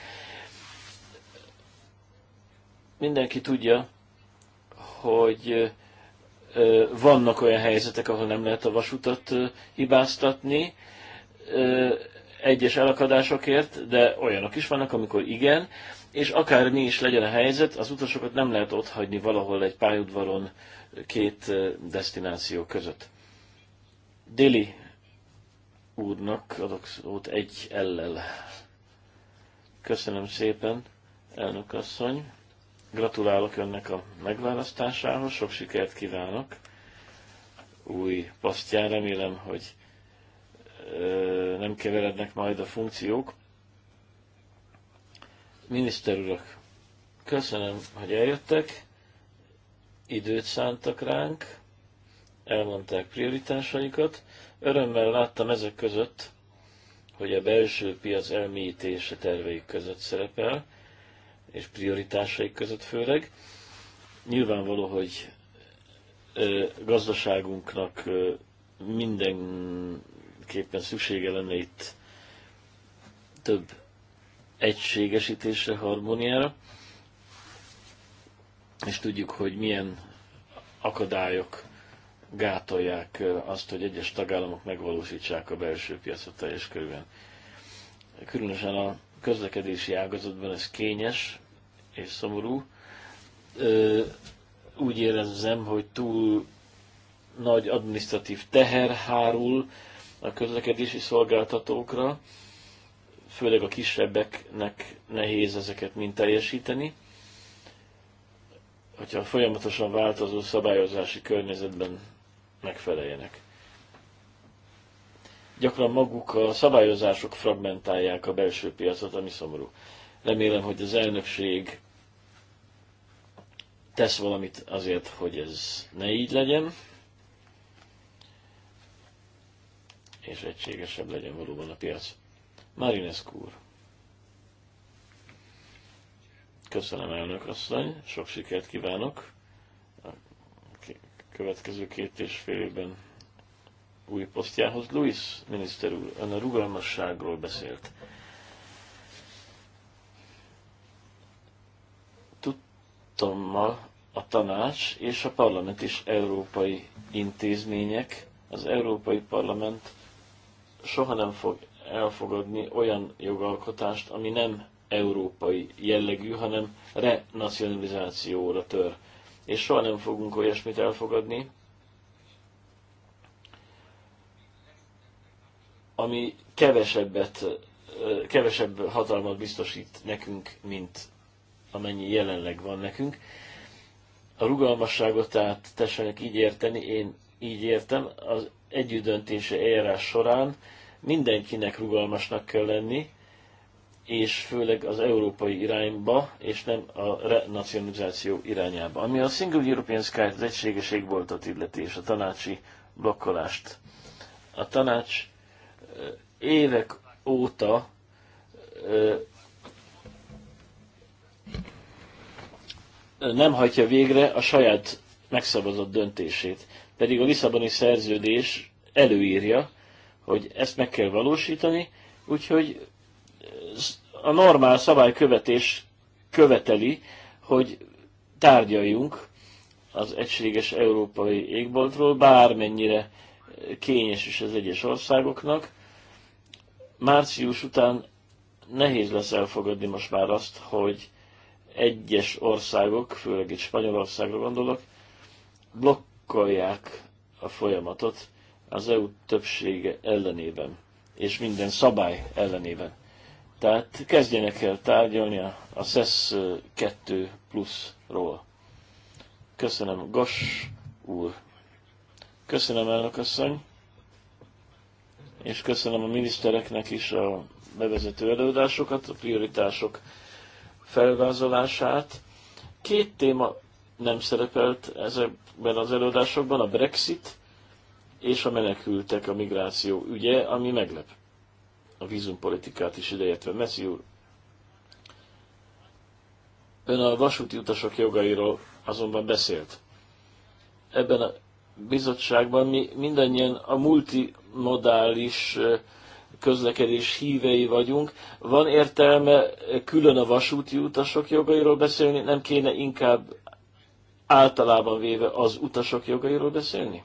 Mindenki tudja, hogy vannak olyan helyzetek, ahol nem lehet a vasutat hibáztatni egyes elakadásokért, de olyanok is vannak, amikor igen és mi is legyen a helyzet, az utasokat nem lehet ott hagyni valahol egy pályaudvaron két destináció között. Déli úrnak adok szót egy ellel. Köszönöm szépen, elnök asszony. Gratulálok önnek a megválasztásához, sok sikert kívánok. Új pasztján remélem, hogy ö, nem keverednek majd a funkciók. Miniszter urak, köszönöm, hogy eljöttek, időt szántak ránk, elmondták prioritásaikat. Örömmel láttam ezek között, hogy a belső piac elmélyítése terveik között szerepel, és prioritásaik között főleg. Nyilvánvaló, hogy gazdaságunknak mindenképpen szüksége lenne itt több egységesítésre, harmóniára, és tudjuk, hogy milyen akadályok gátolják eh, azt, hogy egyes tagállamok megvalósítsák a belső piacot teljes körülön. Különösen a közlekedési ágazatban ez kényes és szomorú. Eh, úgy érezzem, hogy túl nagy administratív teher hárul a közlekedési szolgáltatókra, főleg a kisebbeknek nehéz ezeket mind teljesíteni. Hogyha folyamatosan változó szabályozási környezetben megfeleljenek. Gyakran maguk a szabályozások fragmentálják a belső piacot, ami szomorú. Remélem, hogy az elnökség tesz valamit azért, hogy ez ne így legyen, és egységesebb legyen valóban a piac. Marinescu úr. Köszönöm, elnök asszony, sok sikert kívánok. A következő két és fél évben új posztjához. Luis miniszter úr, ön a rugalmasságról beszélt. Tudtommal a tanács és a parlament is európai intézmények. Az Európai Parlament soha nem fog elfogadni olyan jogalkotást, ami nem európai jellegű, hanem renacionalizációra tör. És soha nem fogunk olyasmit elfogadni, ami kevesebbet, kevesebb hatalmat biztosít nekünk, mint amennyi jelenleg van nekünk. A rugalmasságot tehát tessenek így érteni, én így értem, az együttdöntése eljárás során mindenkinek rugalmasnak kell lenni, és főleg az európai irányba, és nem a renacionalizáció irányába. Ami a Single European Sky az egységes égboltot illeti, és a tanácsi blokkolást. A tanács évek óta nem hagyja végre a saját megszavazott döntését. Pedig a Lisszaboni szerződés előírja, hogy ezt meg kell valósítani, úgyhogy eh, a normál szabálykövetés követeli, hogy tárgyaljunk az egységes európai égboltról, bármennyire eh, kényes is az egyes országoknak. Március után nehéz lesz elfogadni most már azt, hogy egyes országok, főleg itt Spanyolországra gondolok, blokkolják a folyamatot, az EU többsége ellenében, és minden szabály ellenében. Tehát kezdjenek el tárgyalni a, a SES 2 pluszról. Köszönöm, Gos úr. Köszönöm, elnök asszony. És köszönöm a minisztereknek is a bevezető előadásokat, a prioritások felvázolását. Két téma nem szerepelt ezekben az előadásokban, a Brexit és a menekültek, a migráció ügye, ami meglep. A vízumpolitikát is ideértve. Messi úr, ön a vasúti utasok jogairól azonban beszélt. Ebben a bizottságban mi mindannyian a multimodális közlekedés hívei vagyunk. Van értelme külön a vasúti utasok jogairól beszélni, nem kéne inkább általában véve az utasok jogairól beszélni?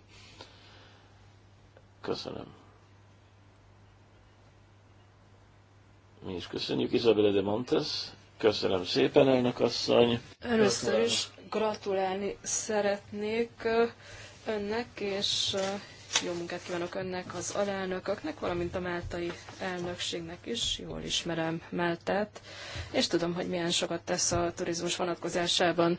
Köszönöm. Mi is köszönjük. Izabela de Montes. Köszönöm szépen, elnök asszony. Először is gratulálni szeretnék önnek és jó munkát kívánok önnek, az alelnököknek, valamint a máltai elnökségnek is. Jól ismerem Máltát, és tudom, hogy milyen sokat tesz a turizmus vonatkozásában.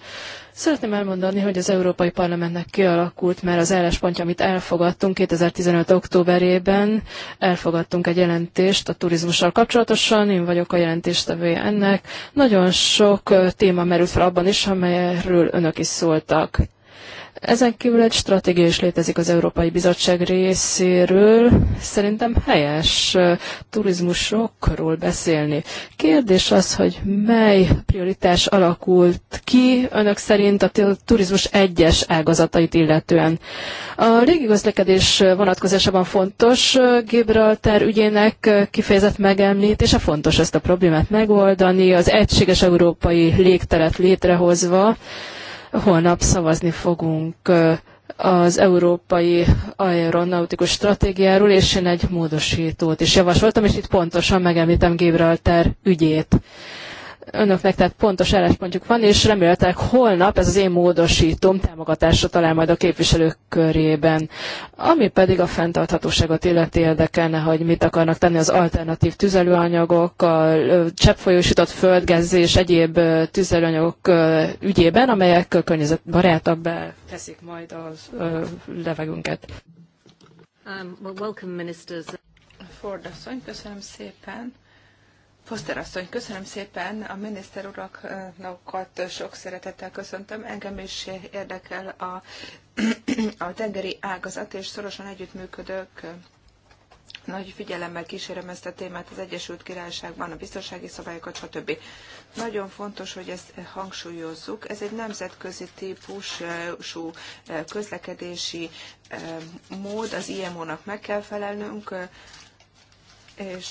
Szeretném elmondani, hogy az Európai Parlamentnek kialakult mert az álláspontja, amit elfogadtunk 2015. októberében. Elfogadtunk egy jelentést a turizmussal kapcsolatosan, én vagyok a jelentéstevője ennek. Nagyon sok téma merült fel abban is, amelyről önök is szóltak. Ezen kívül egy stratégia is létezik az Európai Bizottság részéről. Szerintem helyes turizmusokról beszélni. Kérdés az, hogy mely prioritás alakult ki önök szerint a turizmus egyes ágazatait illetően. A légigazlekedés vonatkozásában fontos Gibraltar ügyének kifejezett megemlítése, fontos ezt a problémát megoldani, az egységes európai légteret létrehozva, Holnap szavazni fogunk az európai aeronautikus stratégiáról, és én egy módosítót is javasoltam, és itt pontosan megemlítem Gibraltar ügyét önöknek tehát pontos álláspontjuk van, és remélhetőleg holnap ez az én módosítom támogatásra talál majd a képviselők körében. Ami pedig a fenntarthatóságot illeti érdekelne, hogy mit akarnak tenni az alternatív tüzelőanyagok, a cseppfolyósított földgáz és egyéb tüzelőanyagok ügyében, amelyek környezetbarátabbá teszik majd a levegőnket. Um, well, welcome, ministers. Ford asszony, köszönöm szépen Foster asszony, köszönöm szépen a miniszter uraknakat sok szeretettel köszöntöm. Engem is érdekel a, a tengeri ágazat, és szorosan együttműködök nagy figyelemmel kísérem ezt a témát az Egyesült Királyságban, a biztonsági szabályokat, stb. Nagyon fontos, hogy ezt hangsúlyozzuk. Ez egy nemzetközi típusú közlekedési mód, az IMO-nak meg kell felelnünk, és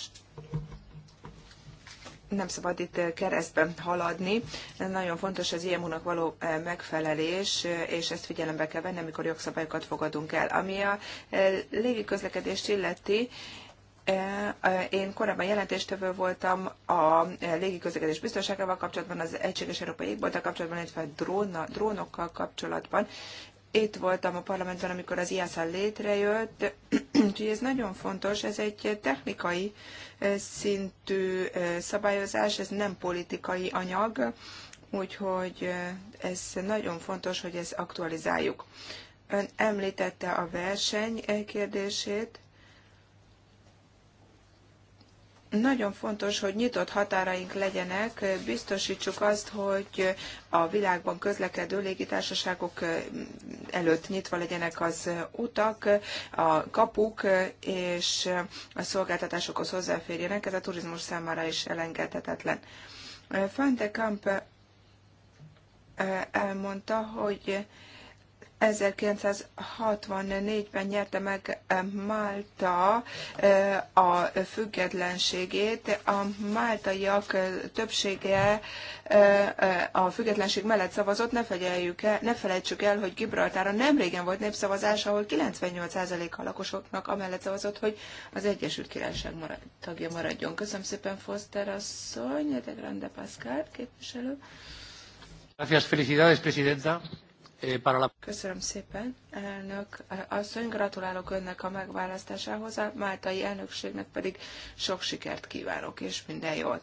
nem szabad itt eh, keresztben haladni. Nagyon fontos az IMU-nak való eh, megfelelés, eh, és ezt figyelembe kell venni, amikor jogszabályokat fogadunk el. Ami a légiközlekedést illeti, én korábban jelentéstevő voltam a légiközlekedés biztonságával kapcsolatban, az Egységes Európai Égbolta kapcsolatban, illetve dróna, drónokkal kapcsolatban. Itt voltam a parlamentben, amikor az IASA létrejött, úgyhogy ez nagyon fontos, ez egy technikai szintű szabályozás, ez nem politikai anyag, úgyhogy ez nagyon fontos, hogy ezt aktualizáljuk. Ön említette a verseny kérdését, nagyon fontos, hogy nyitott határaink legyenek, biztosítsuk azt, hogy a világban közlekedő légitársaságok előtt nyitva legyenek az utak, a kapuk és a szolgáltatásokhoz hozzáférjenek, ez a turizmus számára is elengedhetetlen. Fante Kamp elmondta, hogy 1964-ben nyerte meg eh, Málta eh, a függetlenségét. A máltaiak eh, többsége a függetlenség mellett szavazott, ne, fegyeljük el, ne felejtsük el, hogy Gibraltára nem régen volt népszavazás, ahol 98% a lakosoknak amellett szavazott, hogy az Egyesült Királyság marad, tagja maradjon. Köszönöm szépen, Foster asszony, de Grande Pascal képviselő. Gracias, felicidades, presidenta. Köszönöm szépen, elnök asszony, gratulálok önnek a megválasztásához, a máltai elnökségnek pedig sok sikert kívánok, és minden jót.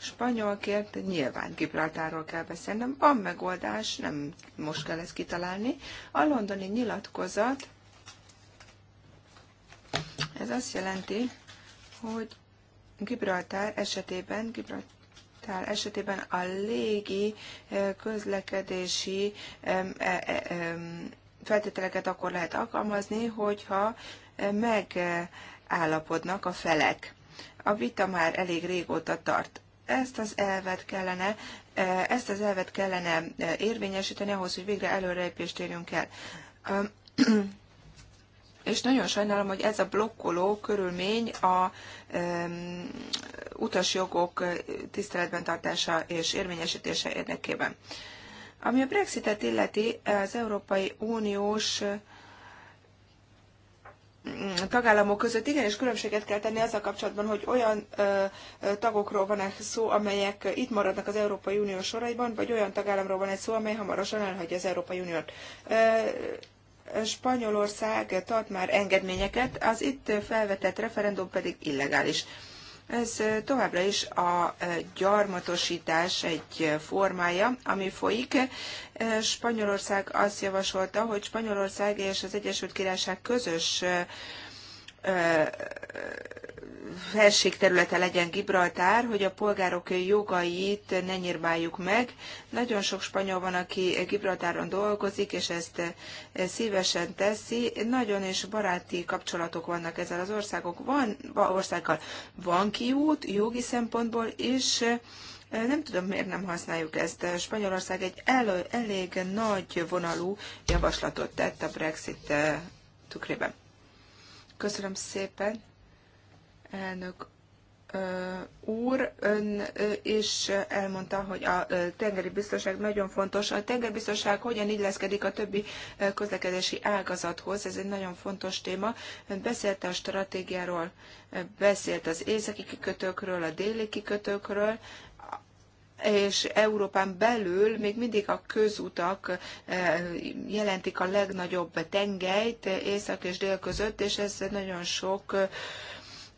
Spanyolként nyilván Gibraltáról kell beszélnem, van megoldás, nem most kell ezt kitalálni. A londoni nyilatkozat, ez azt jelenti, hogy Gibraltár esetében Gibraltár tehát esetében a légi közlekedési e, e, feltételeket akkor lehet alkalmazni, hogyha megállapodnak a felek. A vita már elég régóta tart. Ezt az elvet kellene, ezt az elvet kellene érvényesíteni ahhoz, hogy végre előrelépést érjünk el és nagyon sajnálom, hogy ez a blokkoló körülmény a um, utasjogok eh, tiszteletben tartása és érvényesítése érdekében. Ami a Brexitet illeti, az Európai Uniós eh, tagállamok között igenis különbséget kell tenni azzal kapcsolatban, hogy olyan ö, eh, tagokról van egy szó, amelyek itt maradnak az Európai Unió soraiban, vagy olyan tagállamról van egy szó, amely hamarosan elhagyja az Európai Uniót. Ö, Spanyolország tart már engedményeket, az itt felvetett referendum pedig illegális. Ez továbbra is a gyarmatosítás egy formája, ami folyik. Spanyolország azt javasolta, hogy Spanyolország és az Egyesült Királyság közös területe legyen Gibraltár, hogy a polgárok jogait ne nyírbáljuk meg. Nagyon sok spanyol van, aki Gibraltáron dolgozik, és ezt eh, szívesen teszi. Nagyon és baráti kapcsolatok vannak ezzel az országok. Van, országgal van kiút, jogi szempontból is, eh, nem tudom, miért nem használjuk ezt. Spanyolország egy elő, elég nagy vonalú javaslatot tett a Brexit eh, tükrében. Köszönöm szépen elnök úr, ön is elmondta, hogy a tengeri biztonság nagyon fontos. A tengeri biztonság hogyan illeszkedik a többi közlekedési ágazathoz? Ez egy nagyon fontos téma. Ön beszélt a stratégiáról, beszélt az északi kikötőkről, a déli kikötőkről, és Európán belül még mindig a közutak jelentik a legnagyobb tengelyt észak és dél között, és ez nagyon sok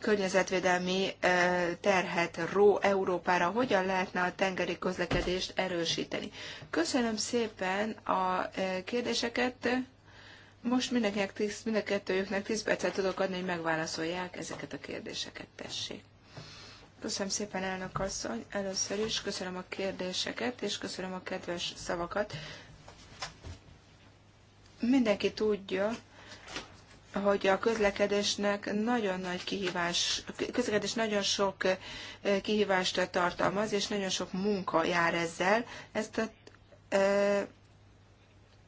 környezetvédelmi terhet ró Európára, hogyan lehetne a tengeri közlekedést erősíteni. Köszönöm szépen a kérdéseket. Most mindenkinek, tíz, mind a kettőjüknek 10 percet tudok adni, hogy megválaszolják ezeket a kérdéseket, tessék. Köszönöm szépen, elnök asszony. Először is köszönöm a kérdéseket, és köszönöm a kedves szavakat. Mindenki tudja, hogy a közlekedésnek nagyon nagy kihívás, közlekedés nagyon sok eh, kihívást tartalmaz, és nagyon sok munka jár ezzel. Ezt a eh,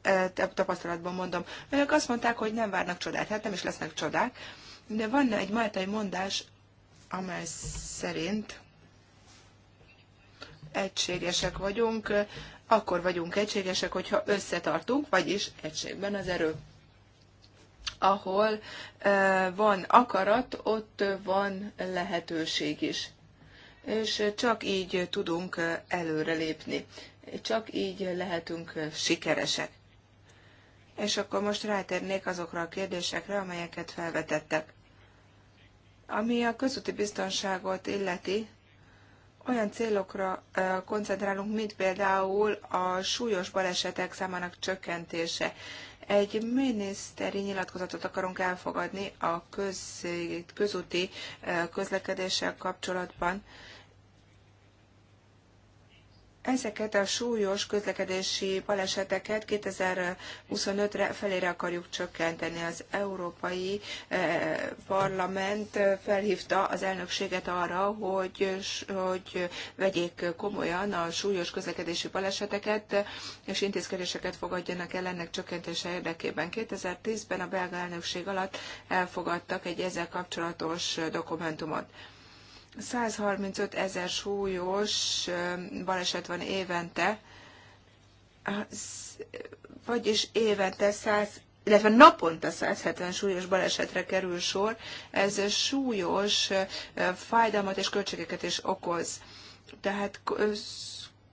eh, tapasztalatban mondom. Önök azt mondták, hogy nem várnak csodát. Hát nem is lesznek csodák. De van egy máltai mondás, amely szerint egységesek vagyunk, akkor vagyunk egységesek, hogyha összetartunk, vagyis egységben az erő ahol van akarat, ott van lehetőség is. És csak így tudunk előrelépni. Csak így lehetünk sikeresek. És akkor most rátérnék azokra a kérdésekre, amelyeket felvetettek. Ami a közúti biztonságot illeti, olyan célokra koncentrálunk, mint például a súlyos balesetek számának csökkentése, egy miniszteri nyilatkozatot akarunk elfogadni a köz, közúti eh, közlekedéssel kapcsolatban Ezeket a súlyos közlekedési baleseteket 2025-re felére akarjuk csökkenteni. Az Európai eh, Parlament eh, felhívta az elnökséget arra, hogy, hogy vegyék komolyan a súlyos közlekedési baleseteket, és intézkedéseket fogadjanak el ennek csökkentése érdekében. 2010-ben a belga elnökség alatt elfogadtak egy ezzel kapcsolatos dokumentumot. 135 ezer súlyos baleset van évente, vagyis évente 100 illetve naponta 170 súlyos balesetre kerül sor, ez súlyos fájdalmat és költségeket is okoz. Tehát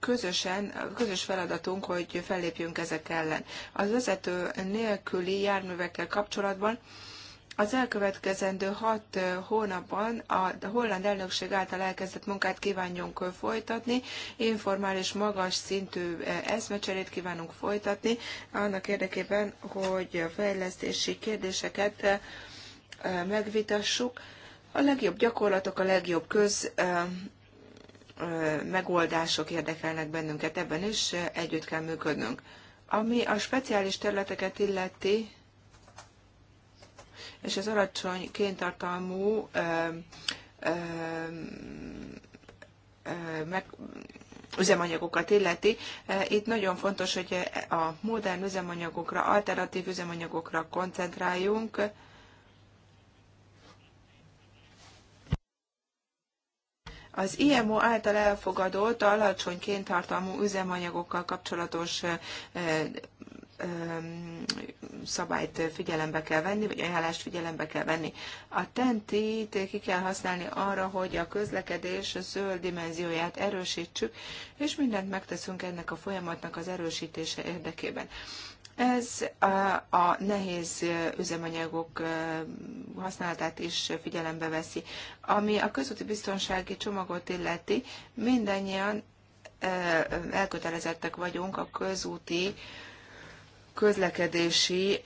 közösen, közös feladatunk, hogy fellépjünk ezek ellen. Az vezető nélküli járművekkel kapcsolatban az elkövetkezendő hat hónapban a holland elnökség által elkezdett munkát kívánjunk folytatni, informális, magas szintű eszmecserét kívánunk folytatni, annak érdekében, hogy a fejlesztési kérdéseket megvitassuk. A legjobb gyakorlatok, a legjobb köz megoldások érdekelnek bennünket, ebben is együtt kell működnünk. Ami a speciális területeket illeti, és az alacsony kéntartalmú meg, üzemanyagokat illeti. Itt nagyon fontos, hogy a modern üzemanyagokra, alternatív üzemanyagokra koncentráljunk. Az IMO által elfogadott alacsony kéntartalmú üzemanyagokkal kapcsolatos szabályt figyelembe kell venni, vagy ajánlást figyelembe kell venni. A TENT-t ki kell használni arra, hogy a közlekedés a zöld dimenzióját erősítsük, és mindent megteszünk ennek a folyamatnak az erősítése érdekében. Ez a, a nehéz üzemanyagok használatát is figyelembe veszi. Ami a közúti biztonsági csomagot illeti, mindannyian elkötelezettek vagyunk a közúti közlekedési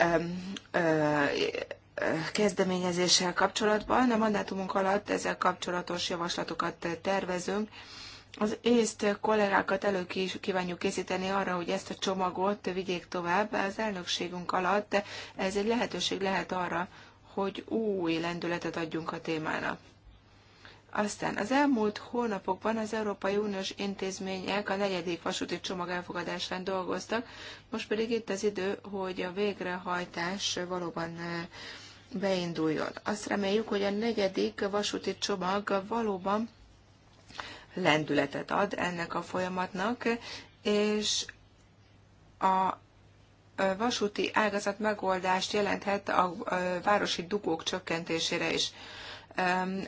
kezdeményezéssel kapcsolatban. A mandátumunk alatt ezzel kapcsolatos javaslatokat tervezünk. Az észt kollégákat elő kívánjuk készíteni arra, hogy ezt a csomagot vigyék tovább. Az elnökségünk alatt ez egy lehetőség lehet arra, hogy új lendületet adjunk a témának. Aztán az elmúlt hónapokban az Európai Uniós intézmények a negyedik vasúti csomag elfogadásán dolgoztak, most pedig itt az idő, hogy a végrehajtás valóban eh, beinduljon. Azt reméljük, hogy a negyedik vasúti csomag valóban lendületet ad ennek a folyamatnak, és a eh, vasúti ágazat megoldást jelenthet a eh, városi dugók csökkentésére is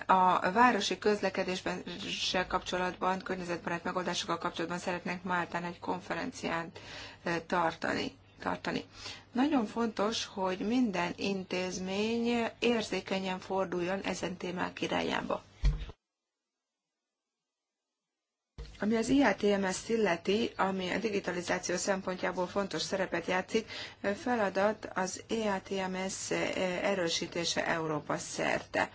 a városi közlekedésben kapcsolatban, környezetbarát megoldásokkal kapcsolatban szeretnénk Máltán egy konferencián tartani. tartani. Nagyon fontos, hogy minden intézmény érzékenyen forduljon ezen témák irányába. Ami az IATMS illeti, ami a digitalizáció szempontjából fontos szerepet játszik, feladat az IATMS erősítése Európa szerte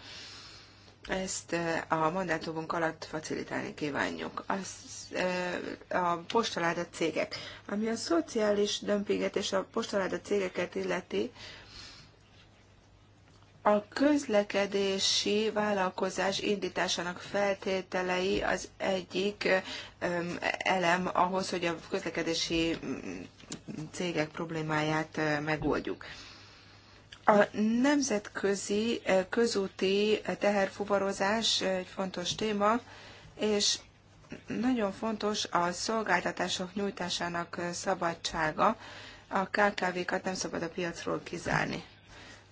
ezt eh, a mandátumunk alatt facilitálni kívánjuk. Az, eh, a postaláda cégek, ami a szociális dömpinget és a postaláda cégeket illeti, a közlekedési vállalkozás indításának feltételei az egyik elem ahhoz, hogy a közlekedési cégek problémáját eh, megoldjuk. A nemzetközi eh, közúti eh, teherfuvarozás eh, egy fontos téma, és nagyon fontos a szolgáltatások nyújtásának szabadsága. A KKV-kat nem szabad a piacról kizárni.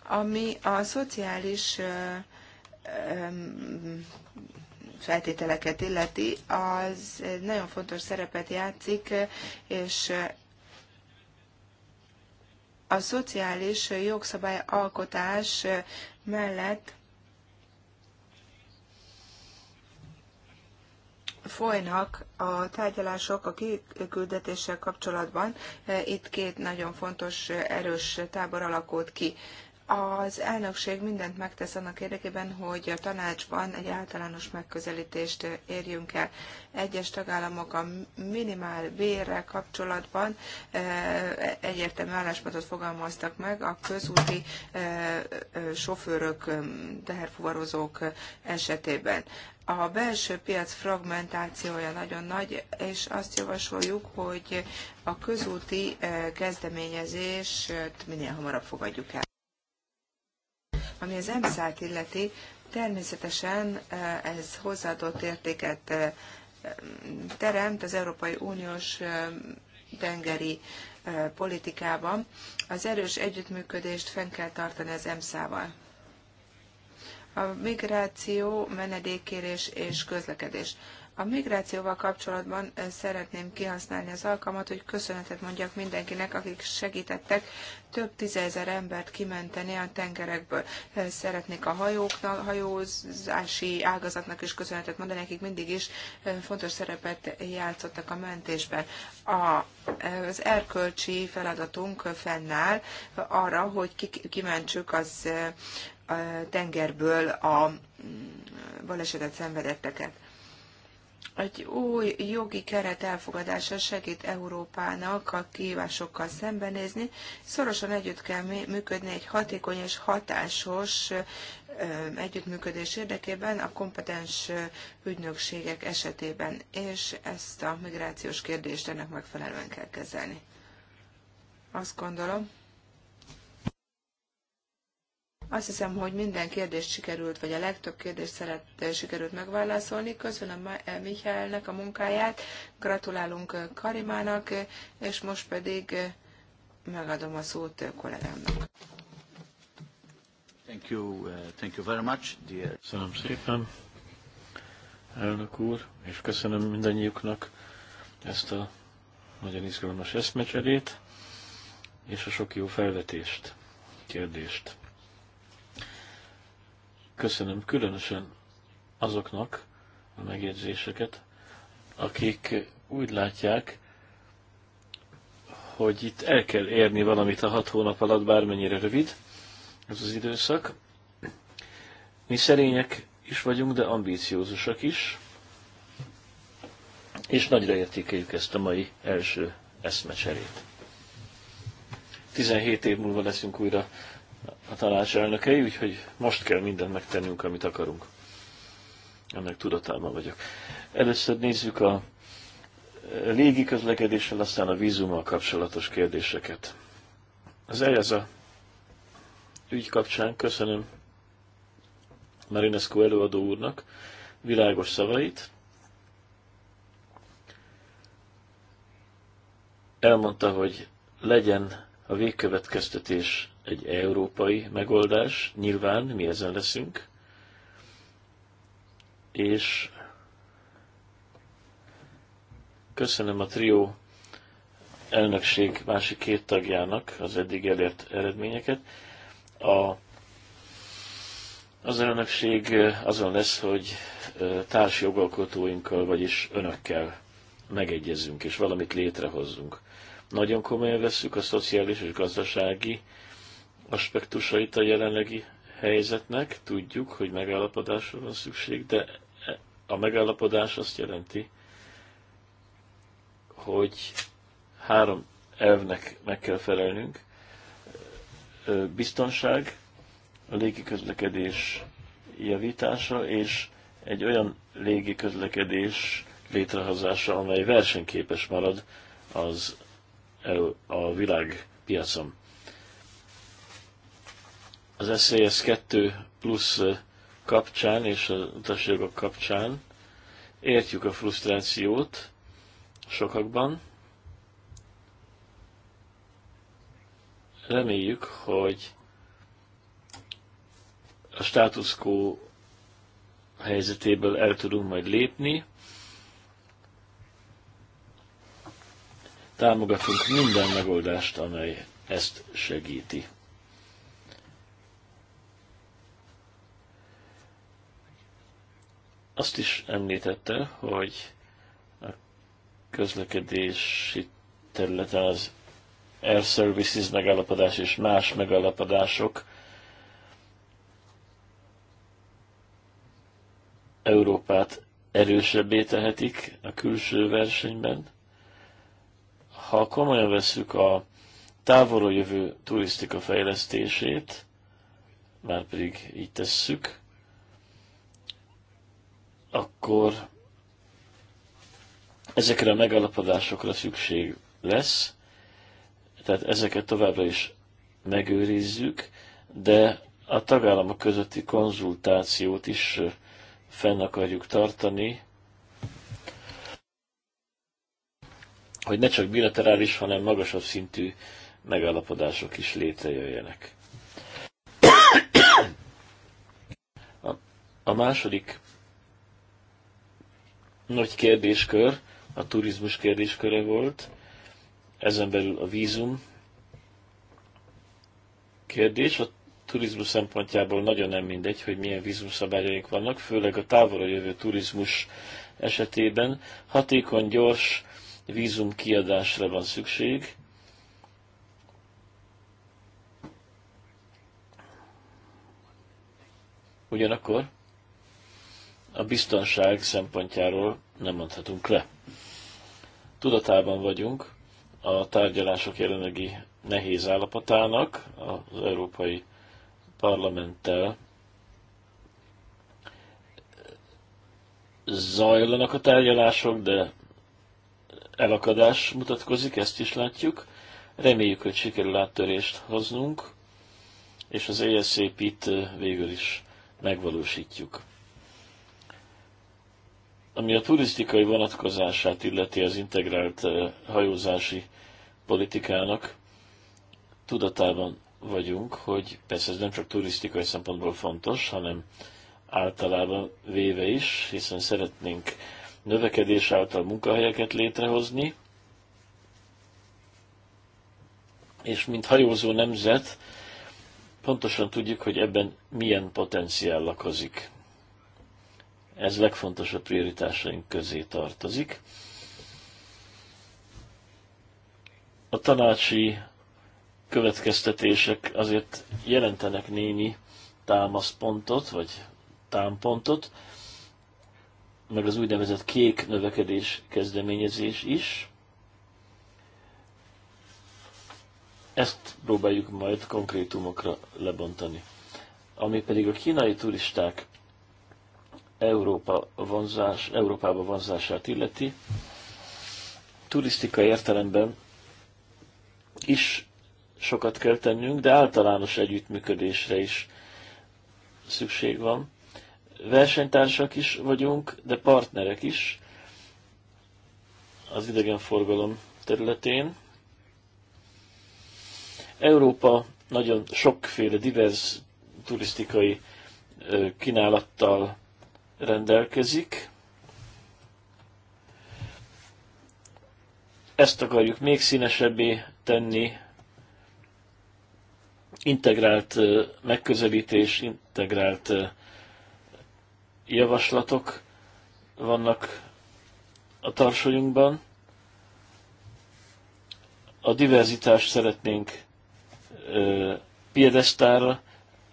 Ami a szociális feltételeket illeti, az nagyon fontos szerepet játszik, és a szociális jogszabályalkotás mellett folynak a tárgyalások a kiküldetéssel kapcsolatban. Itt két nagyon fontos, erős tábor alakult ki. Az elnökség mindent megtesz annak érdekében, hogy a tanácsban egy általános megközelítést érjünk el. Egyes tagállamok a minimál bérrel kapcsolatban eh, egyértelmű álláspontot fogalmaztak meg a közúti eh, eh, sofőrök, teherfuvarozók esetében. A belső piac fragmentációja nagyon nagy, és azt javasoljuk, hogy a közúti kezdeményezést minél hamarabb fogadjuk el. Ami az emszát illeti, természetesen eh, ez hozzáadott értéket eh, teremt az Európai Uniós eh, tengeri politikában. Az erős együttműködést fenn kell tartani az EMSZ-val. A migráció, menedékkérés és közlekedés. A migrációval kapcsolatban szeretném kihasználni az alkalmat, hogy köszönetet mondjak mindenkinek, akik segítettek több tízezer embert kimenteni a tengerekből. Szeretnék a hajóknak, hajózási ágazatnak is köszönetet mondani, akik mindig is fontos szerepet játszottak a mentésben. A, az erkölcsi feladatunk fennáll arra, hogy kimentsük az tengerből a mm, balesetet szenvedetteket egy új jogi keret elfogadása segít Európának a kívásokkal szembenézni. Szorosan együtt kell működni egy hatékony és hatásos együttműködés érdekében a kompetens ügynökségek esetében, és ezt a migrációs kérdést ennek megfelelően kell kezelni. Azt gondolom, azt hiszem, hogy minden kérdést sikerült, vagy a legtöbb kérdést szeret, eh, sikerült megválaszolni. Köszönöm eh, Mihálynek a munkáját, gratulálunk eh, Karimának, és most pedig megadom a szót kollégámnak. Thank you, thank you very much, dear. Köszönöm szépen, elnök úr, és köszönöm mindannyiuknak ezt a nagyon izgalmas eszmecserét, és a sok jó felvetést, kérdést. Köszönöm különösen azoknak a megjegyzéseket, akik úgy látják, hogy itt el kell érni valamit a hat hónap alatt, bármennyire rövid ez az időszak. Mi szerények is vagyunk, de ambíciózusak is, és nagyra értékeljük ezt a mai első eszmecserét. 17 év múlva leszünk újra a tanács elnökei, úgyhogy most kell mindent megtennünk, amit akarunk. Ennek tudatában vagyok. Először nézzük a légi közlekedéssel, aztán a vízummal kapcsolatos kérdéseket. Az a ügy kapcsán köszönöm Marinescu előadó úrnak világos szavait. Elmondta, hogy legyen a végkövetkeztetés egy európai megoldás, nyilván mi ezen leszünk, és köszönöm a trió elnökség másik két tagjának az eddig elért eredményeket. A, az elnökség azon lesz, hogy társ jogalkotóinkkal, vagyis önökkel megegyezünk és valamit létrehozzunk. Nagyon komolyan veszük a szociális és gazdasági aspektusait a jelenlegi helyzetnek. Tudjuk, hogy megállapodásra van szükség, de a megállapodás azt jelenti, hogy három elvnek meg kell felelnünk. Biztonság, a közlekedés javítása és egy olyan közlekedés létrehozása, amely versenyképes marad az a világ piacon az SZSZ 2 plusz kapcsán és a utasjogok kapcsán. Értjük a frusztrációt sokakban. Reméljük, hogy a status quo helyzetéből el tudunk majd lépni. Támogatunk minden megoldást, amely ezt segíti. azt is említette, hogy a közlekedési területen az Air Services megállapodás és más megállapodások Európát erősebbé tehetik a külső versenyben. Ha komolyan veszük a távolról jövő turisztika fejlesztését, már pedig így tesszük, akkor ezekre a megalapodásokra szükség lesz, tehát ezeket továbbra is megőrizzük, de a tagállamok közötti konzultációt is fenn akarjuk tartani, hogy ne csak bilaterális, hanem magasabb szintű megállapodások is létrejöjjenek. A második nagy kérdéskör, a turizmus kérdésköre volt, ezen belül a vízum kérdés. A turizmus szempontjából nagyon nem mindegy, hogy milyen vízumszabályaink vannak, főleg a távolra jövő turizmus esetében hatékony, gyors vízum kiadásra van szükség. Ugyanakkor a biztonság szempontjáról nem mondhatunk le. Tudatában vagyunk a tárgyalások jelenlegi nehéz állapotának az Európai Parlamenttel zajlanak a tárgyalások, de elakadás mutatkozik, ezt is látjuk. Reméljük, hogy sikerül áttörést hoznunk, és az ESCP-t végül is megvalósítjuk. Ami a turisztikai vonatkozását illeti az integrált eh, hajózási politikának, tudatában vagyunk, hogy persze ez nem csak turisztikai szempontból fontos, hanem általában véve is, hiszen szeretnénk növekedés által munkahelyeket létrehozni, és mint hajózó nemzet pontosan tudjuk, hogy ebben milyen potenciál lakozik. Ez legfontosabb prioritásaink közé tartozik. A tanácsi következtetések azért jelentenek némi támaszpontot, vagy támpontot, meg az úgynevezett kék növekedés kezdeményezés is. Ezt próbáljuk majd konkrétumokra lebontani. Ami pedig a kínai turisták Európa vonzás, Európába vonzását illeti, turisztikai értelemben is sokat kell tennünk, de általános együttműködésre is szükség van. Versenytársak is vagyunk, de partnerek is az idegenforgalom területén. Európa nagyon sokféle, divers turisztikai kínálattal rendelkezik. Ezt akarjuk még színesebbé tenni, integrált megközelítés, integrált javaslatok vannak a tarsolyunkban. A diverzitást szeretnénk piedesztára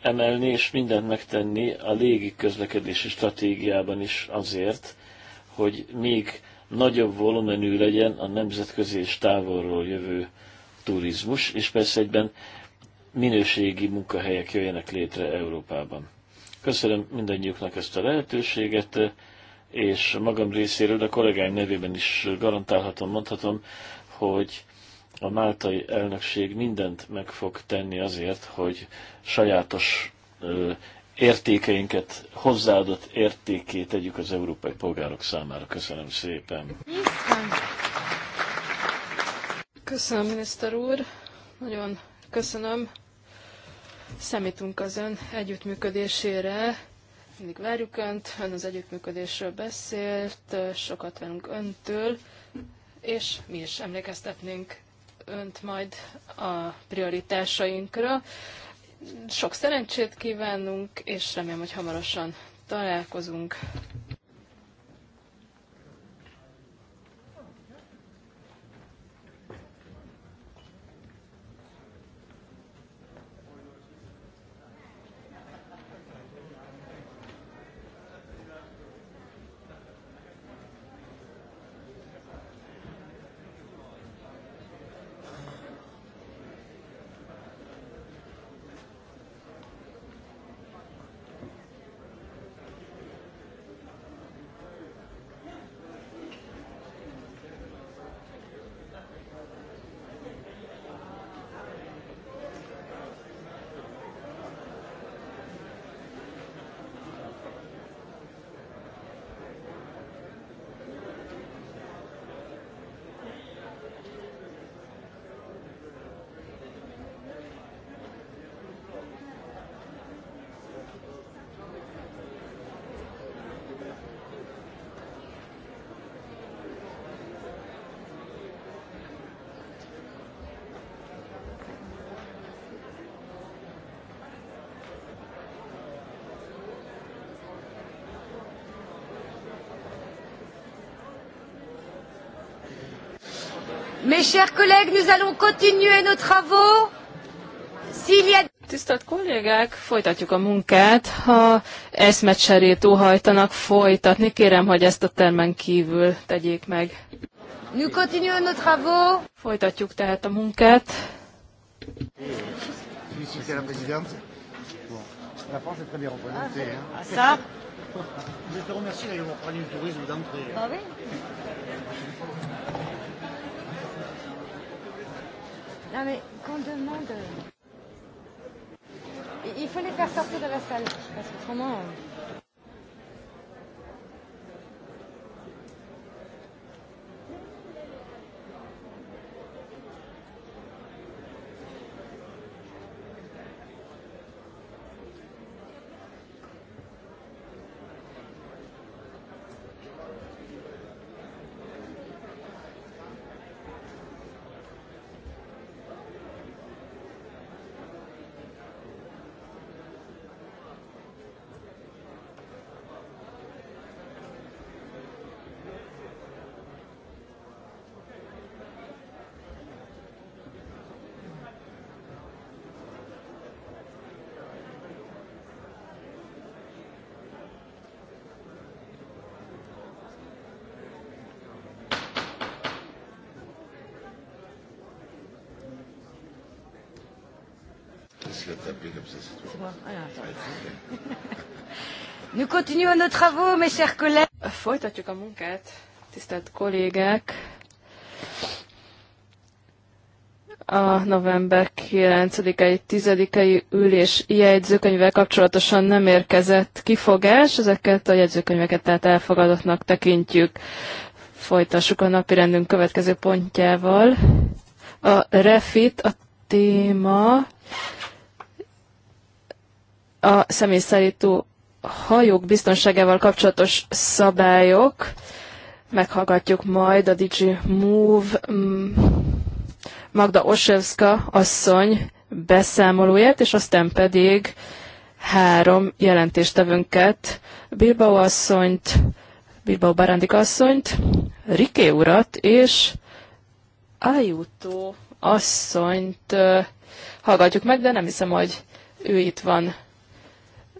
emelni és mindent megtenni a légi közlekedési stratégiában is azért, hogy még nagyobb volumenű legyen a nemzetközi és távolról jövő turizmus, és persze egyben minőségi munkahelyek jöjjenek létre Európában. Köszönöm mindannyiuknak ezt a lehetőséget, és magam részéről, de a kollégáim nevében is garantálhatom, mondhatom, hogy a máltai elnökség mindent meg fog tenni azért, hogy sajátos értékeinket, hozzáadott értékét tegyük az európai polgárok számára. Köszönöm szépen! Köszönöm, miniszter úr! Nagyon köszönöm. Szemítünk az ön együttműködésére. Mindig várjuk önt, ön az együttműködésről beszélt, sokat velünk öntől, és mi is emlékeztetnénk önt majd a prioritásainkra. Sok szerencsét kívánunk, és remélem, hogy hamarosan találkozunk. Mes chers collègues, nous allons continuer nos travaux. S'il y a... Tisztelt kollégák, folytatjuk a munkát. Ha eszmecserét óhajtanak folytatni, kérem, hogy ezt a termen kívül tegyék meg. Nous continuons nos travaux. Folytatjuk tehát a munkát. Ah, Je te remercie d'ailleurs pour du tourisme d'entrée. Ah oui. Non mais qu'on demande. Euh, il faut les faire sortir de la salle, parce que qu'autrement. Euh... Szóval, Folytatjuk a munkát, tisztelt kollégák. A november 9-i, 10-i ülés jegyzőkönyvvel kapcsolatosan nem érkezett kifogás, ezeket a jegyzőkönyveket tehát elfogadottnak tekintjük. Folytassuk a napirendünk következő pontjával. A refit, a téma a személyszállító hajók biztonságával kapcsolatos szabályok. Meghallgatjuk majd a Digi Move mm, Magda Osevska asszony beszámolóját, és aztán pedig három jelentéstevőnket, Bilbao asszonyt, Bilbao Barándik asszonyt, Riké urat és Ájutó asszonyt hallgatjuk meg, de nem hiszem, hogy ő itt van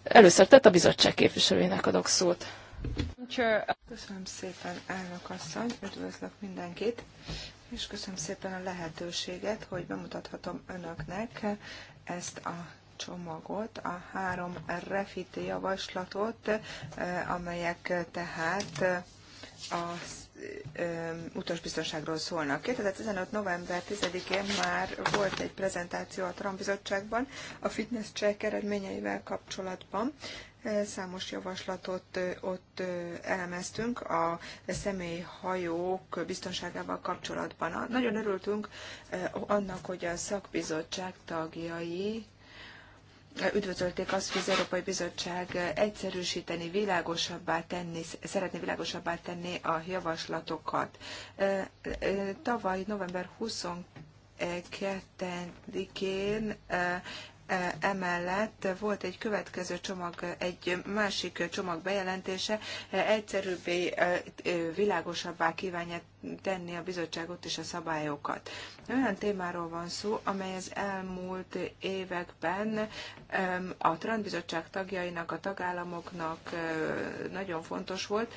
Először tett a bizottság képviselőjének adok szót. Uh, köszönöm szépen, elnök asszony, üdvözlök mindenkit, és köszönöm szépen a lehetőséget, hogy bemutathatom önöknek ezt a csomagot, a három refit javaslatot, uh, amelyek tehát uh, a utasbiztonságról szólnak. 2015. november 10-én már volt egy prezentáció a Trump bizottságban a fitness check eredményeivel kapcsolatban. Számos javaslatot ott elemeztünk a személyhajók biztonságával kapcsolatban. Nagyon örültünk annak, hogy a szakbizottság tagjai üdvözölték azt, hogy az Európai Bizottság egyszerűsíteni, világosabbá tenni, szeretné világosabbá tenni a javaslatokat. Tavaly november 22 22-én E, emellett volt egy következő csomag, egy másik csomag bejelentése, e, egyszerűbbé, e, világosabbá kívánja tenni a bizottságot és a szabályokat. Olyan témáról van szó, amely az elmúlt években a Trendbizottság tagjainak, a tagállamoknak nagyon fontos volt,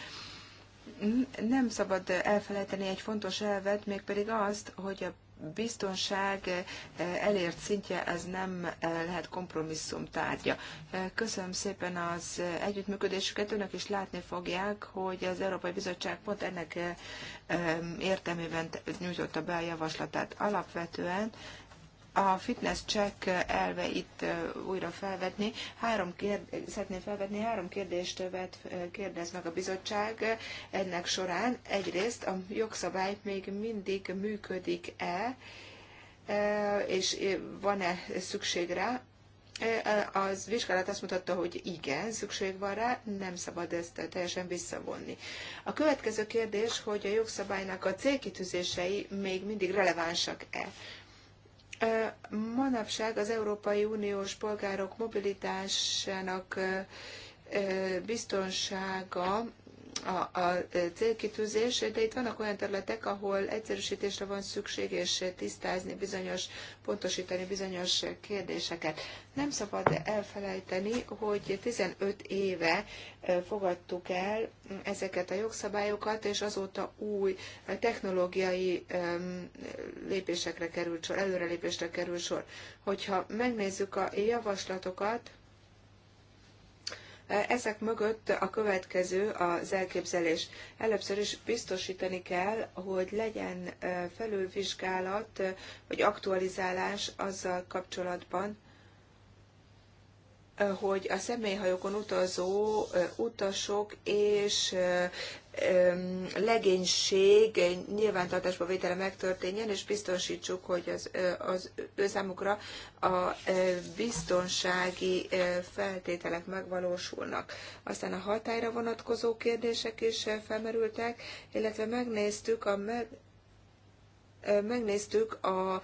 nem szabad elfelejteni egy fontos elvet, mégpedig azt, hogy a biztonság eh, elért szintje, ez nem eh, lehet kompromisszum tárgya. Eh, köszönöm szépen az együttműködésüket, önök is látni fogják, hogy az Európai Bizottság pont ennek értelmében nyújtotta be a javaslatát. Alapvetően a fitness check elve itt újra felvetni. Három kérd... Szeretném felvetni, három kérdést vet, kérdez meg a bizottság ennek során. Egyrészt a jogszabály még mindig működik-e, és van-e szükség rá? Az vizsgálat azt mutatta, hogy igen, szükség van rá, nem szabad ezt teljesen visszavonni. A következő kérdés, hogy a jogszabálynak a célkitűzései még mindig relevánsak-e? Manapság az Európai Uniós polgárok mobilitásának biztonsága a, a e, célkitűzés, de itt vannak olyan területek, ahol egyszerűsítésre van szükség, és tisztázni bizonyos, pontosítani bizonyos kérdéseket. Nem szabad elfelejteni, hogy 15 éve e, fogadtuk el ezeket a jogszabályokat, és azóta új technológiai e, lépésekre került sor, előrelépésre kerül sor. Hogyha megnézzük a javaslatokat, ezek mögött a következő az elképzelés. Először is biztosítani kell, hogy legyen felülvizsgálat vagy aktualizálás azzal kapcsolatban, hogy a személyhajókon utazó utasok és legénység nyilvántartásba vétele megtörténjen, és biztosítsuk, hogy az, az ő számukra a biztonsági feltételek megvalósulnak. Aztán a hatályra vonatkozó kérdések is felmerültek, illetve megnéztük a, meg, megnéztük a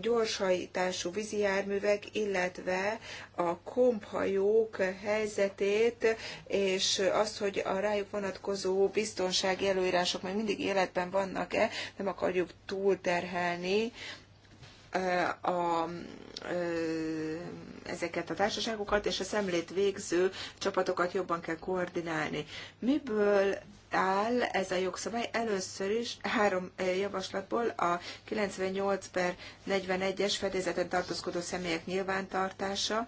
gyorshajtású járművek, illetve a komphajók helyzetét, és azt, hogy a rájuk vonatkozó biztonsági előírások még mindig életben vannak-e, nem akarjuk túlterhelni a, a, ezeket a társaságokat, és a szemlét végző csapatokat jobban kell koordinálni. Miből áll ez a jogszabály. Először is három eh, javaslatból a 98 per 41-es fedélzeten tartózkodó személyek nyilvántartása,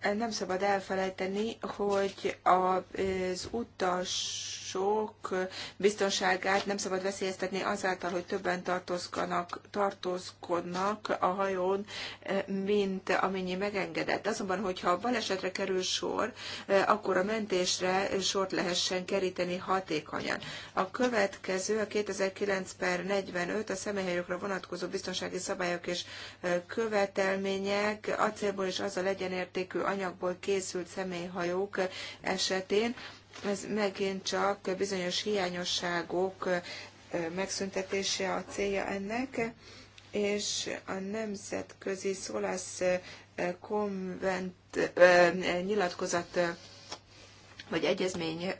eh, nem szabad elfelejteni, hogy az utas utazások biztonságát nem szabad veszélyeztetni azáltal, hogy többen tartózkodnak, tartózkodnak a hajón, eh, mint amennyi megengedett. Azonban, hogyha balesetre kerül sor, eh, akkor a mentésre sort lehessen keríteni hatékonyan. A következő, a 2009 per 45, a személyhajókra vonatkozó biztonsági szabályok és eh, követelmények acélból és azzal egyenértékű anyagból készült személyhajók esetén ez megint csak bizonyos hiányosságok megszüntetése a célja ennek, és a nemzetközi szólász konvent nyilatkozat vagy egyezmény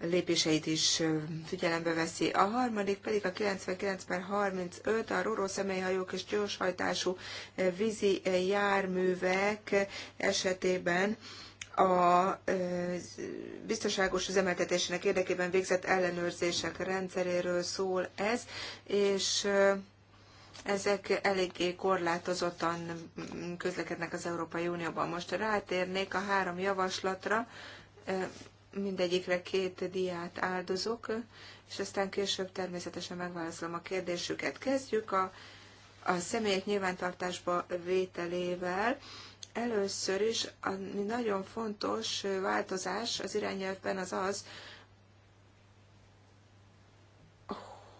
lépéseit is figyelembe veszi. A harmadik pedig a 99 per 35, a roró személyhajók és gyorshajtású vízi járművek esetében a biztonságos üzemeltetésének érdekében végzett ellenőrzések rendszeréről szól ez, és ezek eléggé korlátozottan közlekednek az Európai Unióban. Most rátérnék a három javaslatra, mindegyikre két diát áldozok, és aztán később természetesen megválaszolom a kérdésüket. Kezdjük a, a személyek nyilvántartásba vételével. Először is, ami nagyon fontos változás az irányelvben az az,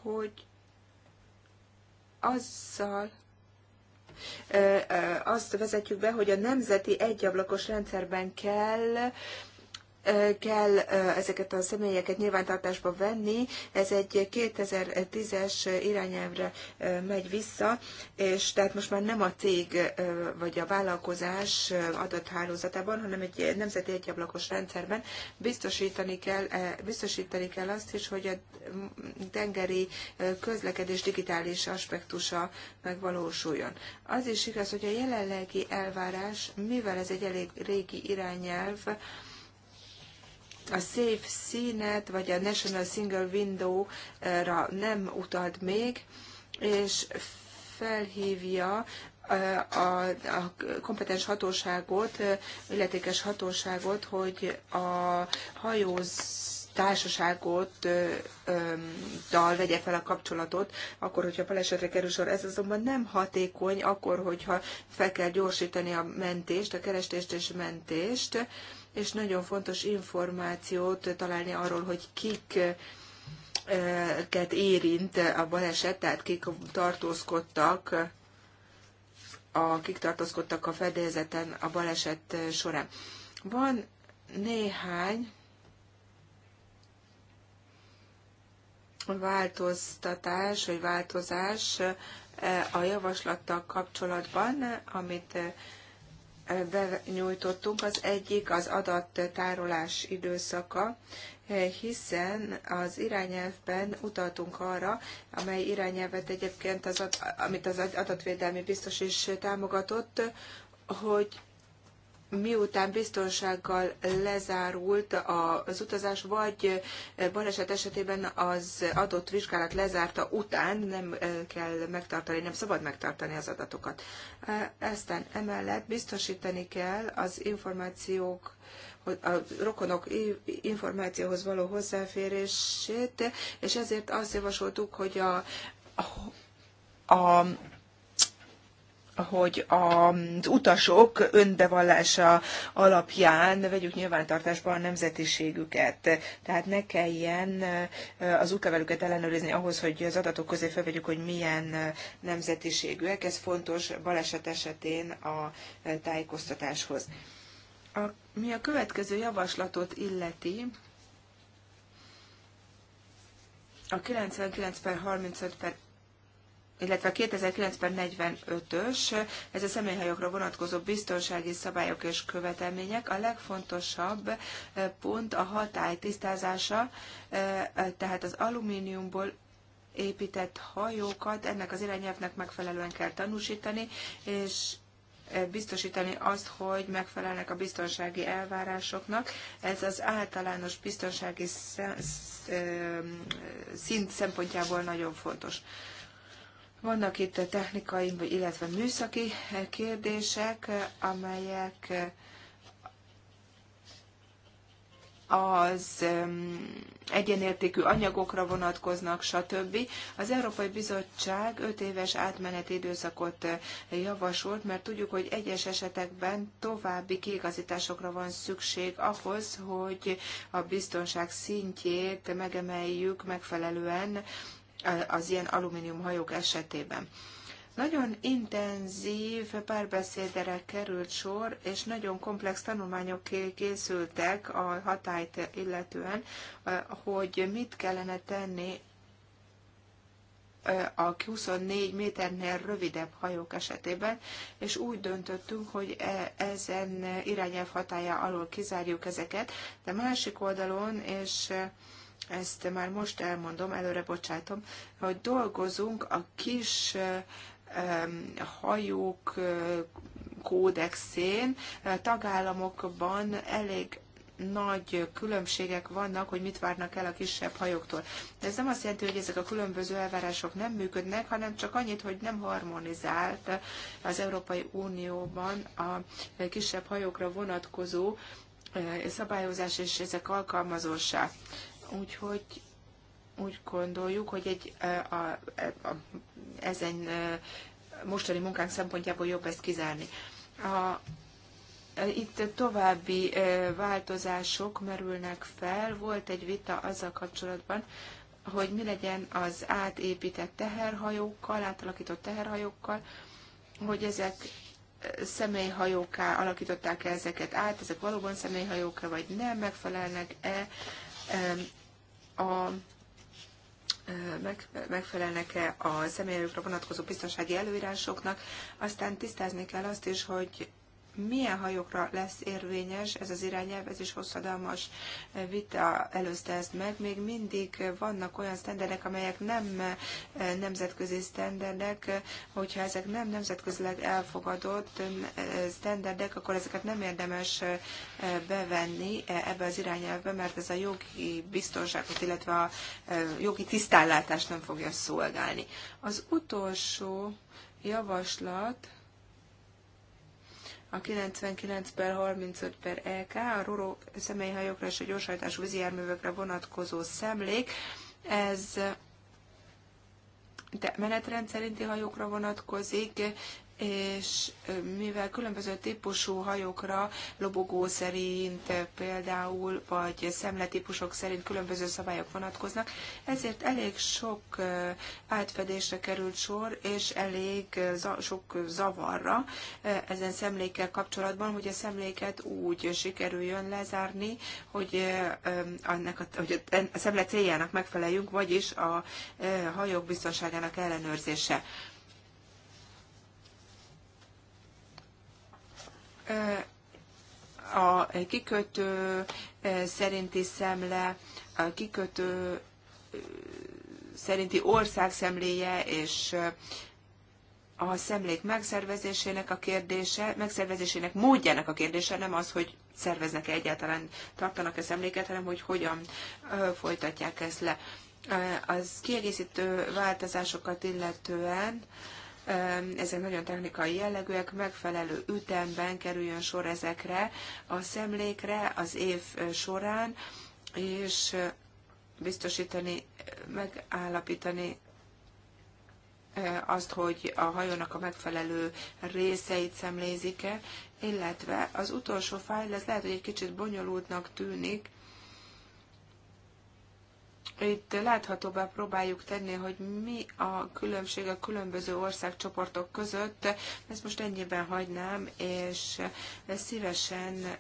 hogy azzal azt vezetjük be, hogy a nemzeti egyablakos rendszerben kell kell ezeket a személyeket nyilvántartásba venni. Ez egy 2010-es irányelvre megy vissza, és tehát most már nem a cég vagy a vállalkozás adott hálózatában, hanem egy nemzeti egyablakos rendszerben biztosítani kell, biztosítani kell azt is, hogy a tengeri közlekedés digitális aspektusa megvalósuljon. Az is igaz, hogy a jelenlegi elvárás, mivel ez egy elég régi irányelv, a szép színet, vagy a National Single Window-ra nem utalt még, és felhívja a, a kompetens hatóságot, illetékes hatóságot, hogy a hajóz társaságot dal vegye fel a kapcsolatot, akkor, hogyha balesetre kerül sor. Ez azonban nem hatékony, akkor, hogyha fel kell gyorsítani a mentést, a kerestést és mentést, és nagyon fontos információt találni arról, hogy kik érint a baleset, tehát kik tartózkodtak, a, kik tartózkodtak a fedélzeten a baleset során. Van néhány változtatás, vagy változás eh, a javaslattal kapcsolatban, amit eh, benyújtottunk. Az egyik az adattárolás időszaka, hiszen az irányelvben utaltunk arra, amely irányelvet egyébként az, amit az adatvédelmi biztos is támogatott, hogy miután biztonsággal lezárult az utazás, vagy baleset esetében az adott vizsgálat lezárta után nem eh, kell megtartani, nem szabad megtartani az adatokat. Eh, eztán emellett biztosítani kell az információk a rokonok információhoz való hozzáférését, és ezért azt javasoltuk, hogy a, a, a hogy az utasok önbevallása alapján vegyük nyilvántartásba a nemzetiségüket. Tehát ne kelljen eh, az útlevelüket ellenőrizni ahhoz, hogy az adatok közé felvegyük, hogy milyen eh, nemzetiségűek. Ez fontos baleset esetén a eh, tájékoztatáshoz. A, mi a következő javaslatot illeti, a 99 per 35 per illetve a 2009 45-ös, ez a személyhajókra vonatkozó biztonsági szabályok és követelmények. A legfontosabb eh, pont a hatály tisztázása, eh, eh, tehát az alumíniumból épített hajókat ennek az irányelvnek megfelelően kell tanúsítani, és biztosítani azt, hogy megfelelnek a biztonsági elvárásoknak. Ez az általános biztonsági szint szempontjából nagyon fontos. Vannak itt technikai, illetve műszaki kérdések, amelyek az egyenértékű anyagokra vonatkoznak, stb. Az Európai Bizottság 5 éves átmeneti időszakot eh, javasolt, mert tudjuk, hogy egyes esetekben további kiigazításokra van szükség ahhoz, hogy a biztonság szintjét megemeljük megfelelően az ilyen alumínium hajók esetében. Nagyon intenzív párbeszédere került sor, és nagyon komplex tanulmányok készültek a hatályt illetően, hogy mit kellene tenni a 24 méternél rövidebb hajók esetében, és úgy döntöttünk, hogy e- ezen irányelv hatája alól kizárjuk ezeket, de másik oldalon, és ezt már most elmondom, előre bocsátom, hogy dolgozunk a kis hajók kódexén, tagállamokban elég nagy különbségek vannak, hogy mit várnak el a kisebb hajóktól. De ez nem azt jelenti, hogy ezek a különböző elvárások nem működnek, hanem csak annyit, hogy nem harmonizált az Európai Unióban a kisebb hajókra vonatkozó szabályozás és ezek alkalmazósá. Úgyhogy úgy gondoljuk, hogy egy, a, a, a, ezen mostani munkánk szempontjából jobb ezt kizárni. A, itt további változások merülnek fel. Volt egy vita azzal kapcsolatban, hogy mi legyen az átépített teherhajókkal, átalakított teherhajókkal, hogy ezek személyhajóká alakították -e ezeket át, ezek valóban személyhajókra vagy nem, megfelelnek-e a megfelelnek-e a személyekre vonatkozó biztonsági előírásoknak. Aztán tisztázni kell azt is, hogy milyen hajókra lesz érvényes ez az irányelv, ez is hosszadalmas vita előzte ezt meg. Még mindig vannak olyan sztenderek, amelyek nem eh, nemzetközi sztenderek, hogyha ezek nem nemzetközileg elfogadott eh, sztenderdek, akkor ezeket nem érdemes eh, bevenni ebbe az irányelvbe, mert ez a jogi biztonságot, illetve a jogi tisztállátást nem fogja szolgálni. Az utolsó javaslat, a 99 per 35 per LK, e a roró személyhajókra és a gyorshajtású vízijárművekre vonatkozó szemlék, ez de menetrend szerinti hajókra vonatkozik, és mivel különböző típusú hajókra lobogó szerint például, vagy szemletípusok szerint különböző szabályok vonatkoznak, ezért elég sok átfedésre került sor, és elég sok zavarra ezen szemlékkel kapcsolatban, hogy a szemléket úgy sikerüljön lezárni, hogy, annak a, hogy a szemlet céljának megfeleljünk, vagyis a hajók biztonságának ellenőrzése. a kikötő e, szerinti szemle, a kikötő e, szerinti ország szemléje és e, a szemlék megszervezésének a kérdése, megszervezésének módjának a kérdése nem az, hogy szerveznek-e egyáltalán, tartanak-e szemléket, hanem hogy hogyan folytatják ezt le. Az kiegészítő változásokat illetően ezek nagyon technikai jellegűek, megfelelő ütemben kerüljön sor ezekre a szemlékre az év során, és biztosítani, megállapítani azt, hogy a hajónak a megfelelő részeit szemlézik-e, illetve az utolsó fájl, ez lehet, hogy egy kicsit bonyolultnak tűnik, itt láthatóbbá próbáljuk tenni, hogy mi a különbség a különböző országcsoportok között. Ezt most ennyiben hagynám, és szívesen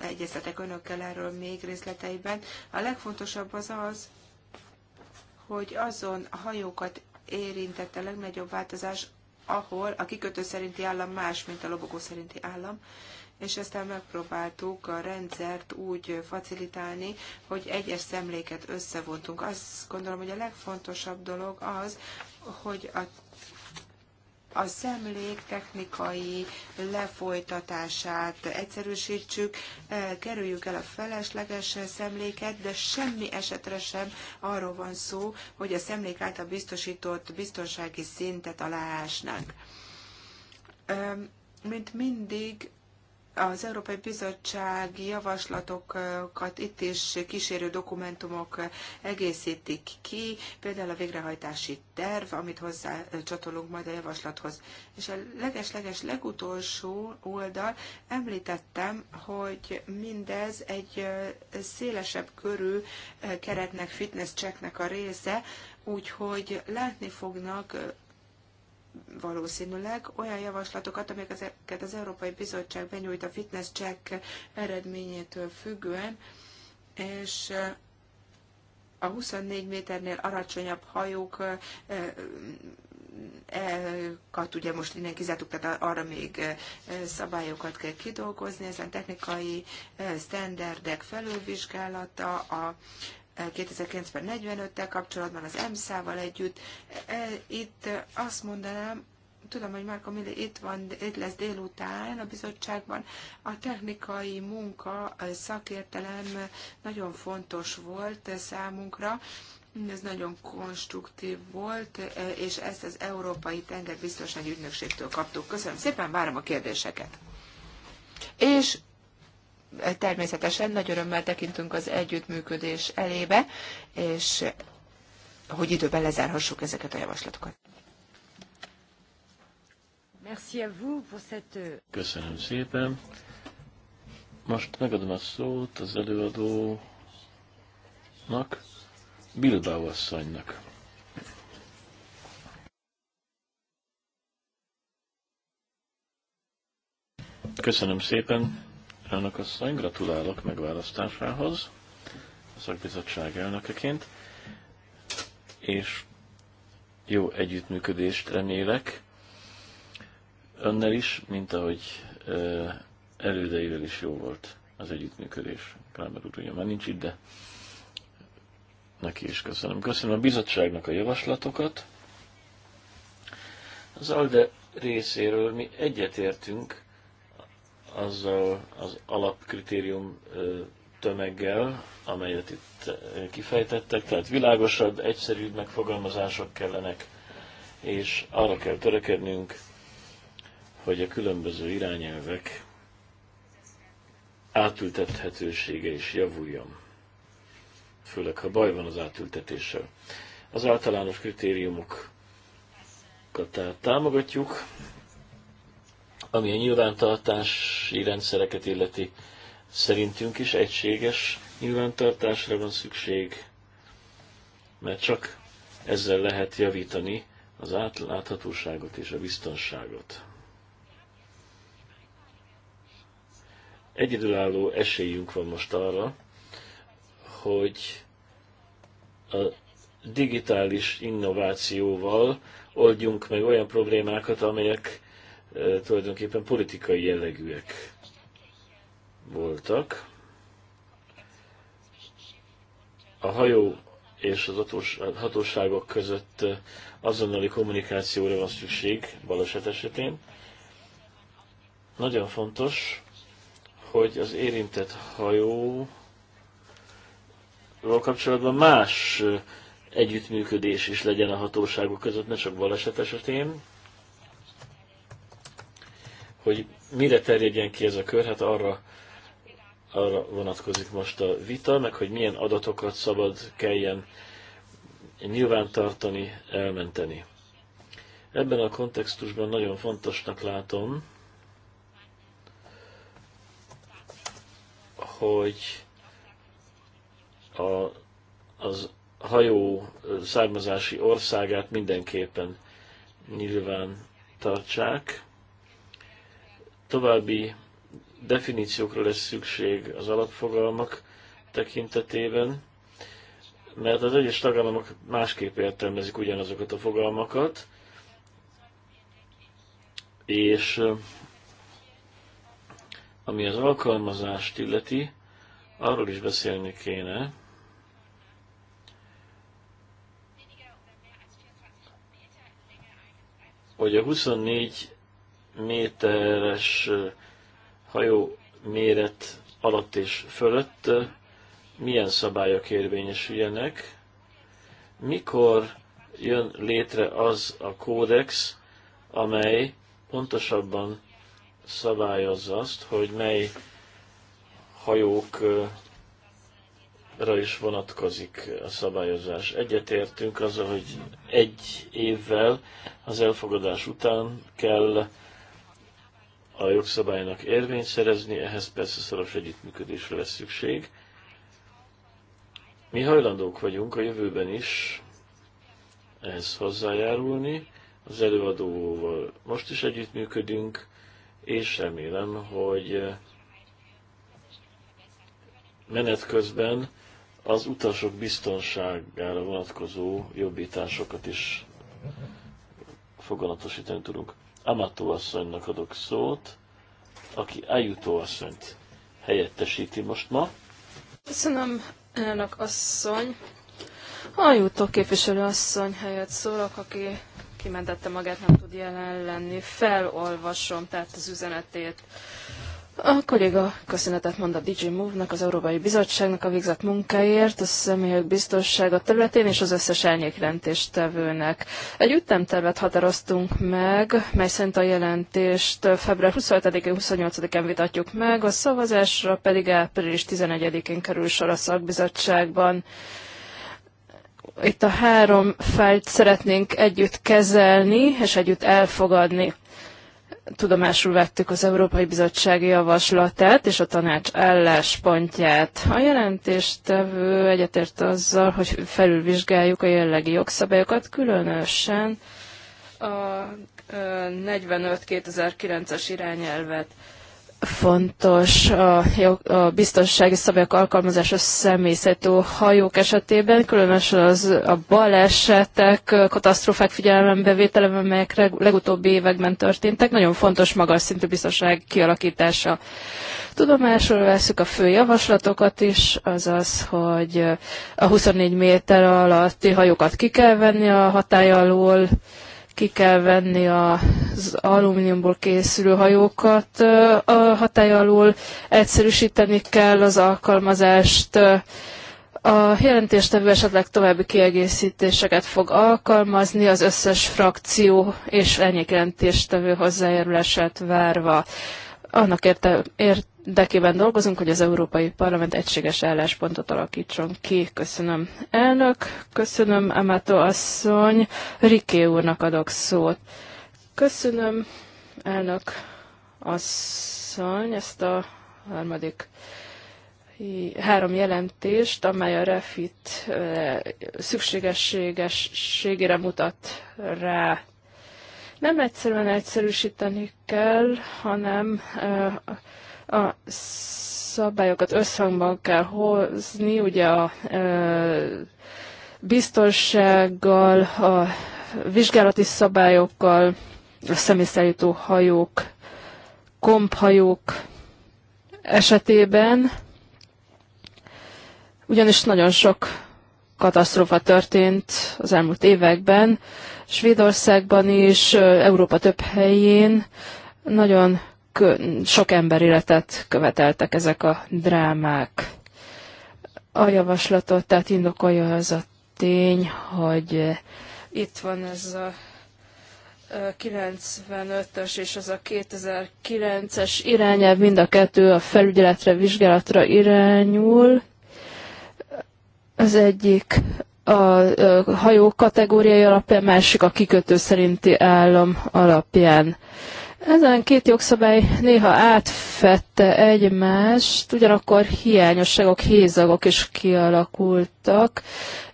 egyeztetek önökkel erről még részleteiben. A legfontosabb az az, hogy azon a hajókat érintett a legnagyobb változás, ahol a kikötő szerinti állam más, mint a lobogó szerinti állam, és aztán megpróbáltuk a rendszert úgy facilitálni, hogy egyes szemléket összevontunk. Azt gondolom, hogy a legfontosabb dolog az, hogy a a szemlék technikai lefolytatását egyszerűsítsük, eh, kerüljük el a felesleges szemléket, de semmi esetre sem arról van szó, hogy a szemlék által biztosított biztonsági szintet aláásnánk. Mint mindig az Európai Bizottság javaslatokat itt is kísérő dokumentumok egészítik ki, például a végrehajtási terv, amit csatolunk majd a javaslathoz. És a leges-leges legutolsó oldal említettem, hogy mindez egy szélesebb körű keretnek, fitness checknek a része, úgyhogy látni fognak valószínűleg olyan javaslatokat, amelyeket az Európai Bizottság benyújt a fitness check eredményétől függően, és a 24 méternél alacsonyabb hajók kat ugye most innen kizártuk, tehát arra még szabályokat kell kidolgozni, ezen technikai standardek felülvizsgálata, a 2009-ben 45-tel kapcsolatban, az EMSZ-val együtt. E, itt azt mondanám, tudom, hogy Márka Mili itt, van, itt lesz délután a bizottságban. A technikai munka, a szakértelem nagyon fontos volt számunkra. Ez nagyon konstruktív volt, és ezt az Európai Tengerbiztonsági Ügynökségtől kaptuk. Köszönöm szépen, várom a kérdéseket. És természetesen nagy örömmel tekintünk az együttműködés elébe, és hogy időben lezárhassuk ezeket a javaslatokat. Köszönöm szépen. Most megadom a szót az előadónak, Bilbao asszonynak. Köszönöm szépen. Elnök asszony, gratulálok megválasztásához a szakbizottság elnökeként, és jó együttműködést remélek önnel is, mint ahogy elődeivel is jó volt az együttműködés. Krámer úr ugye már nincs itt, de neki is köszönöm. Köszönöm a bizottságnak a javaslatokat. Az ALDE részéről mi egyetértünk azzal az alapkritérium tömeggel, amelyet itt kifejtettek, tehát világosabb, egyszerűbb megfogalmazások kellenek, és arra kell törekednünk, hogy a különböző irányelvek átültethetősége is javuljon, főleg ha baj van az átültetéssel. Az általános kritériumokat tehát támogatjuk, ami a nyilvántartási rendszereket illeti. Szerintünk is egységes nyilvántartásra van szükség, mert csak ezzel lehet javítani az átláthatóságot és a biztonságot. Egyedülálló esélyünk van most arra, hogy a digitális innovációval oldjunk meg olyan problémákat, amelyek tulajdonképpen politikai jellegűek voltak. A hajó és az hatóságok között azonnali kommunikációra van szükség baleset esetén. Nagyon fontos, hogy az érintett hajó kapcsolatban más együttműködés is legyen a hatóságok között, ne csak baleset esetén hogy mire terjedjen ki ez a kör, hát arra, arra vonatkozik most a vita, meg hogy milyen adatokat szabad kelljen nyilvántartani, elmenteni. Ebben a kontextusban nagyon fontosnak látom, hogy a, az hajó származási országát mindenképpen nyilván tartsák, További definíciókra lesz szükség az alapfogalmak tekintetében, mert az egyes tagállamok másképp értelmezik ugyanazokat a fogalmakat, és ami az alkalmazást illeti, arról is beszélni kéne, hogy a 24 méteres hajó méret alatt és fölött milyen szabályok érvényesüljenek, mikor jön létre az a kódex, amely pontosabban szabályozza azt, hogy mely hajókra is vonatkozik a szabályozás. Egyetértünk azzal, hogy egy évvel az elfogadás után kell a jogszabálynak érvényt szerezni, ehhez persze szoros együttműködésre lesz szükség. Mi hajlandók vagyunk a jövőben is ehhez hozzájárulni, az előadóval most is együttműködünk, és remélem, hogy eh, menet közben az utasok biztonságára vonatkozó jobbításokat is foganatosítani tudunk. Amató asszonynak adok szót, aki Ajutó asszonyt helyettesíti most ma. Köszönöm, elnök asszony. Ajutó képviselő asszony helyett szólok, aki kimentette magát, nem tud jelen lenni. Felolvasom tehát az üzenetét. A kolléga köszönetet mond a DJ Move-nak, az Európai Bizottságnak a végzett munkáért, a személyek biztonsága területén és az összes elnyékjelentéstevőnek. Egy ütemtervet határoztunk meg, mely szerint a jelentést február 27-én 28-án vitatjuk meg, a szavazásra pedig április 11-én kerül sor a szakbizottságban itt a három felt szeretnénk együtt kezelni és együtt elfogadni tudomásul vettük az Európai Bizottsági Javaslatát és a tanács álláspontját. A jelentéstevő egyetért azzal, hogy felülvizsgáljuk a jellegi jogszabályokat, különösen a 45-2009-es irányelvet fontos a, a biztonsági szabályok alkalmazása személyzetú hajók esetében, különösen az a balesetek, katasztrófák figyelembevétele, amelyek legutóbbi években történtek. Nagyon fontos magas szintű biztonság kialakítása. Tudomásul veszük a fő javaslatokat is, azaz, hogy a 24 méter alatti hajókat ki kell venni a hatály alól, ki kell venni az alumíniumból készülő hajókat a hatály alól, egyszerűsíteni kell az alkalmazást, a jelentéstevő esetleg további kiegészítéseket fog alkalmazni, az összes frakció és ennyi jelentéstevő hozzájárulását várva annak érte, érdekében dolgozunk, hogy az Európai Parlament egységes álláspontot alakítson ki. Köszönöm elnök, köszönöm Amato asszony, Riké úrnak adok szót. Köszönöm elnök asszony ezt a harmadik három jelentést, amely a refit szükségességére mutat rá nem egyszerűen egyszerűsíteni kell, hanem a szabályokat összhangban kell hozni, ugye a biztonsággal, a vizsgálati szabályokkal, a személyszállító hajók, komphajók esetében, ugyanis nagyon sok katasztrófa történt az elmúlt években, Svédországban is, Európa több helyén nagyon sok ember életet követeltek ezek a drámák. A javaslatot tehát indokolja az a tény, hogy itt van ez a 95-ös és az a 2009-es irányelv, mind a kettő a felügyeletre, vizsgálatra irányul. Az egyik a hajó kategóriai alapján, másik a kikötő szerinti állam alapján. Ezen két jogszabály néha átfette egymást, ugyanakkor hiányosságok, hézagok is kialakultak.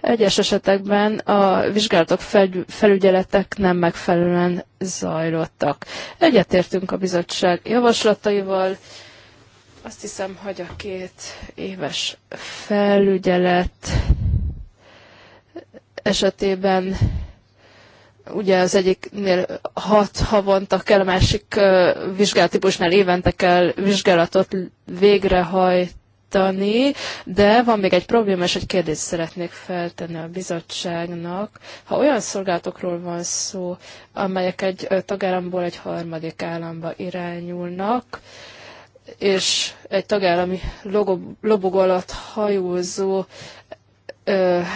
Egyes esetekben a vizsgálatok felügyeletek nem megfelelően zajlottak. Egyetértünk a bizottság javaslataival. Azt hiszem, hogy a két éves felügyelet esetében ugye az egyiknél hat havonta kell, a másik vizsgálatípusnál évente kell vizsgálatot végrehajtani, de van még egy probléma, és egy kérdést szeretnék feltenni a bizottságnak. Ha olyan szolgálatokról van szó, amelyek egy tagállamból egy harmadik államba irányulnak, és egy tagállami lobogó alatt hajózó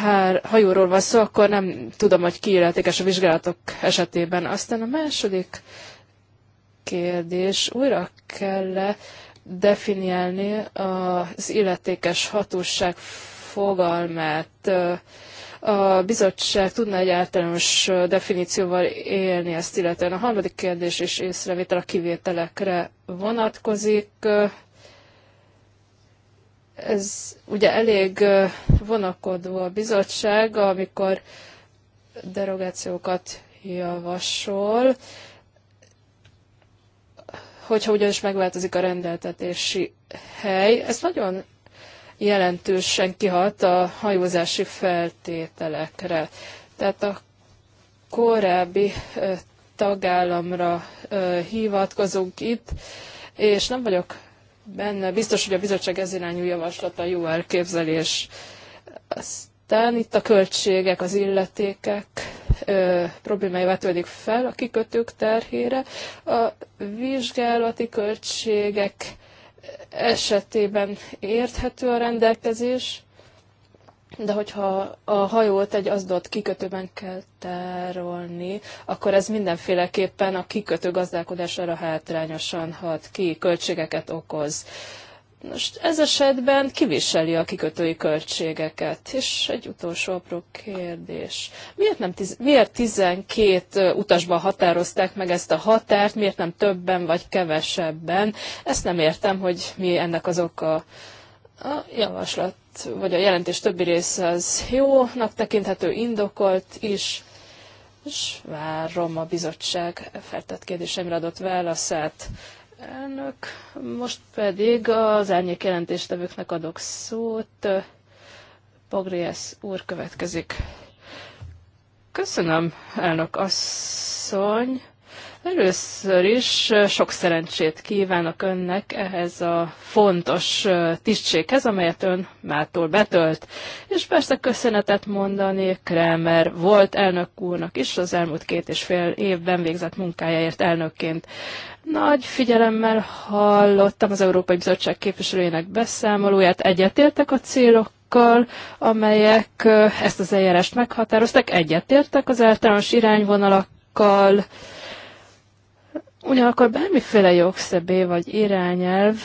hár, hajóról van szó, akkor nem tudom, hogy ki a vizsgálatok esetében. Aztán a második kérdés, újra kell -e definiálni az illetékes hatóság fogalmát. A bizottság tudna egy általános definícióval élni ezt illetően. A harmadik kérdés és észrevétel a kivételekre vonatkozik. Ez ugye elég vonakodó a bizottság, amikor derogációkat javasol, hogyha ugyanis megváltozik a rendeltetési hely. Ez nagyon jelentősen kihat a hajózási feltételekre. Tehát a korábbi tagállamra hivatkozunk itt, és nem vagyok benne. Biztos, hogy a bizottság ez irányú javaslata jó elképzelés. Aztán itt a költségek, az illetékek ö, problémái vetődik fel a kikötők terhére. A vizsgálati költségek esetében érthető a rendelkezés, de hogyha a hajót egy azdott kikötőben kell tárolni, akkor ez mindenféleképpen a kikötő gazdálkodására hátrányosan hat ki, költségeket okoz. Most ez esetben kiviseli a kikötői költségeket? És egy utolsó apró kérdés. Miért, nem tiz, miért 12 utasban határozták meg ezt a határt, miért nem többen vagy kevesebben? Ezt nem értem, hogy mi ennek az oka. A javaslat, vagy a jelentés többi része az jónak tekinthető, indokolt is, és várom a bizottság feltett kérdésemre adott válaszát. Elnök, most pedig az árnyék jelentéstevőknek adok szót. Pogriász úr következik. Köszönöm, elnök asszony. Először is sok szerencsét kívánok önnek ehhez a fontos tisztséghez, amelyet ön mától betölt. És persze köszönetet mondanék Kramer volt elnök úrnak is az elmúlt két és fél évben végzett munkájáért elnökként. Nagy figyelemmel hallottam az Európai Bizottság képviselőjének beszámolóját, egyetértek a célok amelyek ezt az eljárást meghatározták, egyetértek az általános irányvonalakkal, Ugyanakkor bármiféle jogszabély vagy irányelv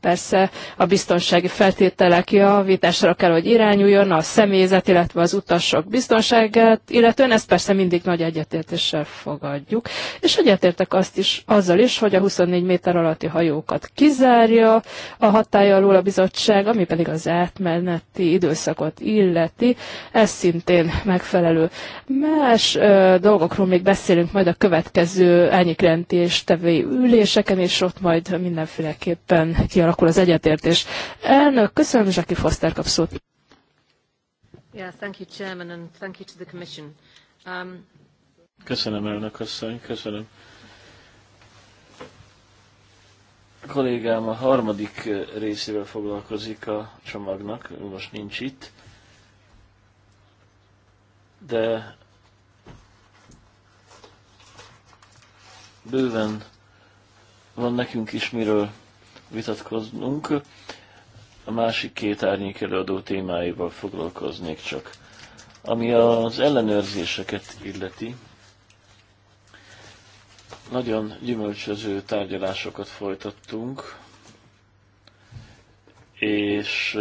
Persze a biztonsági feltételek javításra kell, hogy irányuljon, a személyzet, illetve az utasok biztonságát, illetően ezt persze mindig nagy egyetértéssel fogadjuk. És egyetértek azt is, azzal is, hogy a 24 méter alatti hajókat kizárja a hatály alól a bizottság, ami pedig az átmeneti időszakot illeti, ez szintén megfelelő. Más ö, dolgokról még beszélünk majd a következő elnyikrendi és tevői üléseken, és ott majd mindenféleképpen kialakítunk kialakul az egyetértés. Elnök, köszönöm, és aki Foster kap szót. Um, köszönöm, elnök asszony, köszönöm. A kollégám a harmadik részével foglalkozik a csomagnak, ő most nincs itt, de bőven van nekünk is miről vitatkoznunk. A másik két árnyék előadó témáival foglalkoznék csak. Ami az ellenőrzéseket illeti, nagyon gyümölcsöző tárgyalásokat folytattunk, és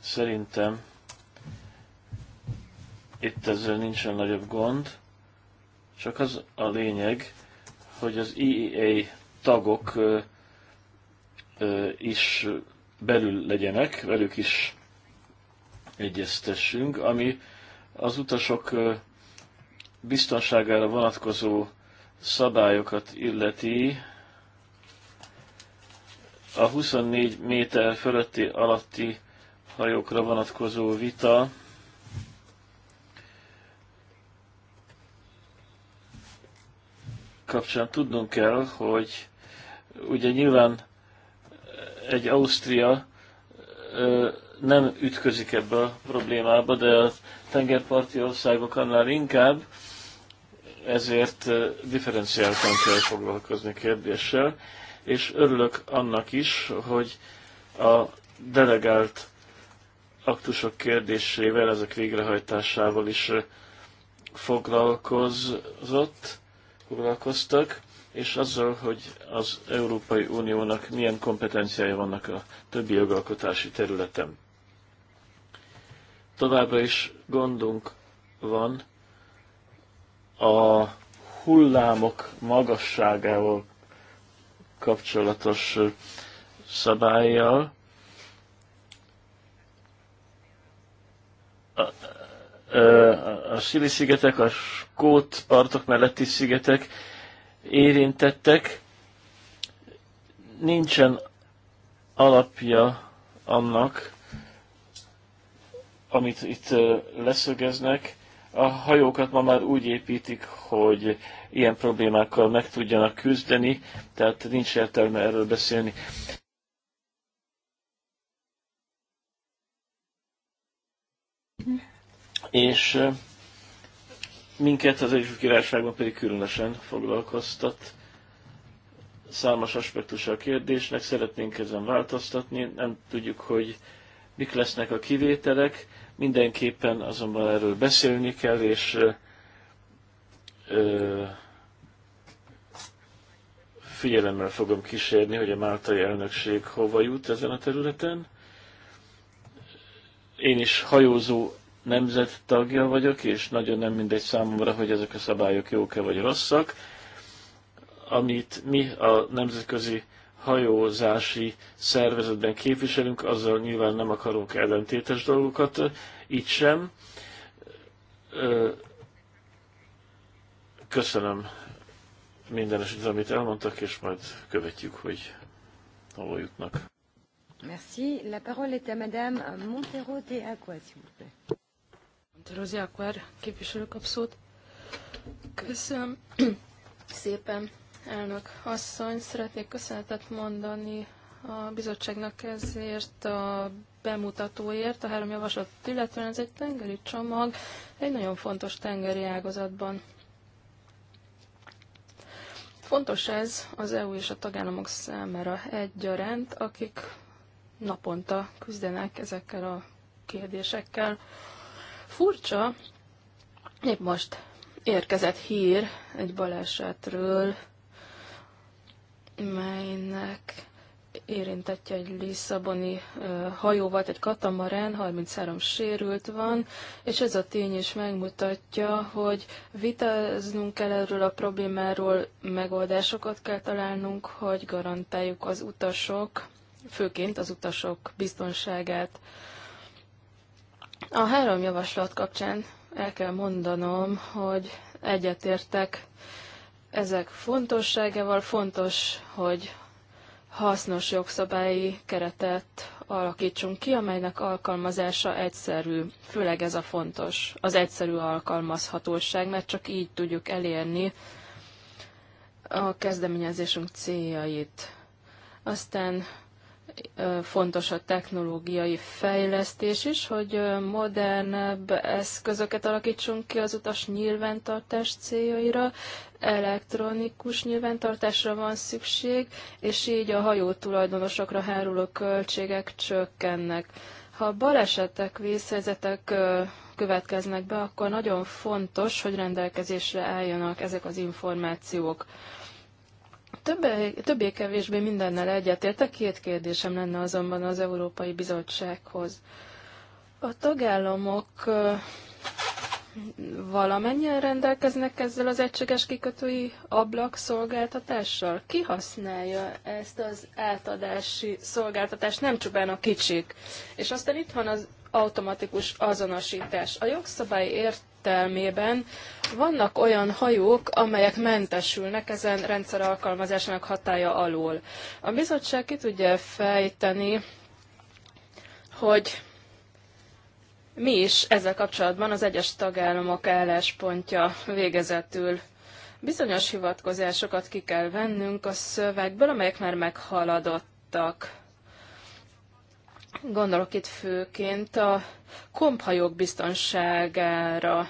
szerintem itt ezzel nincsen nagyobb gond, csak az a lényeg, hogy az EEA tagok is belül legyenek, velük is egyeztessünk, ami az utasok biztonságára vonatkozó szabályokat illeti, a 24 méter fölötti alatti hajókra vonatkozó vita kapcsán tudnunk kell, hogy ugye nyilván egy Ausztria nem ütközik ebbe a problémába, de a tengerparti országok annál inkább, ezért differenciáltan kell foglalkozni kérdéssel, és örülök annak is, hogy a delegált aktusok kérdésével, ezek végrehajtásával is foglalkozott, foglalkoztak és azzal, hogy az Európai Uniónak milyen kompetenciája vannak a többi jogalkotási területen. Továbbra is gondunk van a hullámok magasságával kapcsolatos szabályjal. A, a, a Szili-szigetek, a Skót partok melletti szigetek érintettek, nincsen alapja annak, amit itt leszögeznek. A hajókat ma már úgy építik, hogy ilyen problémákkal meg tudjanak küzdeni, tehát nincs értelme erről beszélni. És minket az Egyesült Királyságban pedig különösen foglalkoztat számos aspektusa a kérdésnek, szeretnénk ezen változtatni, nem tudjuk, hogy mik lesznek a kivételek, mindenképpen azonban erről beszélni kell, és ö, figyelemmel fogom kísérni, hogy a Máltai elnökség hova jut ezen a területen. Én is hajózó nemzet tagja vagyok, és nagyon nem mindegy számomra, hogy ezek a szabályok jók-e vagy rosszak. Amit mi a nemzetközi hajózási szervezetben képviselünk, azzal nyilván nem akarunk ellentétes dolgokat, így sem. Köszönöm minden esetre, amit elmondtak, és majd követjük, hogy hol jutnak. Merci. La parole est à Madame Montero de Aqua, s'il vous plaît. Rozi Akvár képviselő Köszönöm szépen, elnök asszony. Szeretnék köszönetet mondani a bizottságnak ezért a bemutatóért, a három javaslat illetően ez egy tengeri csomag, egy nagyon fontos tengeri ágazatban. Fontos ez az EU és a tagállamok számára egyaránt, akik naponta küzdenek ezekkel a kérdésekkel. Furcsa, épp most érkezett hír egy balesetről, melynek érintettje egy Lisszaboni hajóval egy katamarán, 33 sérült van, és ez a tény is megmutatja, hogy vitáznunk kell erről a problémáról, megoldásokat kell találnunk, hogy garantáljuk az utasok, főként az utasok biztonságát. A három javaslat kapcsán el kell mondanom, hogy egyetértek ezek fontosságával. Fontos, hogy hasznos jogszabályi keretet alakítsunk ki, amelynek alkalmazása egyszerű, főleg ez a fontos, az egyszerű alkalmazhatóság, mert csak így tudjuk elérni a kezdeményezésünk céljait. Aztán fontos a technológiai fejlesztés is, hogy modernebb eszközöket alakítsunk ki az utas nyilvántartás céljaira, elektronikus nyilvántartásra van szükség, és így a hajó tulajdonosokra háruló költségek csökkennek. Ha balesetek, vészhelyzetek következnek be, akkor nagyon fontos, hogy rendelkezésre álljanak ezek az információk többé-kevésbé mindennel egyetértek, két kérdésem lenne azonban az Európai Bizottsághoz. A tagállamok valamennyien rendelkeznek ezzel az egységes kikötői ablak szolgáltatással? Ki használja ezt az átadási szolgáltatást, nem csupán a kicsik? És aztán itt van az automatikus azonosítás. A jogszabály ért értelmében vannak olyan hajók, amelyek mentesülnek ezen rendszer alkalmazásának hatája alól. A bizottság ki tudja fejteni, hogy mi is ezzel kapcsolatban az egyes tagállamok álláspontja végezetül bizonyos hivatkozásokat ki kell vennünk a szövegből, amelyek már meghaladottak. Gondolok itt főként a komphajók biztonságára.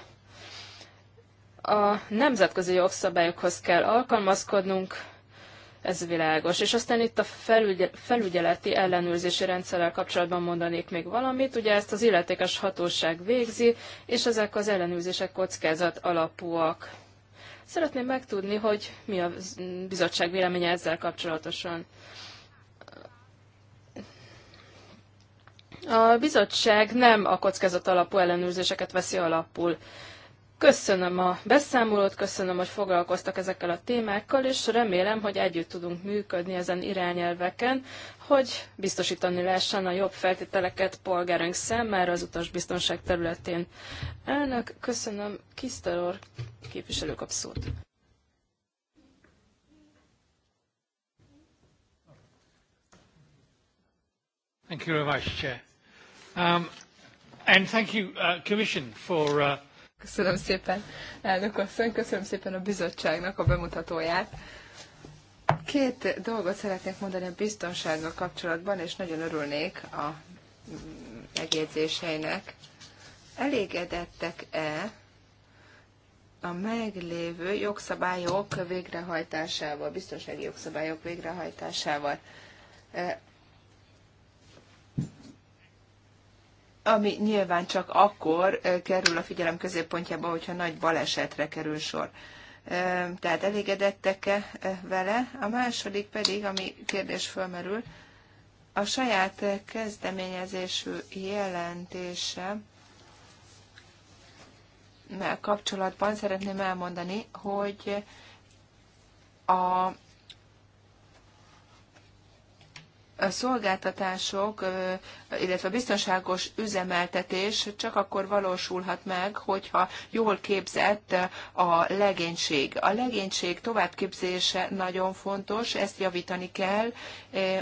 A nemzetközi jogszabályokhoz kell alkalmazkodnunk, ez világos. És aztán itt a felügyeleti ellenőrzési rendszerrel kapcsolatban mondanék még valamit. Ugye ezt az illetékes hatóság végzi, és ezek az ellenőrzések kockázat alapúak. Szeretném megtudni, hogy mi a bizottság véleménye ezzel kapcsolatosan. A bizottság nem a kockázat alapú ellenőrzéseket veszi alapul. Köszönöm a beszámolót, köszönöm, hogy foglalkoztak ezekkel a témákkal, és remélem, hogy együtt tudunk működni ezen irányelveken, hogy biztosítani lehessen a jobb feltételeket polgárunk szemmel az utasbiztonság területén. Elnök, köszönöm, Kisztelor képviselő kap szót. Thank you very much, Chair. Um, uh, uh, köszönöm szépen, elnök asszony, köszönöm szépen a bizottságnak a bemutatóját. Két dolgot szeretnék mondani a biztonsággal kapcsolatban, és nagyon örülnék a megjegyzéseinek. Elégedettek-e a meglévő jogszabályok végrehajtásával, biztonsági jogszabályok végrehajtásával? ami nyilván csak akkor kerül a figyelem középpontjába, hogyha nagy balesetre kerül sor. Tehát elégedettek-e vele? A második pedig, ami kérdés fölmerül, a saját kezdeményezésű jelentése kapcsolatban szeretném elmondani, hogy a a szolgáltatások, illetve a biztonságos üzemeltetés csak akkor valósulhat meg, hogyha jól képzett a legénység. A legénység továbbképzése nagyon fontos, ezt javítani kell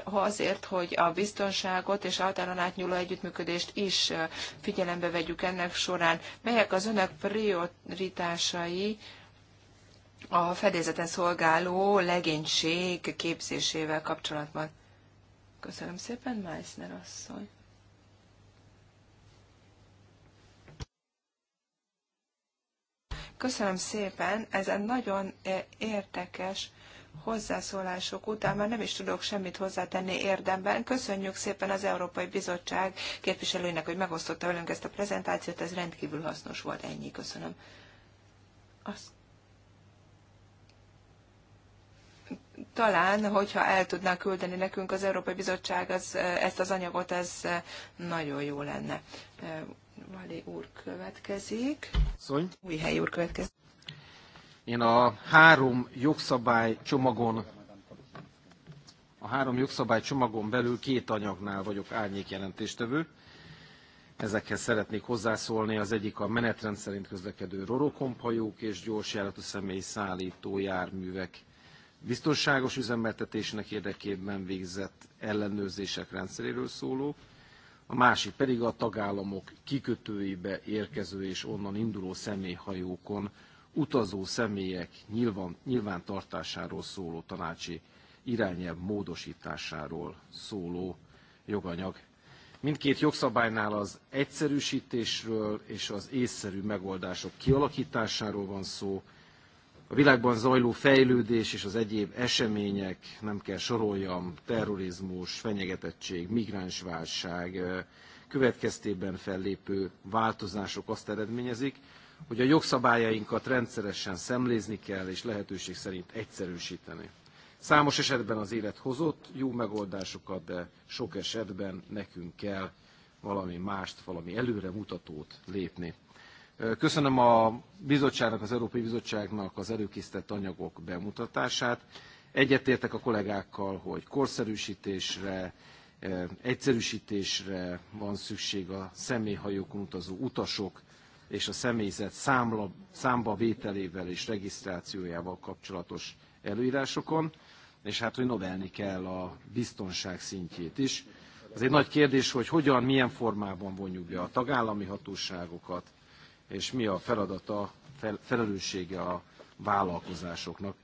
azért, hogy a biztonságot és határon átnyúló együttműködést is figyelembe vegyük ennek során. Melyek az önök prioritásai a fedélzeten szolgáló legénység képzésével kapcsolatban? Köszönöm szépen, Meissner asszony. Köszönöm szépen, ezen nagyon e, értekes hozzászólások után már nem is tudok semmit hozzátenni érdemben. Köszönjük szépen az Európai Bizottság képviselőinek, hogy megosztotta velünk ezt a prezentációt, ez rendkívül hasznos volt, ennyi, köszönöm. Azt talán, hogyha el tudná küldeni nekünk az Európai Bizottság az, ezt az anyagot, ez nagyon jó lenne. Vali úr következik. Szony. helyi úr következik. Én a három jogszabály csomagon a három jogszabály csomagon belül két anyagnál vagyok árnyékjelentéstevő. Ezekhez szeretnék hozzászólni. Az egyik a menetrend szerint közlekedő rorokompajók és gyorsjáratú személy szállító járművek biztonságos üzemeltetésnek érdekében végzett ellenőrzések rendszeréről szóló, a másik pedig a tagállamok kikötőibe érkező és onnan induló személyhajókon utazó személyek nyilván, nyilvántartásáról szóló tanácsi irányelv módosításáról szóló joganyag. Mindkét jogszabálynál az egyszerűsítésről és az észszerű megoldások kialakításáról van szó, a világban zajló fejlődés és az egyéb események, nem kell soroljam, terrorizmus, fenyegetettség, migránsválság következtében fellépő változások azt eredményezik, hogy a jogszabályainkat rendszeresen szemlézni kell és lehetőség szerint egyszerűsíteni. Számos esetben az élet hozott jó megoldásokat, de sok esetben nekünk kell valami mást, valami előremutatót lépni. Köszönöm a bizottságnak, az Európai Bizottságnak az előkészített anyagok bemutatását. Egyetértek a kollégákkal, hogy korszerűsítésre, eh, egyszerűsítésre van szükség a személyhajókon utazó utasok és a személyzet számla, számba vételével és regisztrációjával kapcsolatos előírásokon, és hát, hogy növelni kell a biztonság szintjét is. Az egy nagy kérdés, hogy hogyan, milyen formában vonjuk be a tagállami hatóságokat, és mi a feladata, fel, felelőssége a vállalkozásoknak.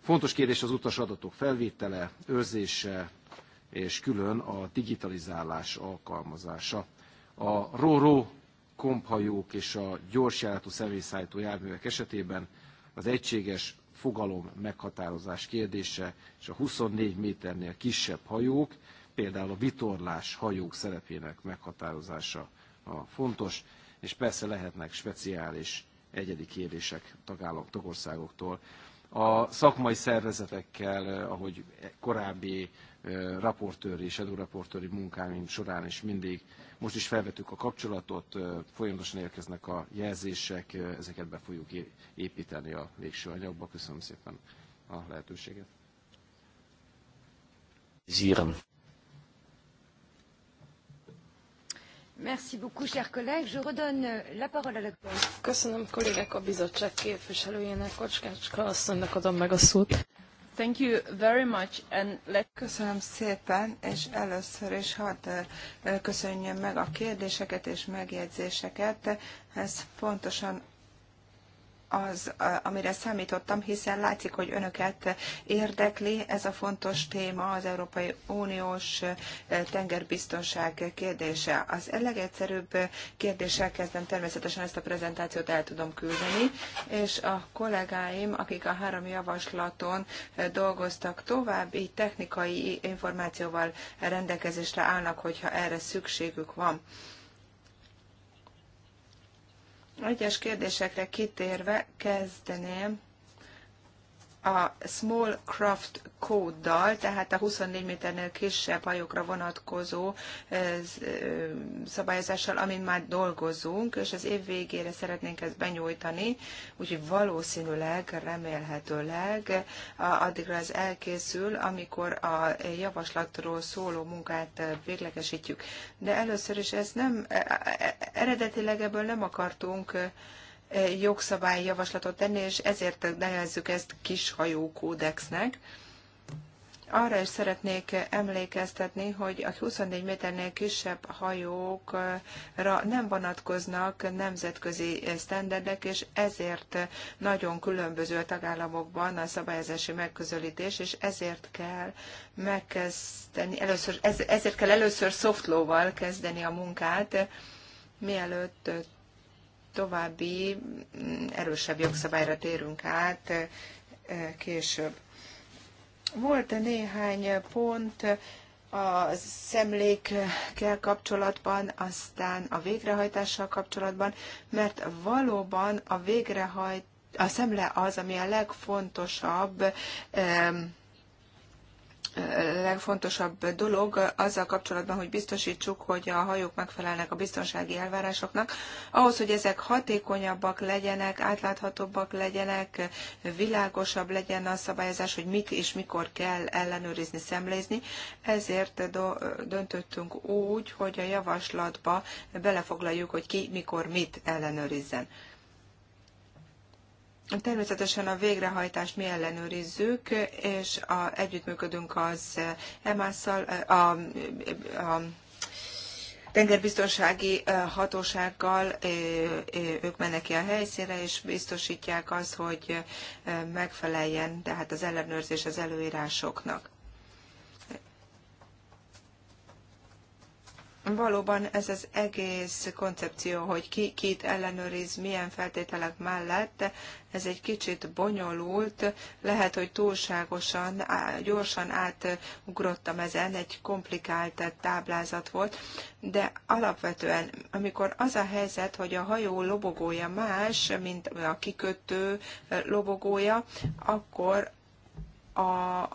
Fontos kérdés az utas adatok felvétele, őrzése és külön a digitalizálás alkalmazása. A RORO komphajók és a gyorsjáratú személyszállító járművek esetében az egységes fogalom meghatározás kérdése és a 24 méternél kisebb hajók, például a vitorlás hajók szerepének meghatározása a fontos és persze lehetnek speciális egyedi kérdések tagállam, tagországoktól. A szakmai szervezetekkel, eh, ahogy korábbi eh, raportőri, shadow raportőri munkáim során is mindig, most is felvettük a kapcsolatot, eh, folyamatosan érkeznek a jelzések, ezeket be fogjuk építeni a végső anyagba. Köszönöm szépen a lehetőséget. Zíram. Köszönöm kollégák a bizottság képviselőjének, Kocskácska asszonynak adom meg a szót. Thank you very much, and let... Köszönöm szépen, és először is hadd köszönjem meg a kérdéseket és megjegyzéseket. Ez pontosan az, amire számítottam, hiszen látszik, hogy önöket érdekli ez a fontos téma, az Európai Uniós tengerbiztonság kérdése. Az a legegyszerűbb kérdéssel kezdem, természetesen ezt a prezentációt el tudom küldeni, és a kollégáim, akik a három javaslaton dolgoztak tovább, így technikai információval rendelkezésre állnak, hogyha erre szükségük van. Egyes kérdésekre kitérve kezdeném a Small Craft Code-dal, tehát a 24 méternél kisebb hajókra vonatkozó eh, eh, szabályozással, amin már dolgozunk, és az év végére szeretnénk ezt benyújtani, úgyhogy valószínűleg, remélhetőleg addigra ez elkészül, amikor a javaslatról szóló munkát eh, véglegesítjük. De először is ez nem, eredetileg ebből nem akartunk jogszabályi javaslatot tenni, és ezért nevezzük ezt kishajókódexnek. Arra is szeretnék emlékeztetni, hogy a 24 méternél kisebb hajókra nem vonatkoznak nemzetközi sztenderdek, és ezért nagyon különböző a tagállamokban a szabályozási megközelítés, és ezért kell megkezdeni, először, ezért kell először szoftlóval kezdeni a munkát, mielőtt további mm, erősebb jogszabályra térünk át eh, később. Volt néhány pont, a szemlékkel kapcsolatban, aztán a végrehajtással kapcsolatban, mert valóban a végrehajt, a szemle az, ami a legfontosabb legfontosabb dolog azzal kapcsolatban, hogy biztosítsuk, hogy a hajók megfelelnek a biztonsági elvárásoknak. Ahhoz, hogy ezek hatékonyabbak legyenek, átláthatóbbak legyenek, világosabb legyen a szabályozás, hogy mit és mikor kell ellenőrizni, szemlézni. Ezért döntöttünk úgy, hogy a javaslatba belefoglaljuk, hogy ki mikor mit ellenőrizzen. Természetesen a végrehajtást mi ellenőrizzük, és a, együttműködünk az EMAS-szal, a, a tengerbiztonsági hatósággal, ők mennek ki a helyszínre, és biztosítják azt, hogy megfeleljen tehát az ellenőrzés az előírásoknak. valóban ez az egész koncepció, hogy ki kit ellenőriz, milyen feltételek mellett, ez egy kicsit bonyolult, lehet, hogy túlságosan, gyorsan átugrottam ezen, egy komplikált táblázat volt, de alapvetően, amikor az a helyzet, hogy a hajó lobogója más, mint a kikötő lobogója, akkor a,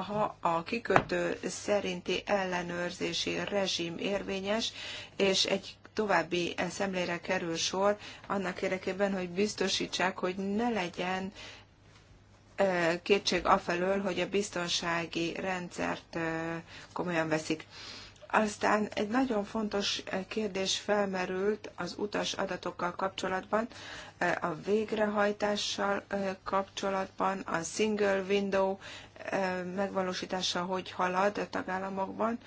ha a kikötő szerinti ellenőrzési rezsim érvényes, és egy további szemlére kerül sor annak érdekében, hogy biztosítsák, hogy ne legyen kétség afelől, hogy a biztonsági rendszert komolyan veszik. Aztán egy nagyon fontos eh, kérdés felmerült az utas adatokkal kapcsolatban, eh, a végrehajtással eh, kapcsolatban, a single window megvalósítása hogy halad a tagállamokban.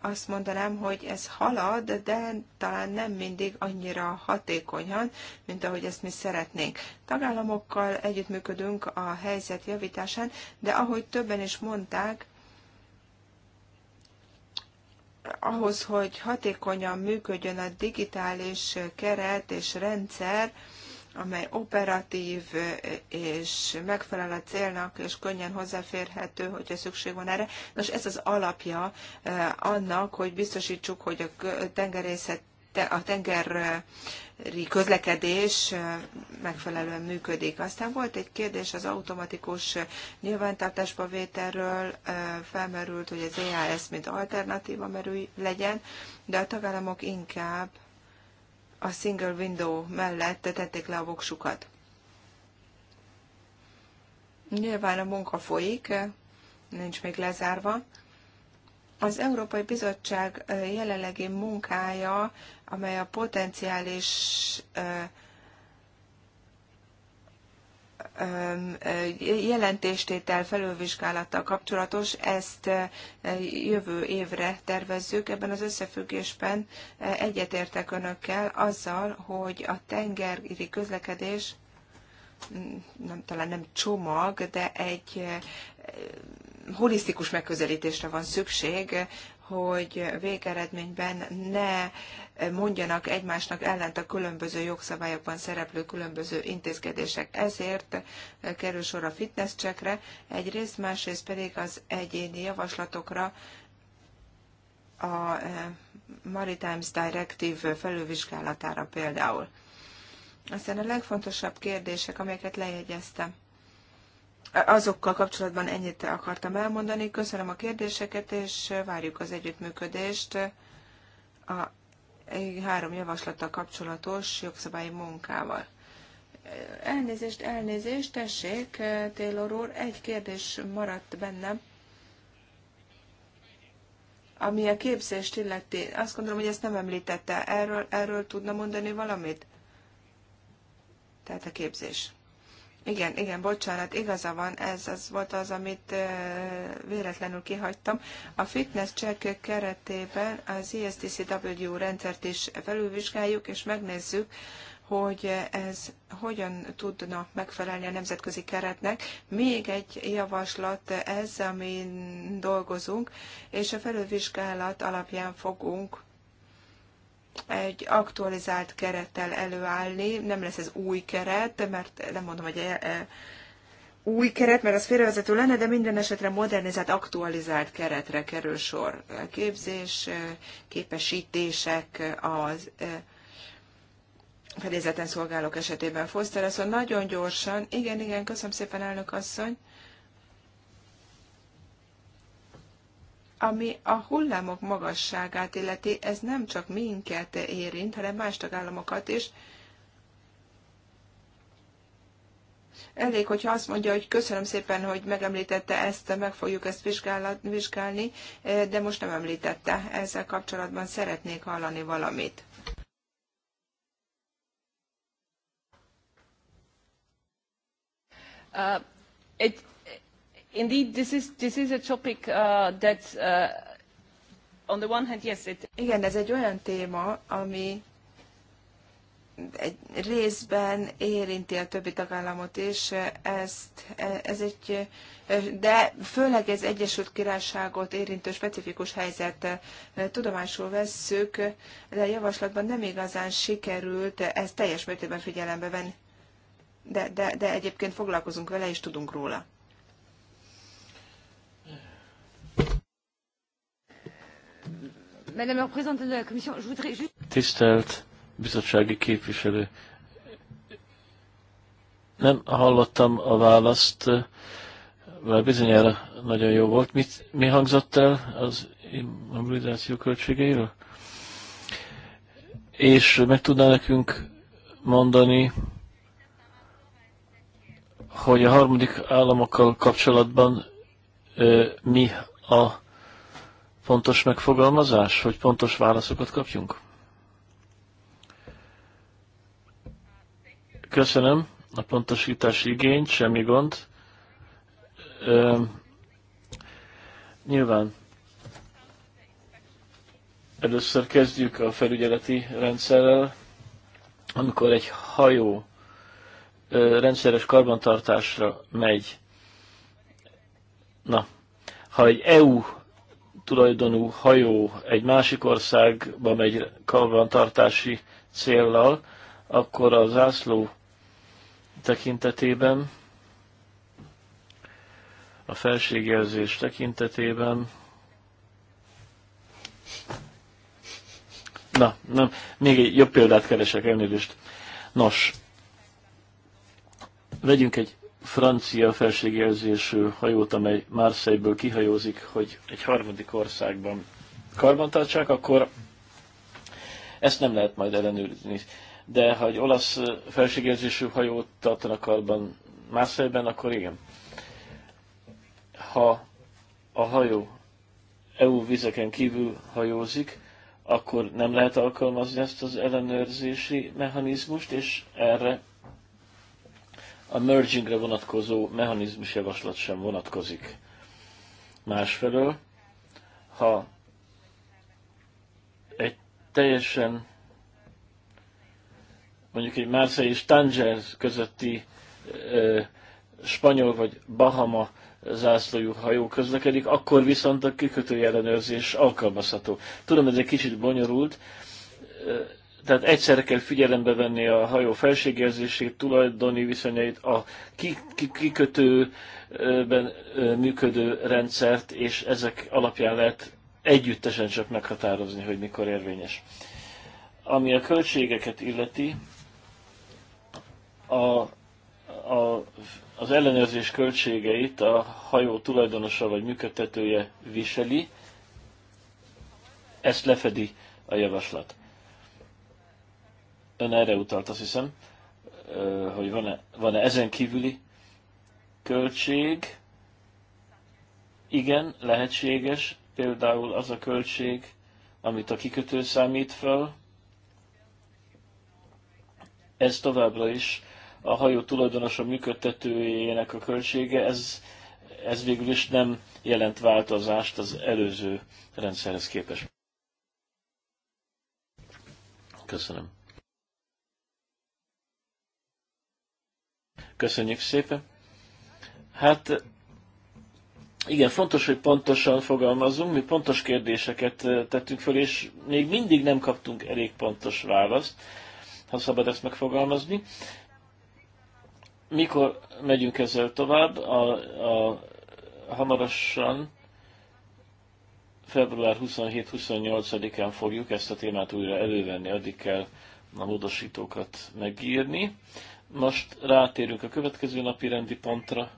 Azt mondanám, hogy ez halad, de talán nem mindig annyira hatékonyan, mint ahogy ezt mi szeretnénk. Tagállamokkal együttműködünk a helyzet javításán, de ahogy többen is mondták, ahhoz, hogy hatékonyan működjön a digitális keret és rendszer, amely operatív és megfelel a célnak, és könnyen hozzáférhető, hogyha szükség van erre. Nos, ez az alapja eh, annak, hogy biztosítsuk, hogy a tengerészet a tengeri közlekedés megfelelően működik. Aztán volt egy kérdés az automatikus nyilvántartásba vételről, felmerült, hogy az EAS mint alternatíva merül legyen, de a tagállamok inkább a single window mellett tették le a voksukat. Nyilván a munka folyik, nincs még lezárva, az Európai Bizottság jelenlegi munkája, amely a potenciális jelentéstétel felülvizsgálattal kapcsolatos, ezt jövő évre tervezzük. Ebben az összefüggésben egyetértek önökkel azzal, hogy a tengeri közlekedés mm, nem, talán nem csomag, de egy holisztikus megközelítésre van szükség, hogy végeredményben ne mondjanak egymásnak ellent a különböző jogszabályokban szereplő különböző intézkedések. Ezért kerül sor a fitness checkre, egyrészt, másrészt pedig az egyéni javaslatokra a eh, Maritimes Directive felülvizsgálatára például. Aztán a legfontosabb kérdések, amelyeket lejegyeztem azokkal kapcsolatban ennyit akartam elmondani. Köszönöm a kérdéseket, és várjuk az együttműködést a három javaslattal kapcsolatos jogszabályi munkával. Elnézést, elnézést, tessék, Taylor úr, egy kérdés maradt bennem, ami a képzést illeti. Azt gondolom, hogy ezt nem említette. Erről, erről tudna mondani valamit? Tehát a képzés. Igen, igen, bocsánat, igaza van, ez az volt az, amit véletlenül kihagytam. A fitness check keretében az ISTCW rendszert is felülvizsgáljuk, és megnézzük, hogy ez hogyan tudna megfelelni a nemzetközi keretnek. Még egy javaslat ez, amin dolgozunk, és a felülvizsgálat alapján fogunk egy aktualizált kerettel előállni. Nem lesz ez új keret, mert nem mondom, hogy e, e, új keret, mert az félrevezető lenne, de minden esetre modernizált, aktualizált keretre kerül sor. Képzés, e, képesítések, az e, fedélzeten szolgálók esetében Foster szóval Nagyon gyorsan, igen, igen, köszönöm szépen, elnök asszony. Ami a hullámok magasságát illeti, ez nem csak minket érint, hanem más tagállamokat is. Elég, hogyha azt mondja, hogy köszönöm szépen, hogy megemlítette ezt, meg fogjuk ezt vizsgálni, eh, de most nem említette. Ezzel kapcsolatban szeretnék hallani valamit. Uh, egy Indeed, this is, this is a topic uh, that uh, on the one hand, yes, it... Igen, ez egy olyan téma, ami egy részben érinti a többi tagállamot is, ezt, ez egy, de főleg ez Egyesült Királyságot érintő specifikus helyzet tudomásul vesszük, de a javaslatban nem igazán sikerült ezt teljes mértékben figyelembe venni. De, de, de egyébként foglalkozunk vele és tudunk róla. Tisztelt bizottsági képviselő, nem hallottam a választ, mert bizonyára nagyon jó volt. Mit, mi hangzott el az immobilizáció költségeiről? És meg tudná nekünk mondani, hogy a harmadik államokkal kapcsolatban ö, mi a Fontos megfogalmazás, hogy pontos válaszokat kapjunk? Köszönöm a pontosítási igényt, semmi gond. Ö, nyilván először kezdjük a felügyeleti rendszerrel, amikor egy hajó ö, rendszeres karbantartásra megy. Na, ha egy EU tulajdonú hajó egy másik országba megy karbantartási céllal, akkor a zászló tekintetében, a felségjelzés tekintetében, Na, nem, még egy jobb példát keresek, elnézést. Nos, vegyünk egy francia felségjelzésű hajót, amely Marseille-ből kihajózik, hogy egy harmadik országban karbantartsák, akkor ezt nem lehet majd ellenőrizni. De ha egy olasz felségjelzésű hajót tartanak karban Marseille-ben, akkor igen. Ha a hajó EU vizeken kívül hajózik, akkor nem lehet alkalmazni ezt az ellenőrzési mechanizmust, és erre a mergingre vonatkozó mechanizmus javaslat sem vonatkozik. Másfelől, ha egy teljesen mondjuk egy Marseille és Tanger közötti ö, spanyol vagy Bahama zászlójú hajó közlekedik, akkor viszont a kikötő ellenőrzés alkalmazható. Tudom, ez egy kicsit bonyolult, tehát egyszerre kell figyelembe venni a hajó felségjelzését, tulajdoni viszonyait, a kikötőben működő rendszert, és ezek alapján lehet együttesen csak meghatározni, hogy mikor érvényes. Ami a költségeket illeti, a, a, az ellenőrzés költségeit a hajó tulajdonosa vagy működtetője viseli, ezt lefedi a javaslat ön erre utalt, azt hiszem, hogy van-e, van-e ezen kívüli költség. Igen, lehetséges, például az a költség, amit a kikötő számít fel, ez továbbra is a hajó tulajdonosa működtetőjének a költsége, ez, ez végül is nem jelent változást az előző rendszerhez képest. Köszönöm. Köszönjük szépen. Hát igen, fontos, hogy pontosan fogalmazunk. Mi pontos kérdéseket tettünk föl, és még mindig nem kaptunk elég pontos választ, ha szabad ezt megfogalmazni. Mikor megyünk ezzel tovább? A, a, hamarosan február 27-28-án fogjuk ezt a témát újra elővenni, addig kell a módosítókat megírni. Most rátérünk a következő napi rendi pontra,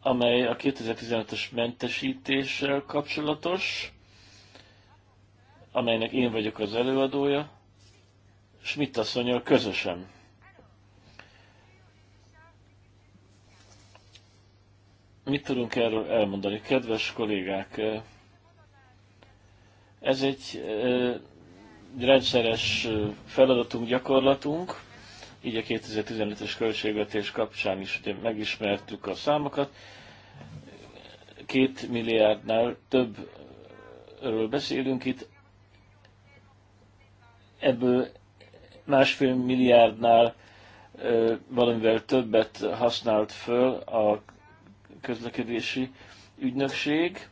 amely a 2015-ös mentesítéssel kapcsolatos, amelynek én vagyok az előadója, és mit asszonyjal közösen. Mit tudunk erről elmondani? Kedves kollégák, ez egy rendszeres feladatunk, gyakorlatunk, így a 2015-es költségvetés kapcsán is ugye megismertük a számokat. Két milliárdnál többről beszélünk itt, ebből másfél milliárdnál valamivel többet használt föl a közlekedési ügynökség,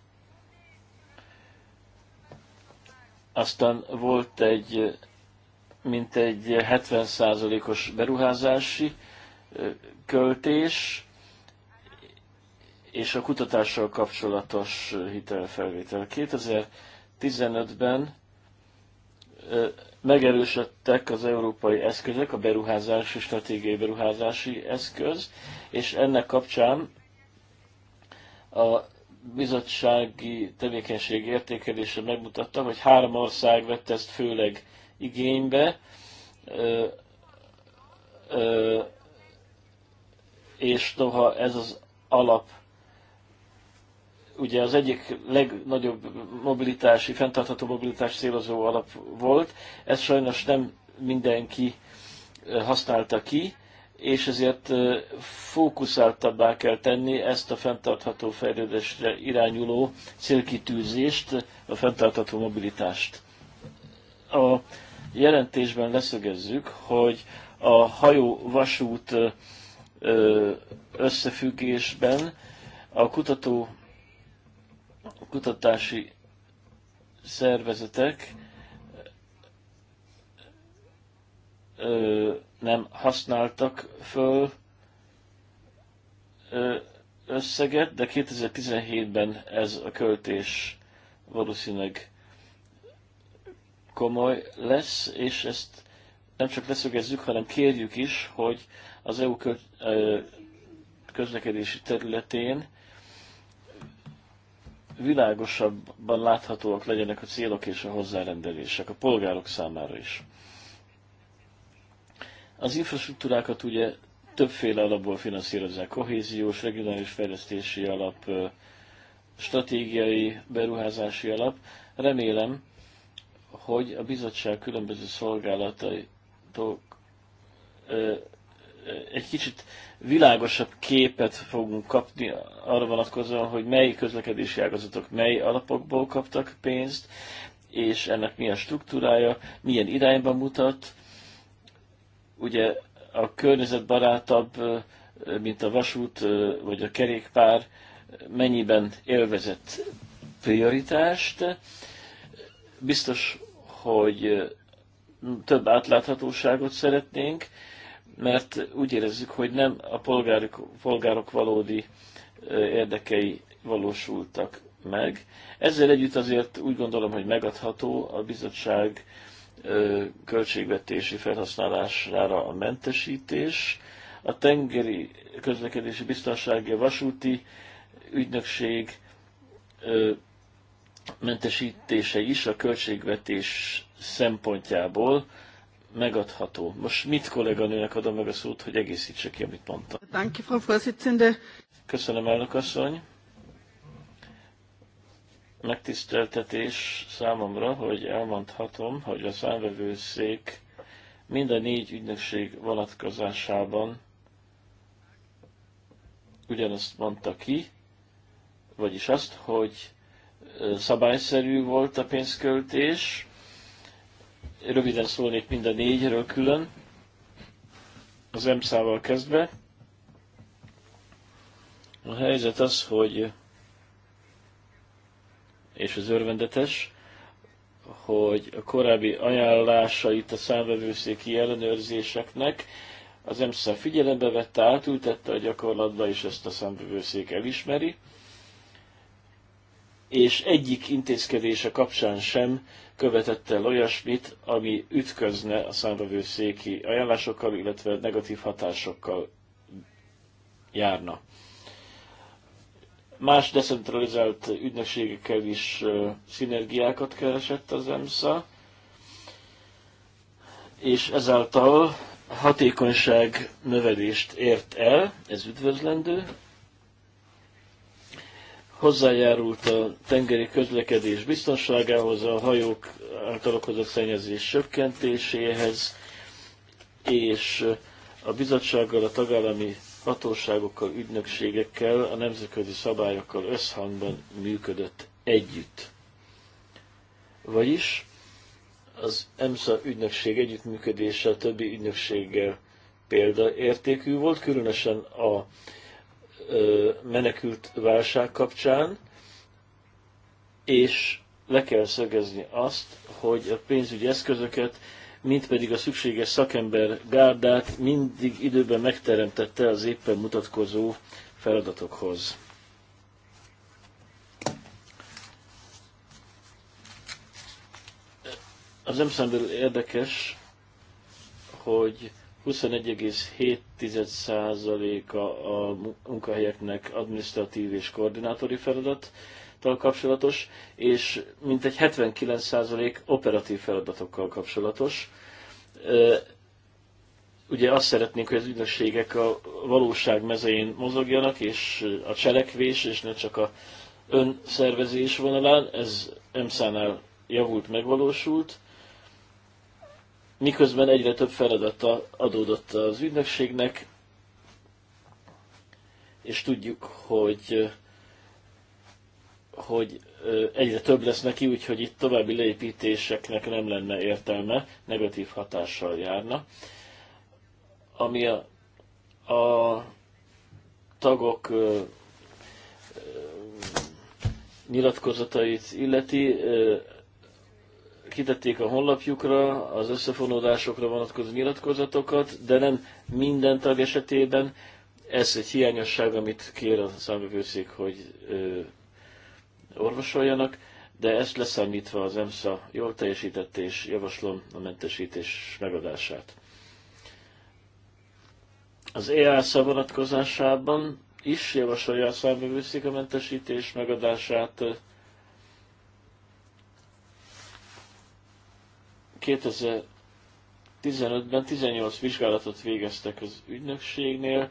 Aztán volt egy mint egy 70%-os beruházási költés, és a kutatással kapcsolatos hitelfelvétel. 2015-ben megerősödtek az európai eszközök, a beruházási, stratégiai beruházási eszköz, és ennek kapcsán a bizottsági tevékenység értékelése megmutatta, hogy három ország vette ezt főleg igénybe, és noha ez az alap, ugye az egyik legnagyobb mobilitási, fenntartható mobilitás célozó alap volt, ez sajnos nem mindenki használta ki, és ezért fókuszáltabbá kell tenni ezt a fenntartható fejlődésre irányuló célkitűzést, a fenntartható mobilitást. A jelentésben leszögezzük, hogy a hajó-vasút összefüggésben a kutató kutatási szervezetek nem használtak föl összeget, de 2017-ben ez a költés valószínűleg komoly lesz, és ezt nem csak leszögezzük, hanem kérjük is, hogy az EU közlekedési területén világosabban láthatóak legyenek a célok és a hozzárendelések a polgárok számára is. Az infrastruktúrákat ugye többféle alapból finanszírozzák, kohéziós, regionális fejlesztési alap, stratégiai beruházási alap. Remélem, hogy a bizottság különböző szolgálataitól egy kicsit világosabb képet fogunk kapni arra vonatkozóan, hogy mely közlekedési ágazatok mely alapokból kaptak pénzt, és ennek milyen struktúrája, milyen irányba mutat, ugye a környezetbarátabb, mint a vasút vagy a kerékpár, mennyiben élvezett prioritást. Biztos, hogy több átláthatóságot szeretnénk, mert úgy érezzük, hogy nem a polgárok, polgárok valódi érdekei valósultak meg. Ezzel együtt azért úgy gondolom, hogy megadható a bizottság költségvetési felhasználására a mentesítés, a tengeri közlekedési biztonsági vasúti ügynökség mentesítése is a költségvetés szempontjából megadható. Most mit kolléganőnek adom meg a szót, hogy egészítse ki, amit mondtam. Köszönöm, elnök asszony megtiszteltetés számomra, hogy elmondhatom, hogy a számvevőszék mind a négy ügynökség vonatkozásában ugyanazt mondta ki, vagyis azt, hogy szabályszerű volt a pénzköltés. Röviden szólnék mind a négyről külön, az emszával kezdve. A helyzet az, hogy és az örvendetes, hogy a korábbi ajánlásait a számvevőszéki ellenőrzéseknek az EMSZA figyelembe vette, átültette a gyakorlatba, és ezt a számvevőszék elismeri, és egyik intézkedése kapcsán sem követett el olyasmit, ami ütközne a számvevőszéki ajánlásokkal, illetve negatív hatásokkal járna. Más decentralizált ügynökségekkel is szinergiákat keresett az EMSA, és ezáltal hatékonyság növelést ért el, ez üdvözlendő. Hozzájárult a tengeri közlekedés biztonságához, a hajók által okozott szennyezés csökkentéséhez, és a bizottsággal, a tagállami hatóságokkal, ügynökségekkel, a nemzetközi szabályokkal összhangban működött együtt. Vagyis az EMSZA ügynökség együttműködése a többi ügynökséggel példaértékű volt, különösen a menekült válság kapcsán, és le kell szögezni azt, hogy a pénzügyi eszközöket mint pedig a szükséges szakember gárdát mindig időben megteremtette az éppen mutatkozó feladatokhoz. Az emszám érdekes, hogy 21,7%-a a munkahelyeknek adminisztratív és koordinátori feladat, kapcsolatos, és mintegy 79% operatív feladatokkal kapcsolatos. Ugye azt szeretnénk, hogy az ügynökségek a valóság mezején mozogjanak, és a cselekvés, és ne csak a önszervezés vonalán, ez EMSZ-nál javult, megvalósult, miközben egyre több feladata adódott az ügynökségnek, és tudjuk, hogy hogy egyre több lesz neki, úgyhogy itt további leépítéseknek nem lenne értelme, negatív hatással járna. Ami a, a tagok ö, ö, nyilatkozatait illeti, ö, kitették a honlapjukra az összefonódásokra vonatkozó nyilatkozatokat, de nem minden tag esetében. Ez egy hiányosság, amit kér a számvevőszék, hogy orvosoljanak, de ezt leszámítva az EMSZA jól teljesített, és javaslom a mentesítés megadását. Az EASA vonatkozásában is javasolja a számbevőszik a mentesítés megadását 2015-ben 18 vizsgálatot végeztek az ügynökségnél,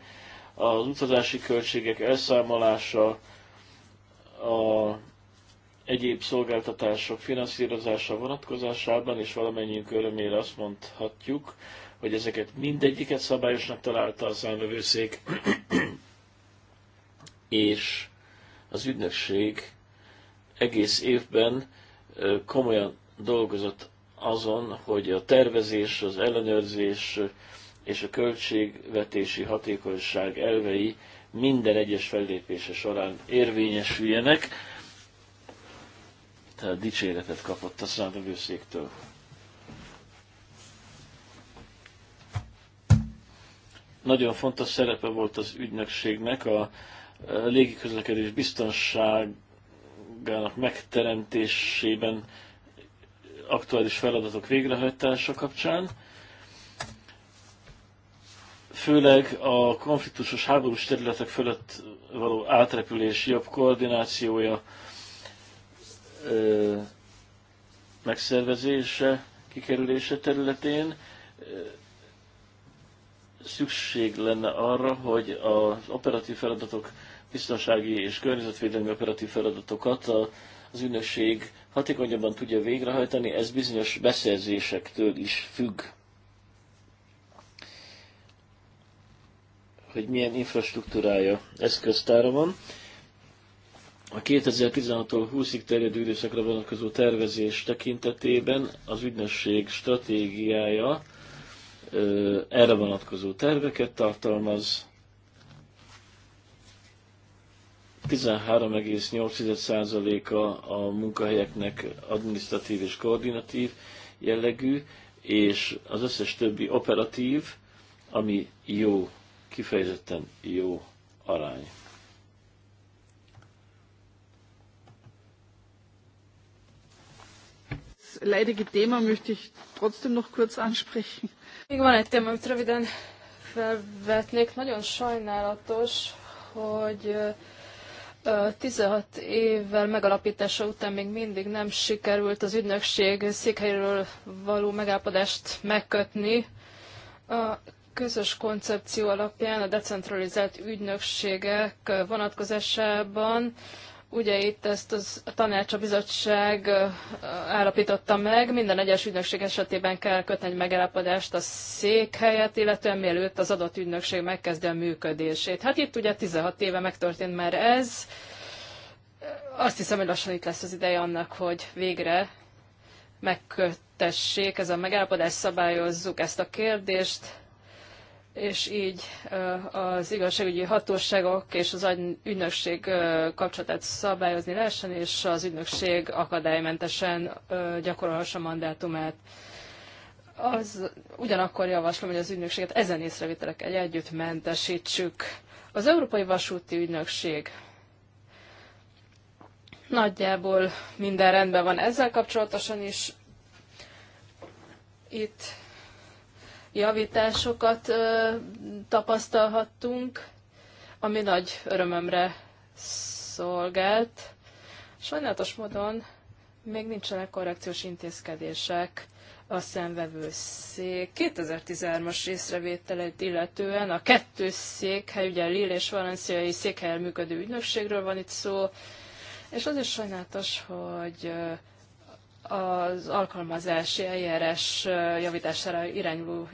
az utazási költségek elszámolása, a egyéb szolgáltatások finanszírozása vonatkozásában, és valamennyiünk örömére azt mondhatjuk, hogy ezeket mindegyiket szabályosnak találta a számvevőszék, és az ügynökség egész évben komolyan dolgozott azon, hogy a tervezés, az ellenőrzés és a költségvetési hatékonyság elvei minden egyes fellépése során érvényesüljenek tehát dicséretet kapott a számvevőszéktől. Nagyon fontos szerepe volt az ügynökségnek a légiközlekedés biztonságának megteremtésében aktuális feladatok végrehajtása kapcsán. Főleg a konfliktusos háborús területek fölött való átrepülés jobb koordinációja, ö, megszervezése, kikerülése területén ö, szükség lenne arra, hogy az operatív feladatok, biztonsági és környezetvédelmi operatív feladatokat a, az ünnepség hatékonyabban tudja végrehajtani, ez bizonyos beszerzésektől is függ. Hogy milyen infrastruktúrája, eszköztára van. A 2016-tól 20-ig terjedő időszakra vonatkozó tervezés tekintetében az ügynösség stratégiája ö, erre vonatkozó terveket tartalmaz. 13,8%-a a munkahelyeknek adminisztratív és koordinatív jellegű, és az összes többi operatív, ami jó, kifejezetten jó arány. leidige Thema möchte ich trotzdem noch kurz ansprechen. Még van egy téma, amit röviden felvetnék. Nagyon sajnálatos, hogy 16 évvel megalapítása után még mindig nem sikerült az ügynökség székhelyről való megállapodást megkötni. A közös koncepció alapján a decentralizált ügynökségek vonatkozásában Ugye itt ezt az, a tanács, a bizottság állapította meg, minden egyes ügynökség esetében kell kötni egy megállapodást a székhelyet, illetően mielőtt az adott ügynökség megkezdi a működését. Hát itt ugye 16 éve megtörtént már ez, azt hiszem, hogy lassan itt lesz az ideje annak, hogy végre megkötessék ez a megállapodás, szabályozzuk ezt a kérdést, és így az igazságügyi hatóságok és az ügynökség kapcsolatát szabályozni lehessen, és az ügynökség akadálymentesen gyakorolhassa mandátumát. Az, ugyanakkor javaslom, hogy az ügynökséget ezen észrevételekkel együtt mentesítsük. Az Európai Vasúti Ügynökség nagyjából minden rendben van ezzel kapcsolatosan is. Itt javításokat tapasztalhattunk, ami nagy örömömre szolgált. Sajnálatos módon még nincsenek korrekciós intézkedések a szék 2013-as észrevételeit illetően a kettős székhely, ugye Lille és Valenciai székhelyen működő ügynökségről van itt szó, és az is sajnálatos, hogy az alkalmazási eljárás javítására irányuló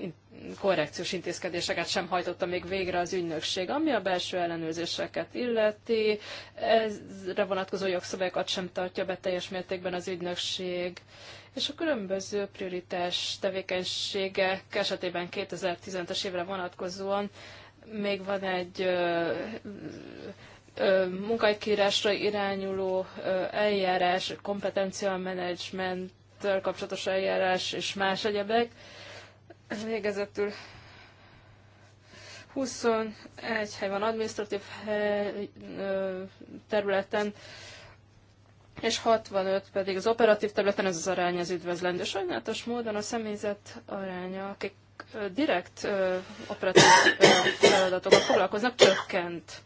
korrekciós intézkedéseket sem hajtotta még végre az ügynökség, ami a belső ellenőrzéseket illeti. Ezre vonatkozó jogszabályokat sem tartja be teljes mértékben az ügynökség. És a különböző prioritás tevékenységek esetében 2015-es évre vonatkozóan még van egy munkahegykírásra irányuló eljárás, kompetencia menedzsment kapcsolatos eljárás és más egyebek. Végezetül 21 hely van administratív hely, területen, és 65 pedig az operatív területen, ez az arány az üdvözlendő. Sajnálatos módon a személyzet aránya, akik direkt operatív feladatokat foglalkoznak, csökkent.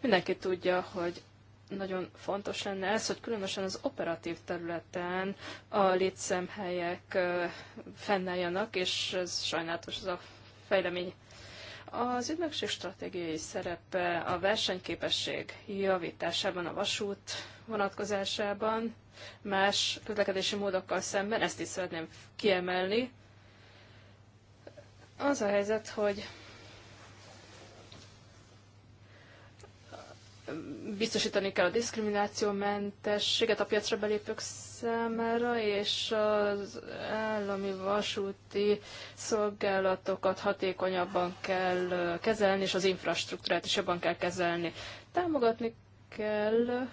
Mindenki tudja, hogy nagyon fontos lenne ez, hogy különösen az operatív területen a létszemhelyek fennálljanak, és ez sajnálatos az a fejlemény. Az ügynökség stratégiai szerepe a versenyképesség javításában, a vasút vonatkozásában, más közlekedési módokkal szemben, ezt is szeretném kiemelni. Az a helyzet, hogy biztosítani kell a diszkriminációmentességet a piacra belépők számára, és az állami vasúti szolgálatokat hatékonyabban kell kezelni, és az infrastruktúrát is jobban kell kezelni. Támogatni kell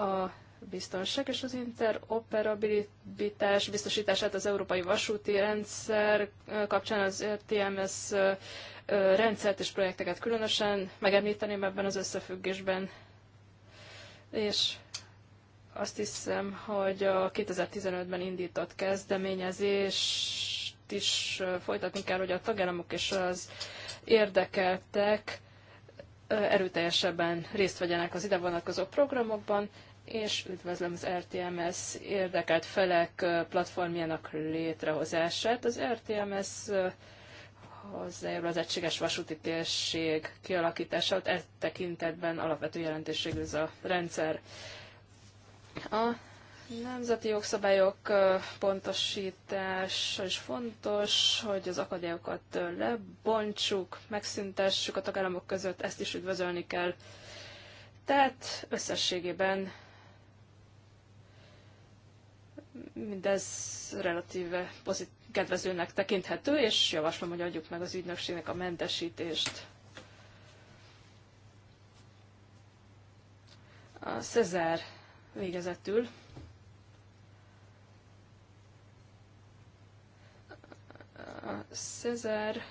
a biztonság és az interoperabilitás biztosítását az európai vasúti rendszer kapcsán az RTMS rendszert és projekteket különösen megemlíteném ebben az összefüggésben. És azt hiszem, hogy a 2015-ben indított kezdeményezést is folytatni kell, hogy a tagállamok és az érdekeltek erőteljesebben részt vegyenek az ide vonatkozó programokban, és üdvözlöm az RTMS érdekelt felek platformjának létrehozását. Az RTMS hozzájárul az egységes vasúti térség kialakítása, ott e tekintetben alapvető jelentőségű ez a rendszer. A nemzeti jogszabályok pontosítás is fontos, hogy az akadályokat lebontsuk, megszüntessük a tagállamok között, ezt is üdvözölni kell. Tehát összességében mindez relatíve pozitív kedvezőnek tekinthető, és javaslom, hogy adjuk meg az ügynökségnek a mentesítést. A Cezár végezetül a Cezár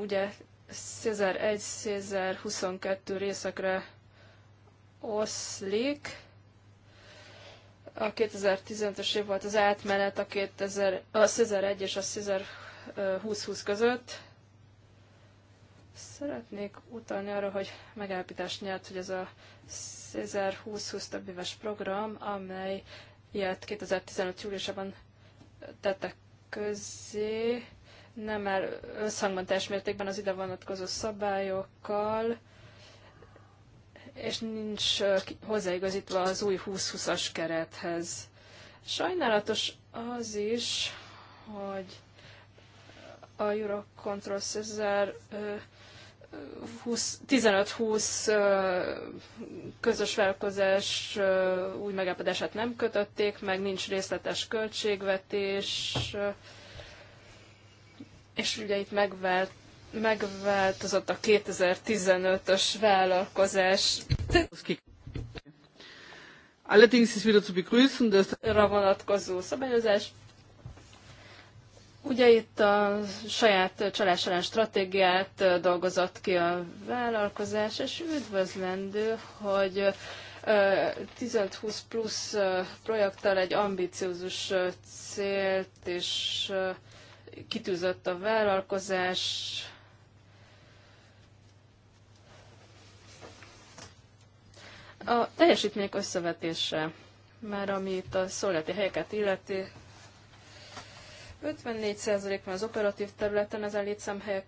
ugye Cezár 1, Cezár 22 részekre oszlik, a 2015-ös év volt az átmenet a, 2000, a CISER 1 és a CISER 2020 között. Szeretnék utalni arra, hogy megállapítást nyert, hogy ez a CISER 2020 több éves program, amely ilyet 2015 júliusában tettek közé, nem már összhangban teljes mértékben az ide vonatkozó szabályokkal, és nincs hozzáigazítva az új 20-20-as kerethez. Sajnálatos az is, hogy a Eurocontrol Cesar 15-20 közös felkozás új megállapodását nem kötötték, meg nincs részletes költségvetés, és ugye itt megvált megváltozott a 2015-ös vállalkozás. Allerdings ist wieder zu begrüßen, dass vonatkozó szabályozás. Ugye itt a saját csalás ellen stratégiát dolgozott ki a vállalkozás, és üdvözlendő, hogy 15-20 plusz projekttel egy ambiciózus célt és kitűzött a vállalkozás, A teljesítmények összevetése, már amit a szolgálati helyeket illeti, 54% van az operatív területen az elétszámhelyek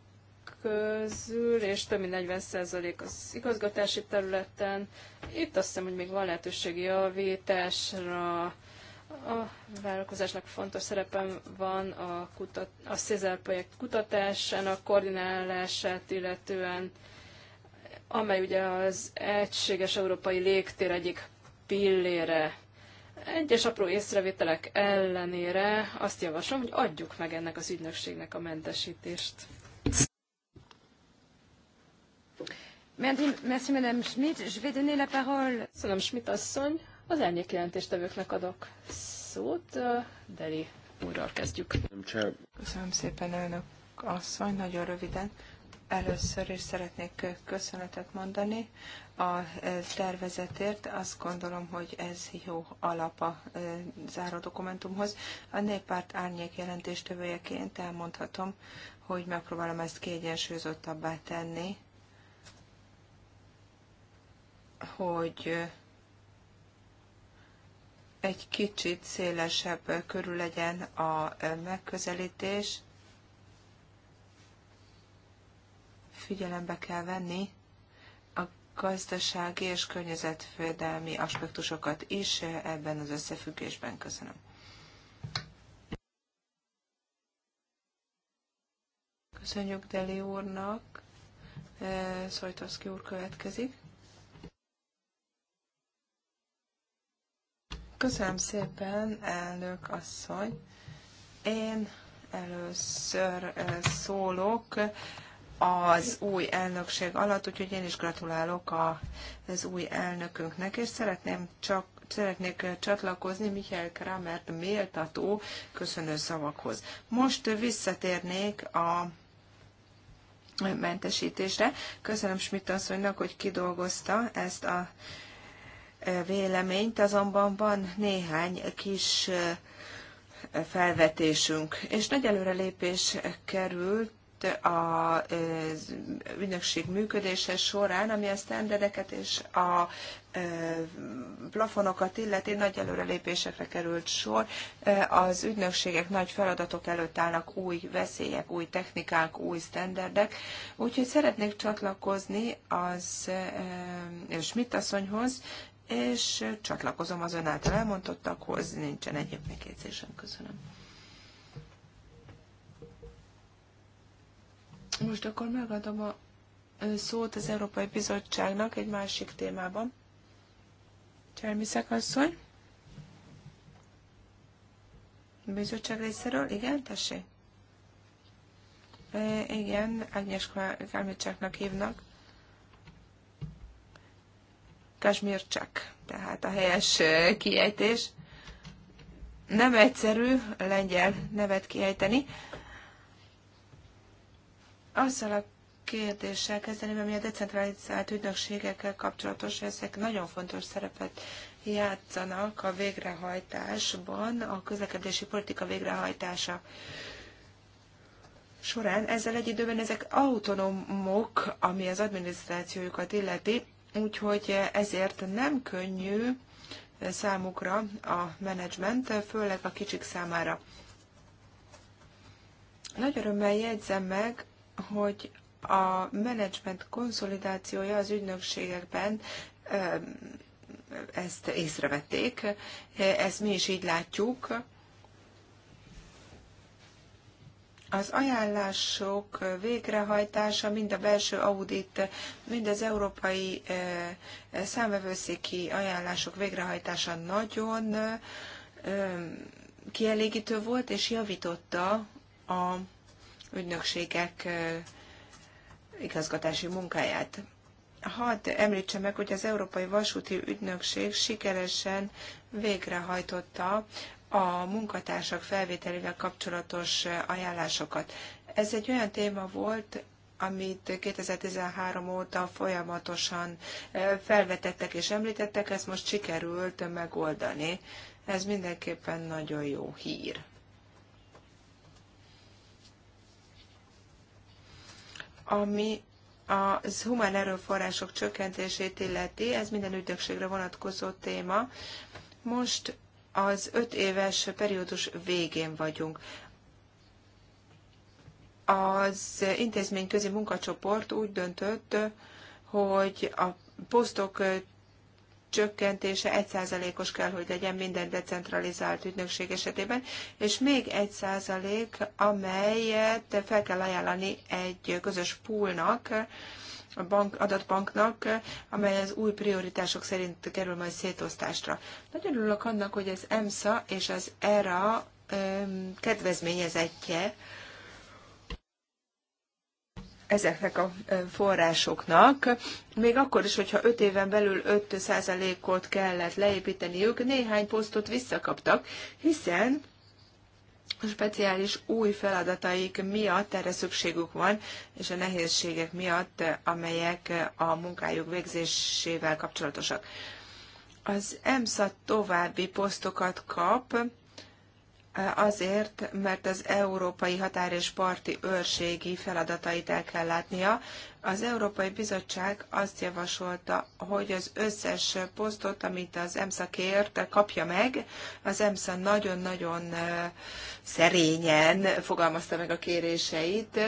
közül, és több mint 40% az igazgatási területen. Itt azt hiszem, hogy még van lehetőség javításra. A vállalkozásnak fontos szerepem van a, kutat, a CESAR projekt kutatásának koordinálását, illetően amely ugye az egységes európai légtér egyik pillére. Egyes apró észrevételek ellenére azt javaslom, hogy adjuk meg ennek az ügynökségnek a mentesítést. Merci, Madame Schmidt. Je vais donner la parole. Köszönöm, Schmidt asszony. Az elnyék jelentéstevőknek adok szót. Deli úrral kezdjük. Köszönöm szépen, elnök asszony, nagyon röviden. Először is szeretnék köszönetet mondani a eh, tervezetért. Azt gondolom, hogy ez jó alap a eh, záró dokumentumhoz. A néppárt árnyék jelentéstövőjeként elmondhatom, hogy megpróbálom ezt kiegyensúlyozottabbá tenni, hogy eh, egy kicsit szélesebb körül legyen a megközelítés, figyelembe kell venni a gazdasági és környezetvédelmi aspektusokat is ebben az összefüggésben. Köszönöm. Köszönjük Deli úrnak. Szojtoszki úr következik. Köszönöm szépen, elnök asszony. Én először szólok az új elnökség alatt, úgyhogy én is gratulálok a, az új elnökünknek, és szeretném csak szeretnék csatlakozni Michael Kramert méltató köszönő szavakhoz. Most visszatérnék a mentesítésre. Köszönöm Schmidt asszonynak, hogy kidolgozta ezt a véleményt, azonban van néhány kis eh, felvetésünk, és nagy előrelépés került a ügynökség működése során, ami a sztendereket és a plafonokat illeti nagy előrelépésekre került sor. Az ügynökségek nagy feladatok előtt állnak új veszélyek, új technikák, új sztenderdek. Úgyhogy szeretnék csatlakozni az Schmidt asszonyhoz, és csatlakozom az ön által elmondottakhoz, nincsen egyéb megjegyzésem. Köszönöm. Most akkor megadom a szót az Európai Bizottságnak egy másik témában. Csermiszek asszony. Bizottság részéről, igen, tessék. E, igen, Ágnyes Kálmicsáknak hívnak. Kasmircsák, tehát a helyes kiejtés. Nem egyszerű lengyel nevet kiejteni. Azzal a kérdéssel kezdeném, ami a decentralizált ügynökségekkel kapcsolatos, ezek nagyon fontos szerepet játszanak a végrehajtásban, a közlekedési politika végrehajtása során. Ezzel egy időben ezek autonómok, ami az adminisztrációjukat illeti, úgyhogy ezért nem könnyű számukra a menedzsment, főleg a kicsik számára. Nagy örömmel jegyzem meg, hogy a menedzsment konszolidációja az ügynökségekben ezt észrevették, ezt mi is így látjuk. Az ajánlások végrehajtása mind a belső audit, mind az európai eh, számvevőszéki ajánlások végrehajtása nagyon kielégítő volt és javította a ügynökségek igazgatási munkáját. Hadd említsem meg, hogy az Európai Vasúti Ügynökség sikeresen végrehajtotta a munkatársak felvételével kapcsolatos ajánlásokat. Ez egy olyan téma volt, amit 2013 óta folyamatosan felvetettek és említettek, ezt most sikerült megoldani. Ez mindenképpen nagyon jó hír. ami az humán erőforrások csökkentését illeti, ez minden ügynökségre vonatkozó téma. Most az öt éves periódus végén vagyunk. Az intézményközi munkacsoport úgy döntött, hogy a posztok csökkentése 1%-os kell, hogy legyen minden decentralizált ügynökség esetében, és még 1%, amelyet fel kell ajánlani egy közös poolnak, a bank, adatbanknak, amely az új prioritások szerint kerül majd szétosztásra. Nagyon örülök annak, hogy az EMSA és az ERA kedvezményezettje ezeknek a forrásoknak, még akkor is, hogyha 5 éven belül 5%-ot kellett leépíteniük, néhány posztot visszakaptak, hiszen a speciális új feladataik miatt erre szükségük van, és a nehézségek miatt, amelyek a munkájuk végzésével kapcsolatosak. Az EMSZA további posztokat kap, azért, mert az európai határ és parti őrségi feladatait el kell látnia. Az Európai Bizottság azt javasolta, hogy az összes posztot, amit az EMSZA kért, kapja meg. Az EMSZA nagyon-nagyon szerényen fogalmazta meg a kéréseit,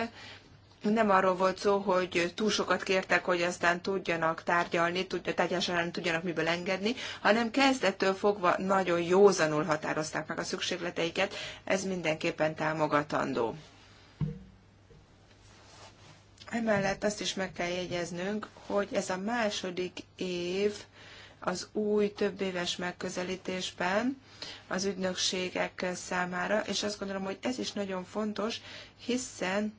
nem arról volt szó, hogy túl sokat kértek, hogy aztán tudjanak tárgyalni, tudja, nem tudjanak miből engedni, hanem kezdettől fogva nagyon józanul határozták meg a szükségleteiket, ez mindenképpen támogatandó. Emellett azt is meg kell jegyeznünk, hogy ez a második év az új több éves megközelítésben az ügynökségek számára, és azt gondolom, hogy ez is nagyon fontos, hiszen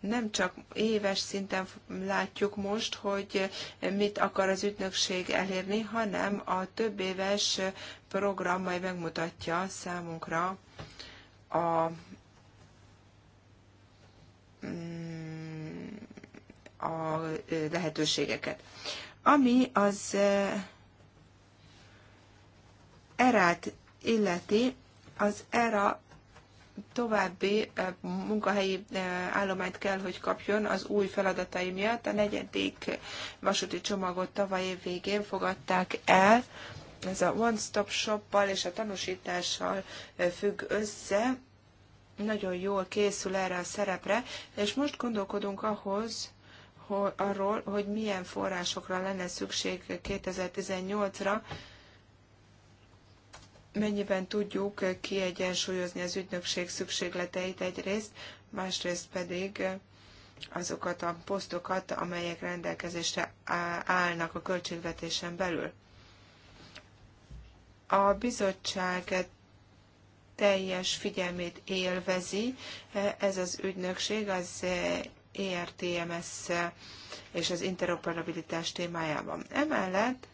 nem csak éves szinten látjuk most, hogy mit akar az ügynökség elérni, hanem a több éves program majd megmutatja számunkra a mm, a lehetőségeket. Ami az eh, erát illeti, az ERA további eh, munkahelyi eh, állományt kell, hogy kapjon az új feladatai miatt. A negyedik vasúti csomagot tavaly év végén fogadták el. Ez a one-stop shoppal és a tanúsítással eh, függ össze. Nagyon jól készül erre a szerepre, és most gondolkodunk ahhoz, arról, hogy milyen forrásokra lenne szükség 2018-ra, mennyiben tudjuk kiegyensúlyozni az ügynökség szükségleteit egyrészt, másrészt pedig azokat a posztokat, amelyek rendelkezésre állnak a költségvetésen belül. A bizottság teljes figyelmét élvezi e, ez az ügynökség az ERTMS és az interoperabilitás témájában. Emellett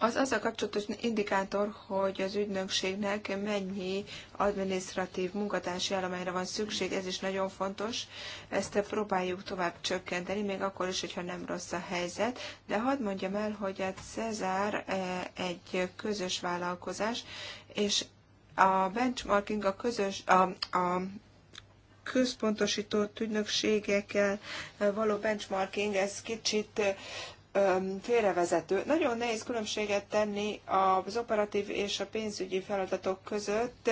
az azzal kapcsolatos indikátor, hogy az ügynökségnek mennyi adminisztratív munkatársi állományra van szükség, ez is nagyon fontos. Ezt próbáljuk tovább csökkenteni, még akkor is, hogyha nem rossz a helyzet. De hadd mondjam el, hogy a Cezár eh, egy közös vállalkozás, és a benchmarking a közös, a, a központosított ügynökségekkel való benchmarking, ez kicsit félrevezető. Nagyon nehéz különbséget tenni az operatív és a pénzügyi feladatok között,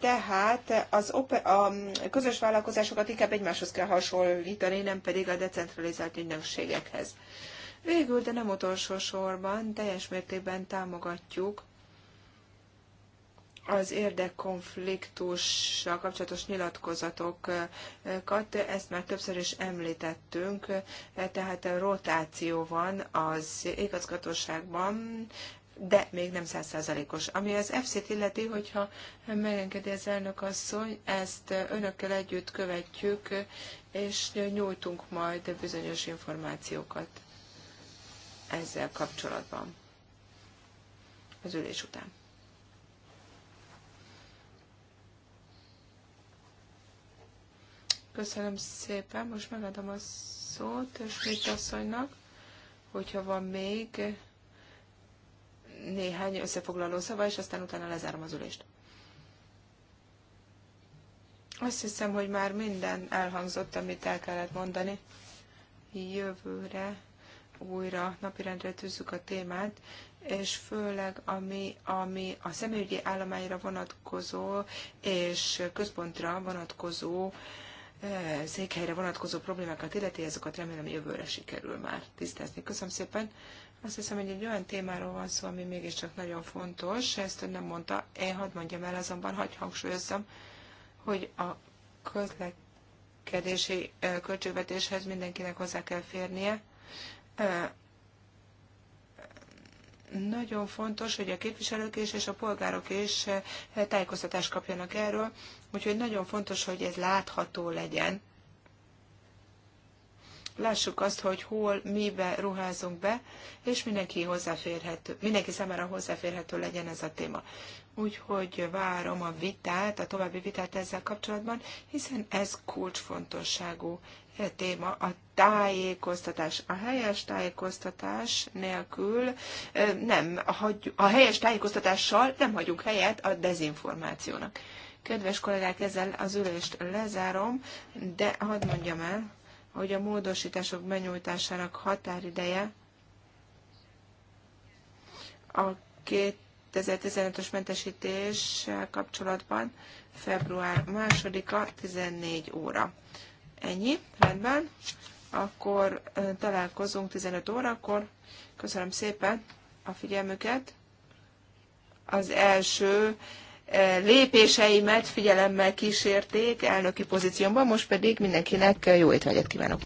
tehát az a közös vállalkozásokat inkább egymáshoz kell hasonlítani, nem pedig a decentralizált ügynökségekhez. Végül, de nem utolsó sorban, teljes mértékben támogatjuk az érdekkonfliktussal kapcsolatos nyilatkozatokat, ezt már többször is említettünk, tehát a rotáció van az igazgatóságban, de még nem százszázalékos. Ami az fc t illeti, hogyha megengedi az elnök asszony, ezt önökkel együtt követjük, és nyújtunk majd bizonyos információkat ezzel kapcsolatban az ülés után. Köszönöm szépen, most megadom a szót mit asszonynak, hogyha van még néhány összefoglaló szava, és aztán utána lezárom az ülést. Azt hiszem, hogy már minden elhangzott, amit el kellett mondani. Jövőre újra napirendre tűzzük a témát, és főleg ami, ami a személyügyi állományra vonatkozó és központra vonatkozó székhelyre vonatkozó problémákat illeti, azokat remélem jövőre sikerül már tisztázni. Köszönöm szépen. Azt hiszem, hogy egy olyan témáról van szó, ami mégiscsak nagyon fontos. Ezt ön nem mondta, én hadd mondjam el, azonban hagyj hangsúlyozzam, hogy a közlekedési költségvetéshez mindenkinek hozzá kell férnie. Nagyon fontos, hogy a képviselők is és a polgárok is tájékoztatást kapjanak erről, Úgyhogy nagyon fontos, hogy ez látható legyen. Lássuk azt, hogy hol, mibe ruházunk be, és mindenki, hozzáférhető, mindenki számára hozzáférhető legyen ez a téma. Úgyhogy várom a vitát, a további vitát ezzel kapcsolatban, hiszen ez kulcsfontosságú téma a tájékoztatás. A helyes tájékoztatás nélkül nem, a, hagy, a helyes tájékoztatással nem hagyunk helyet a dezinformációnak. Kedves kollégák, ezzel az ülést lezárom, de hadd mondjam el, hogy a módosítások benyújtásának határideje a 2015-ös mentesítés kapcsolatban február 2-a 14 óra. Ennyi, rendben. Akkor találkozunk 15 órakor. Köszönöm szépen a figyelmüket. Az első lépéseimet figyelemmel kísérték elnöki pozíciómban, most pedig mindenkinek jó étvágyat kívánok!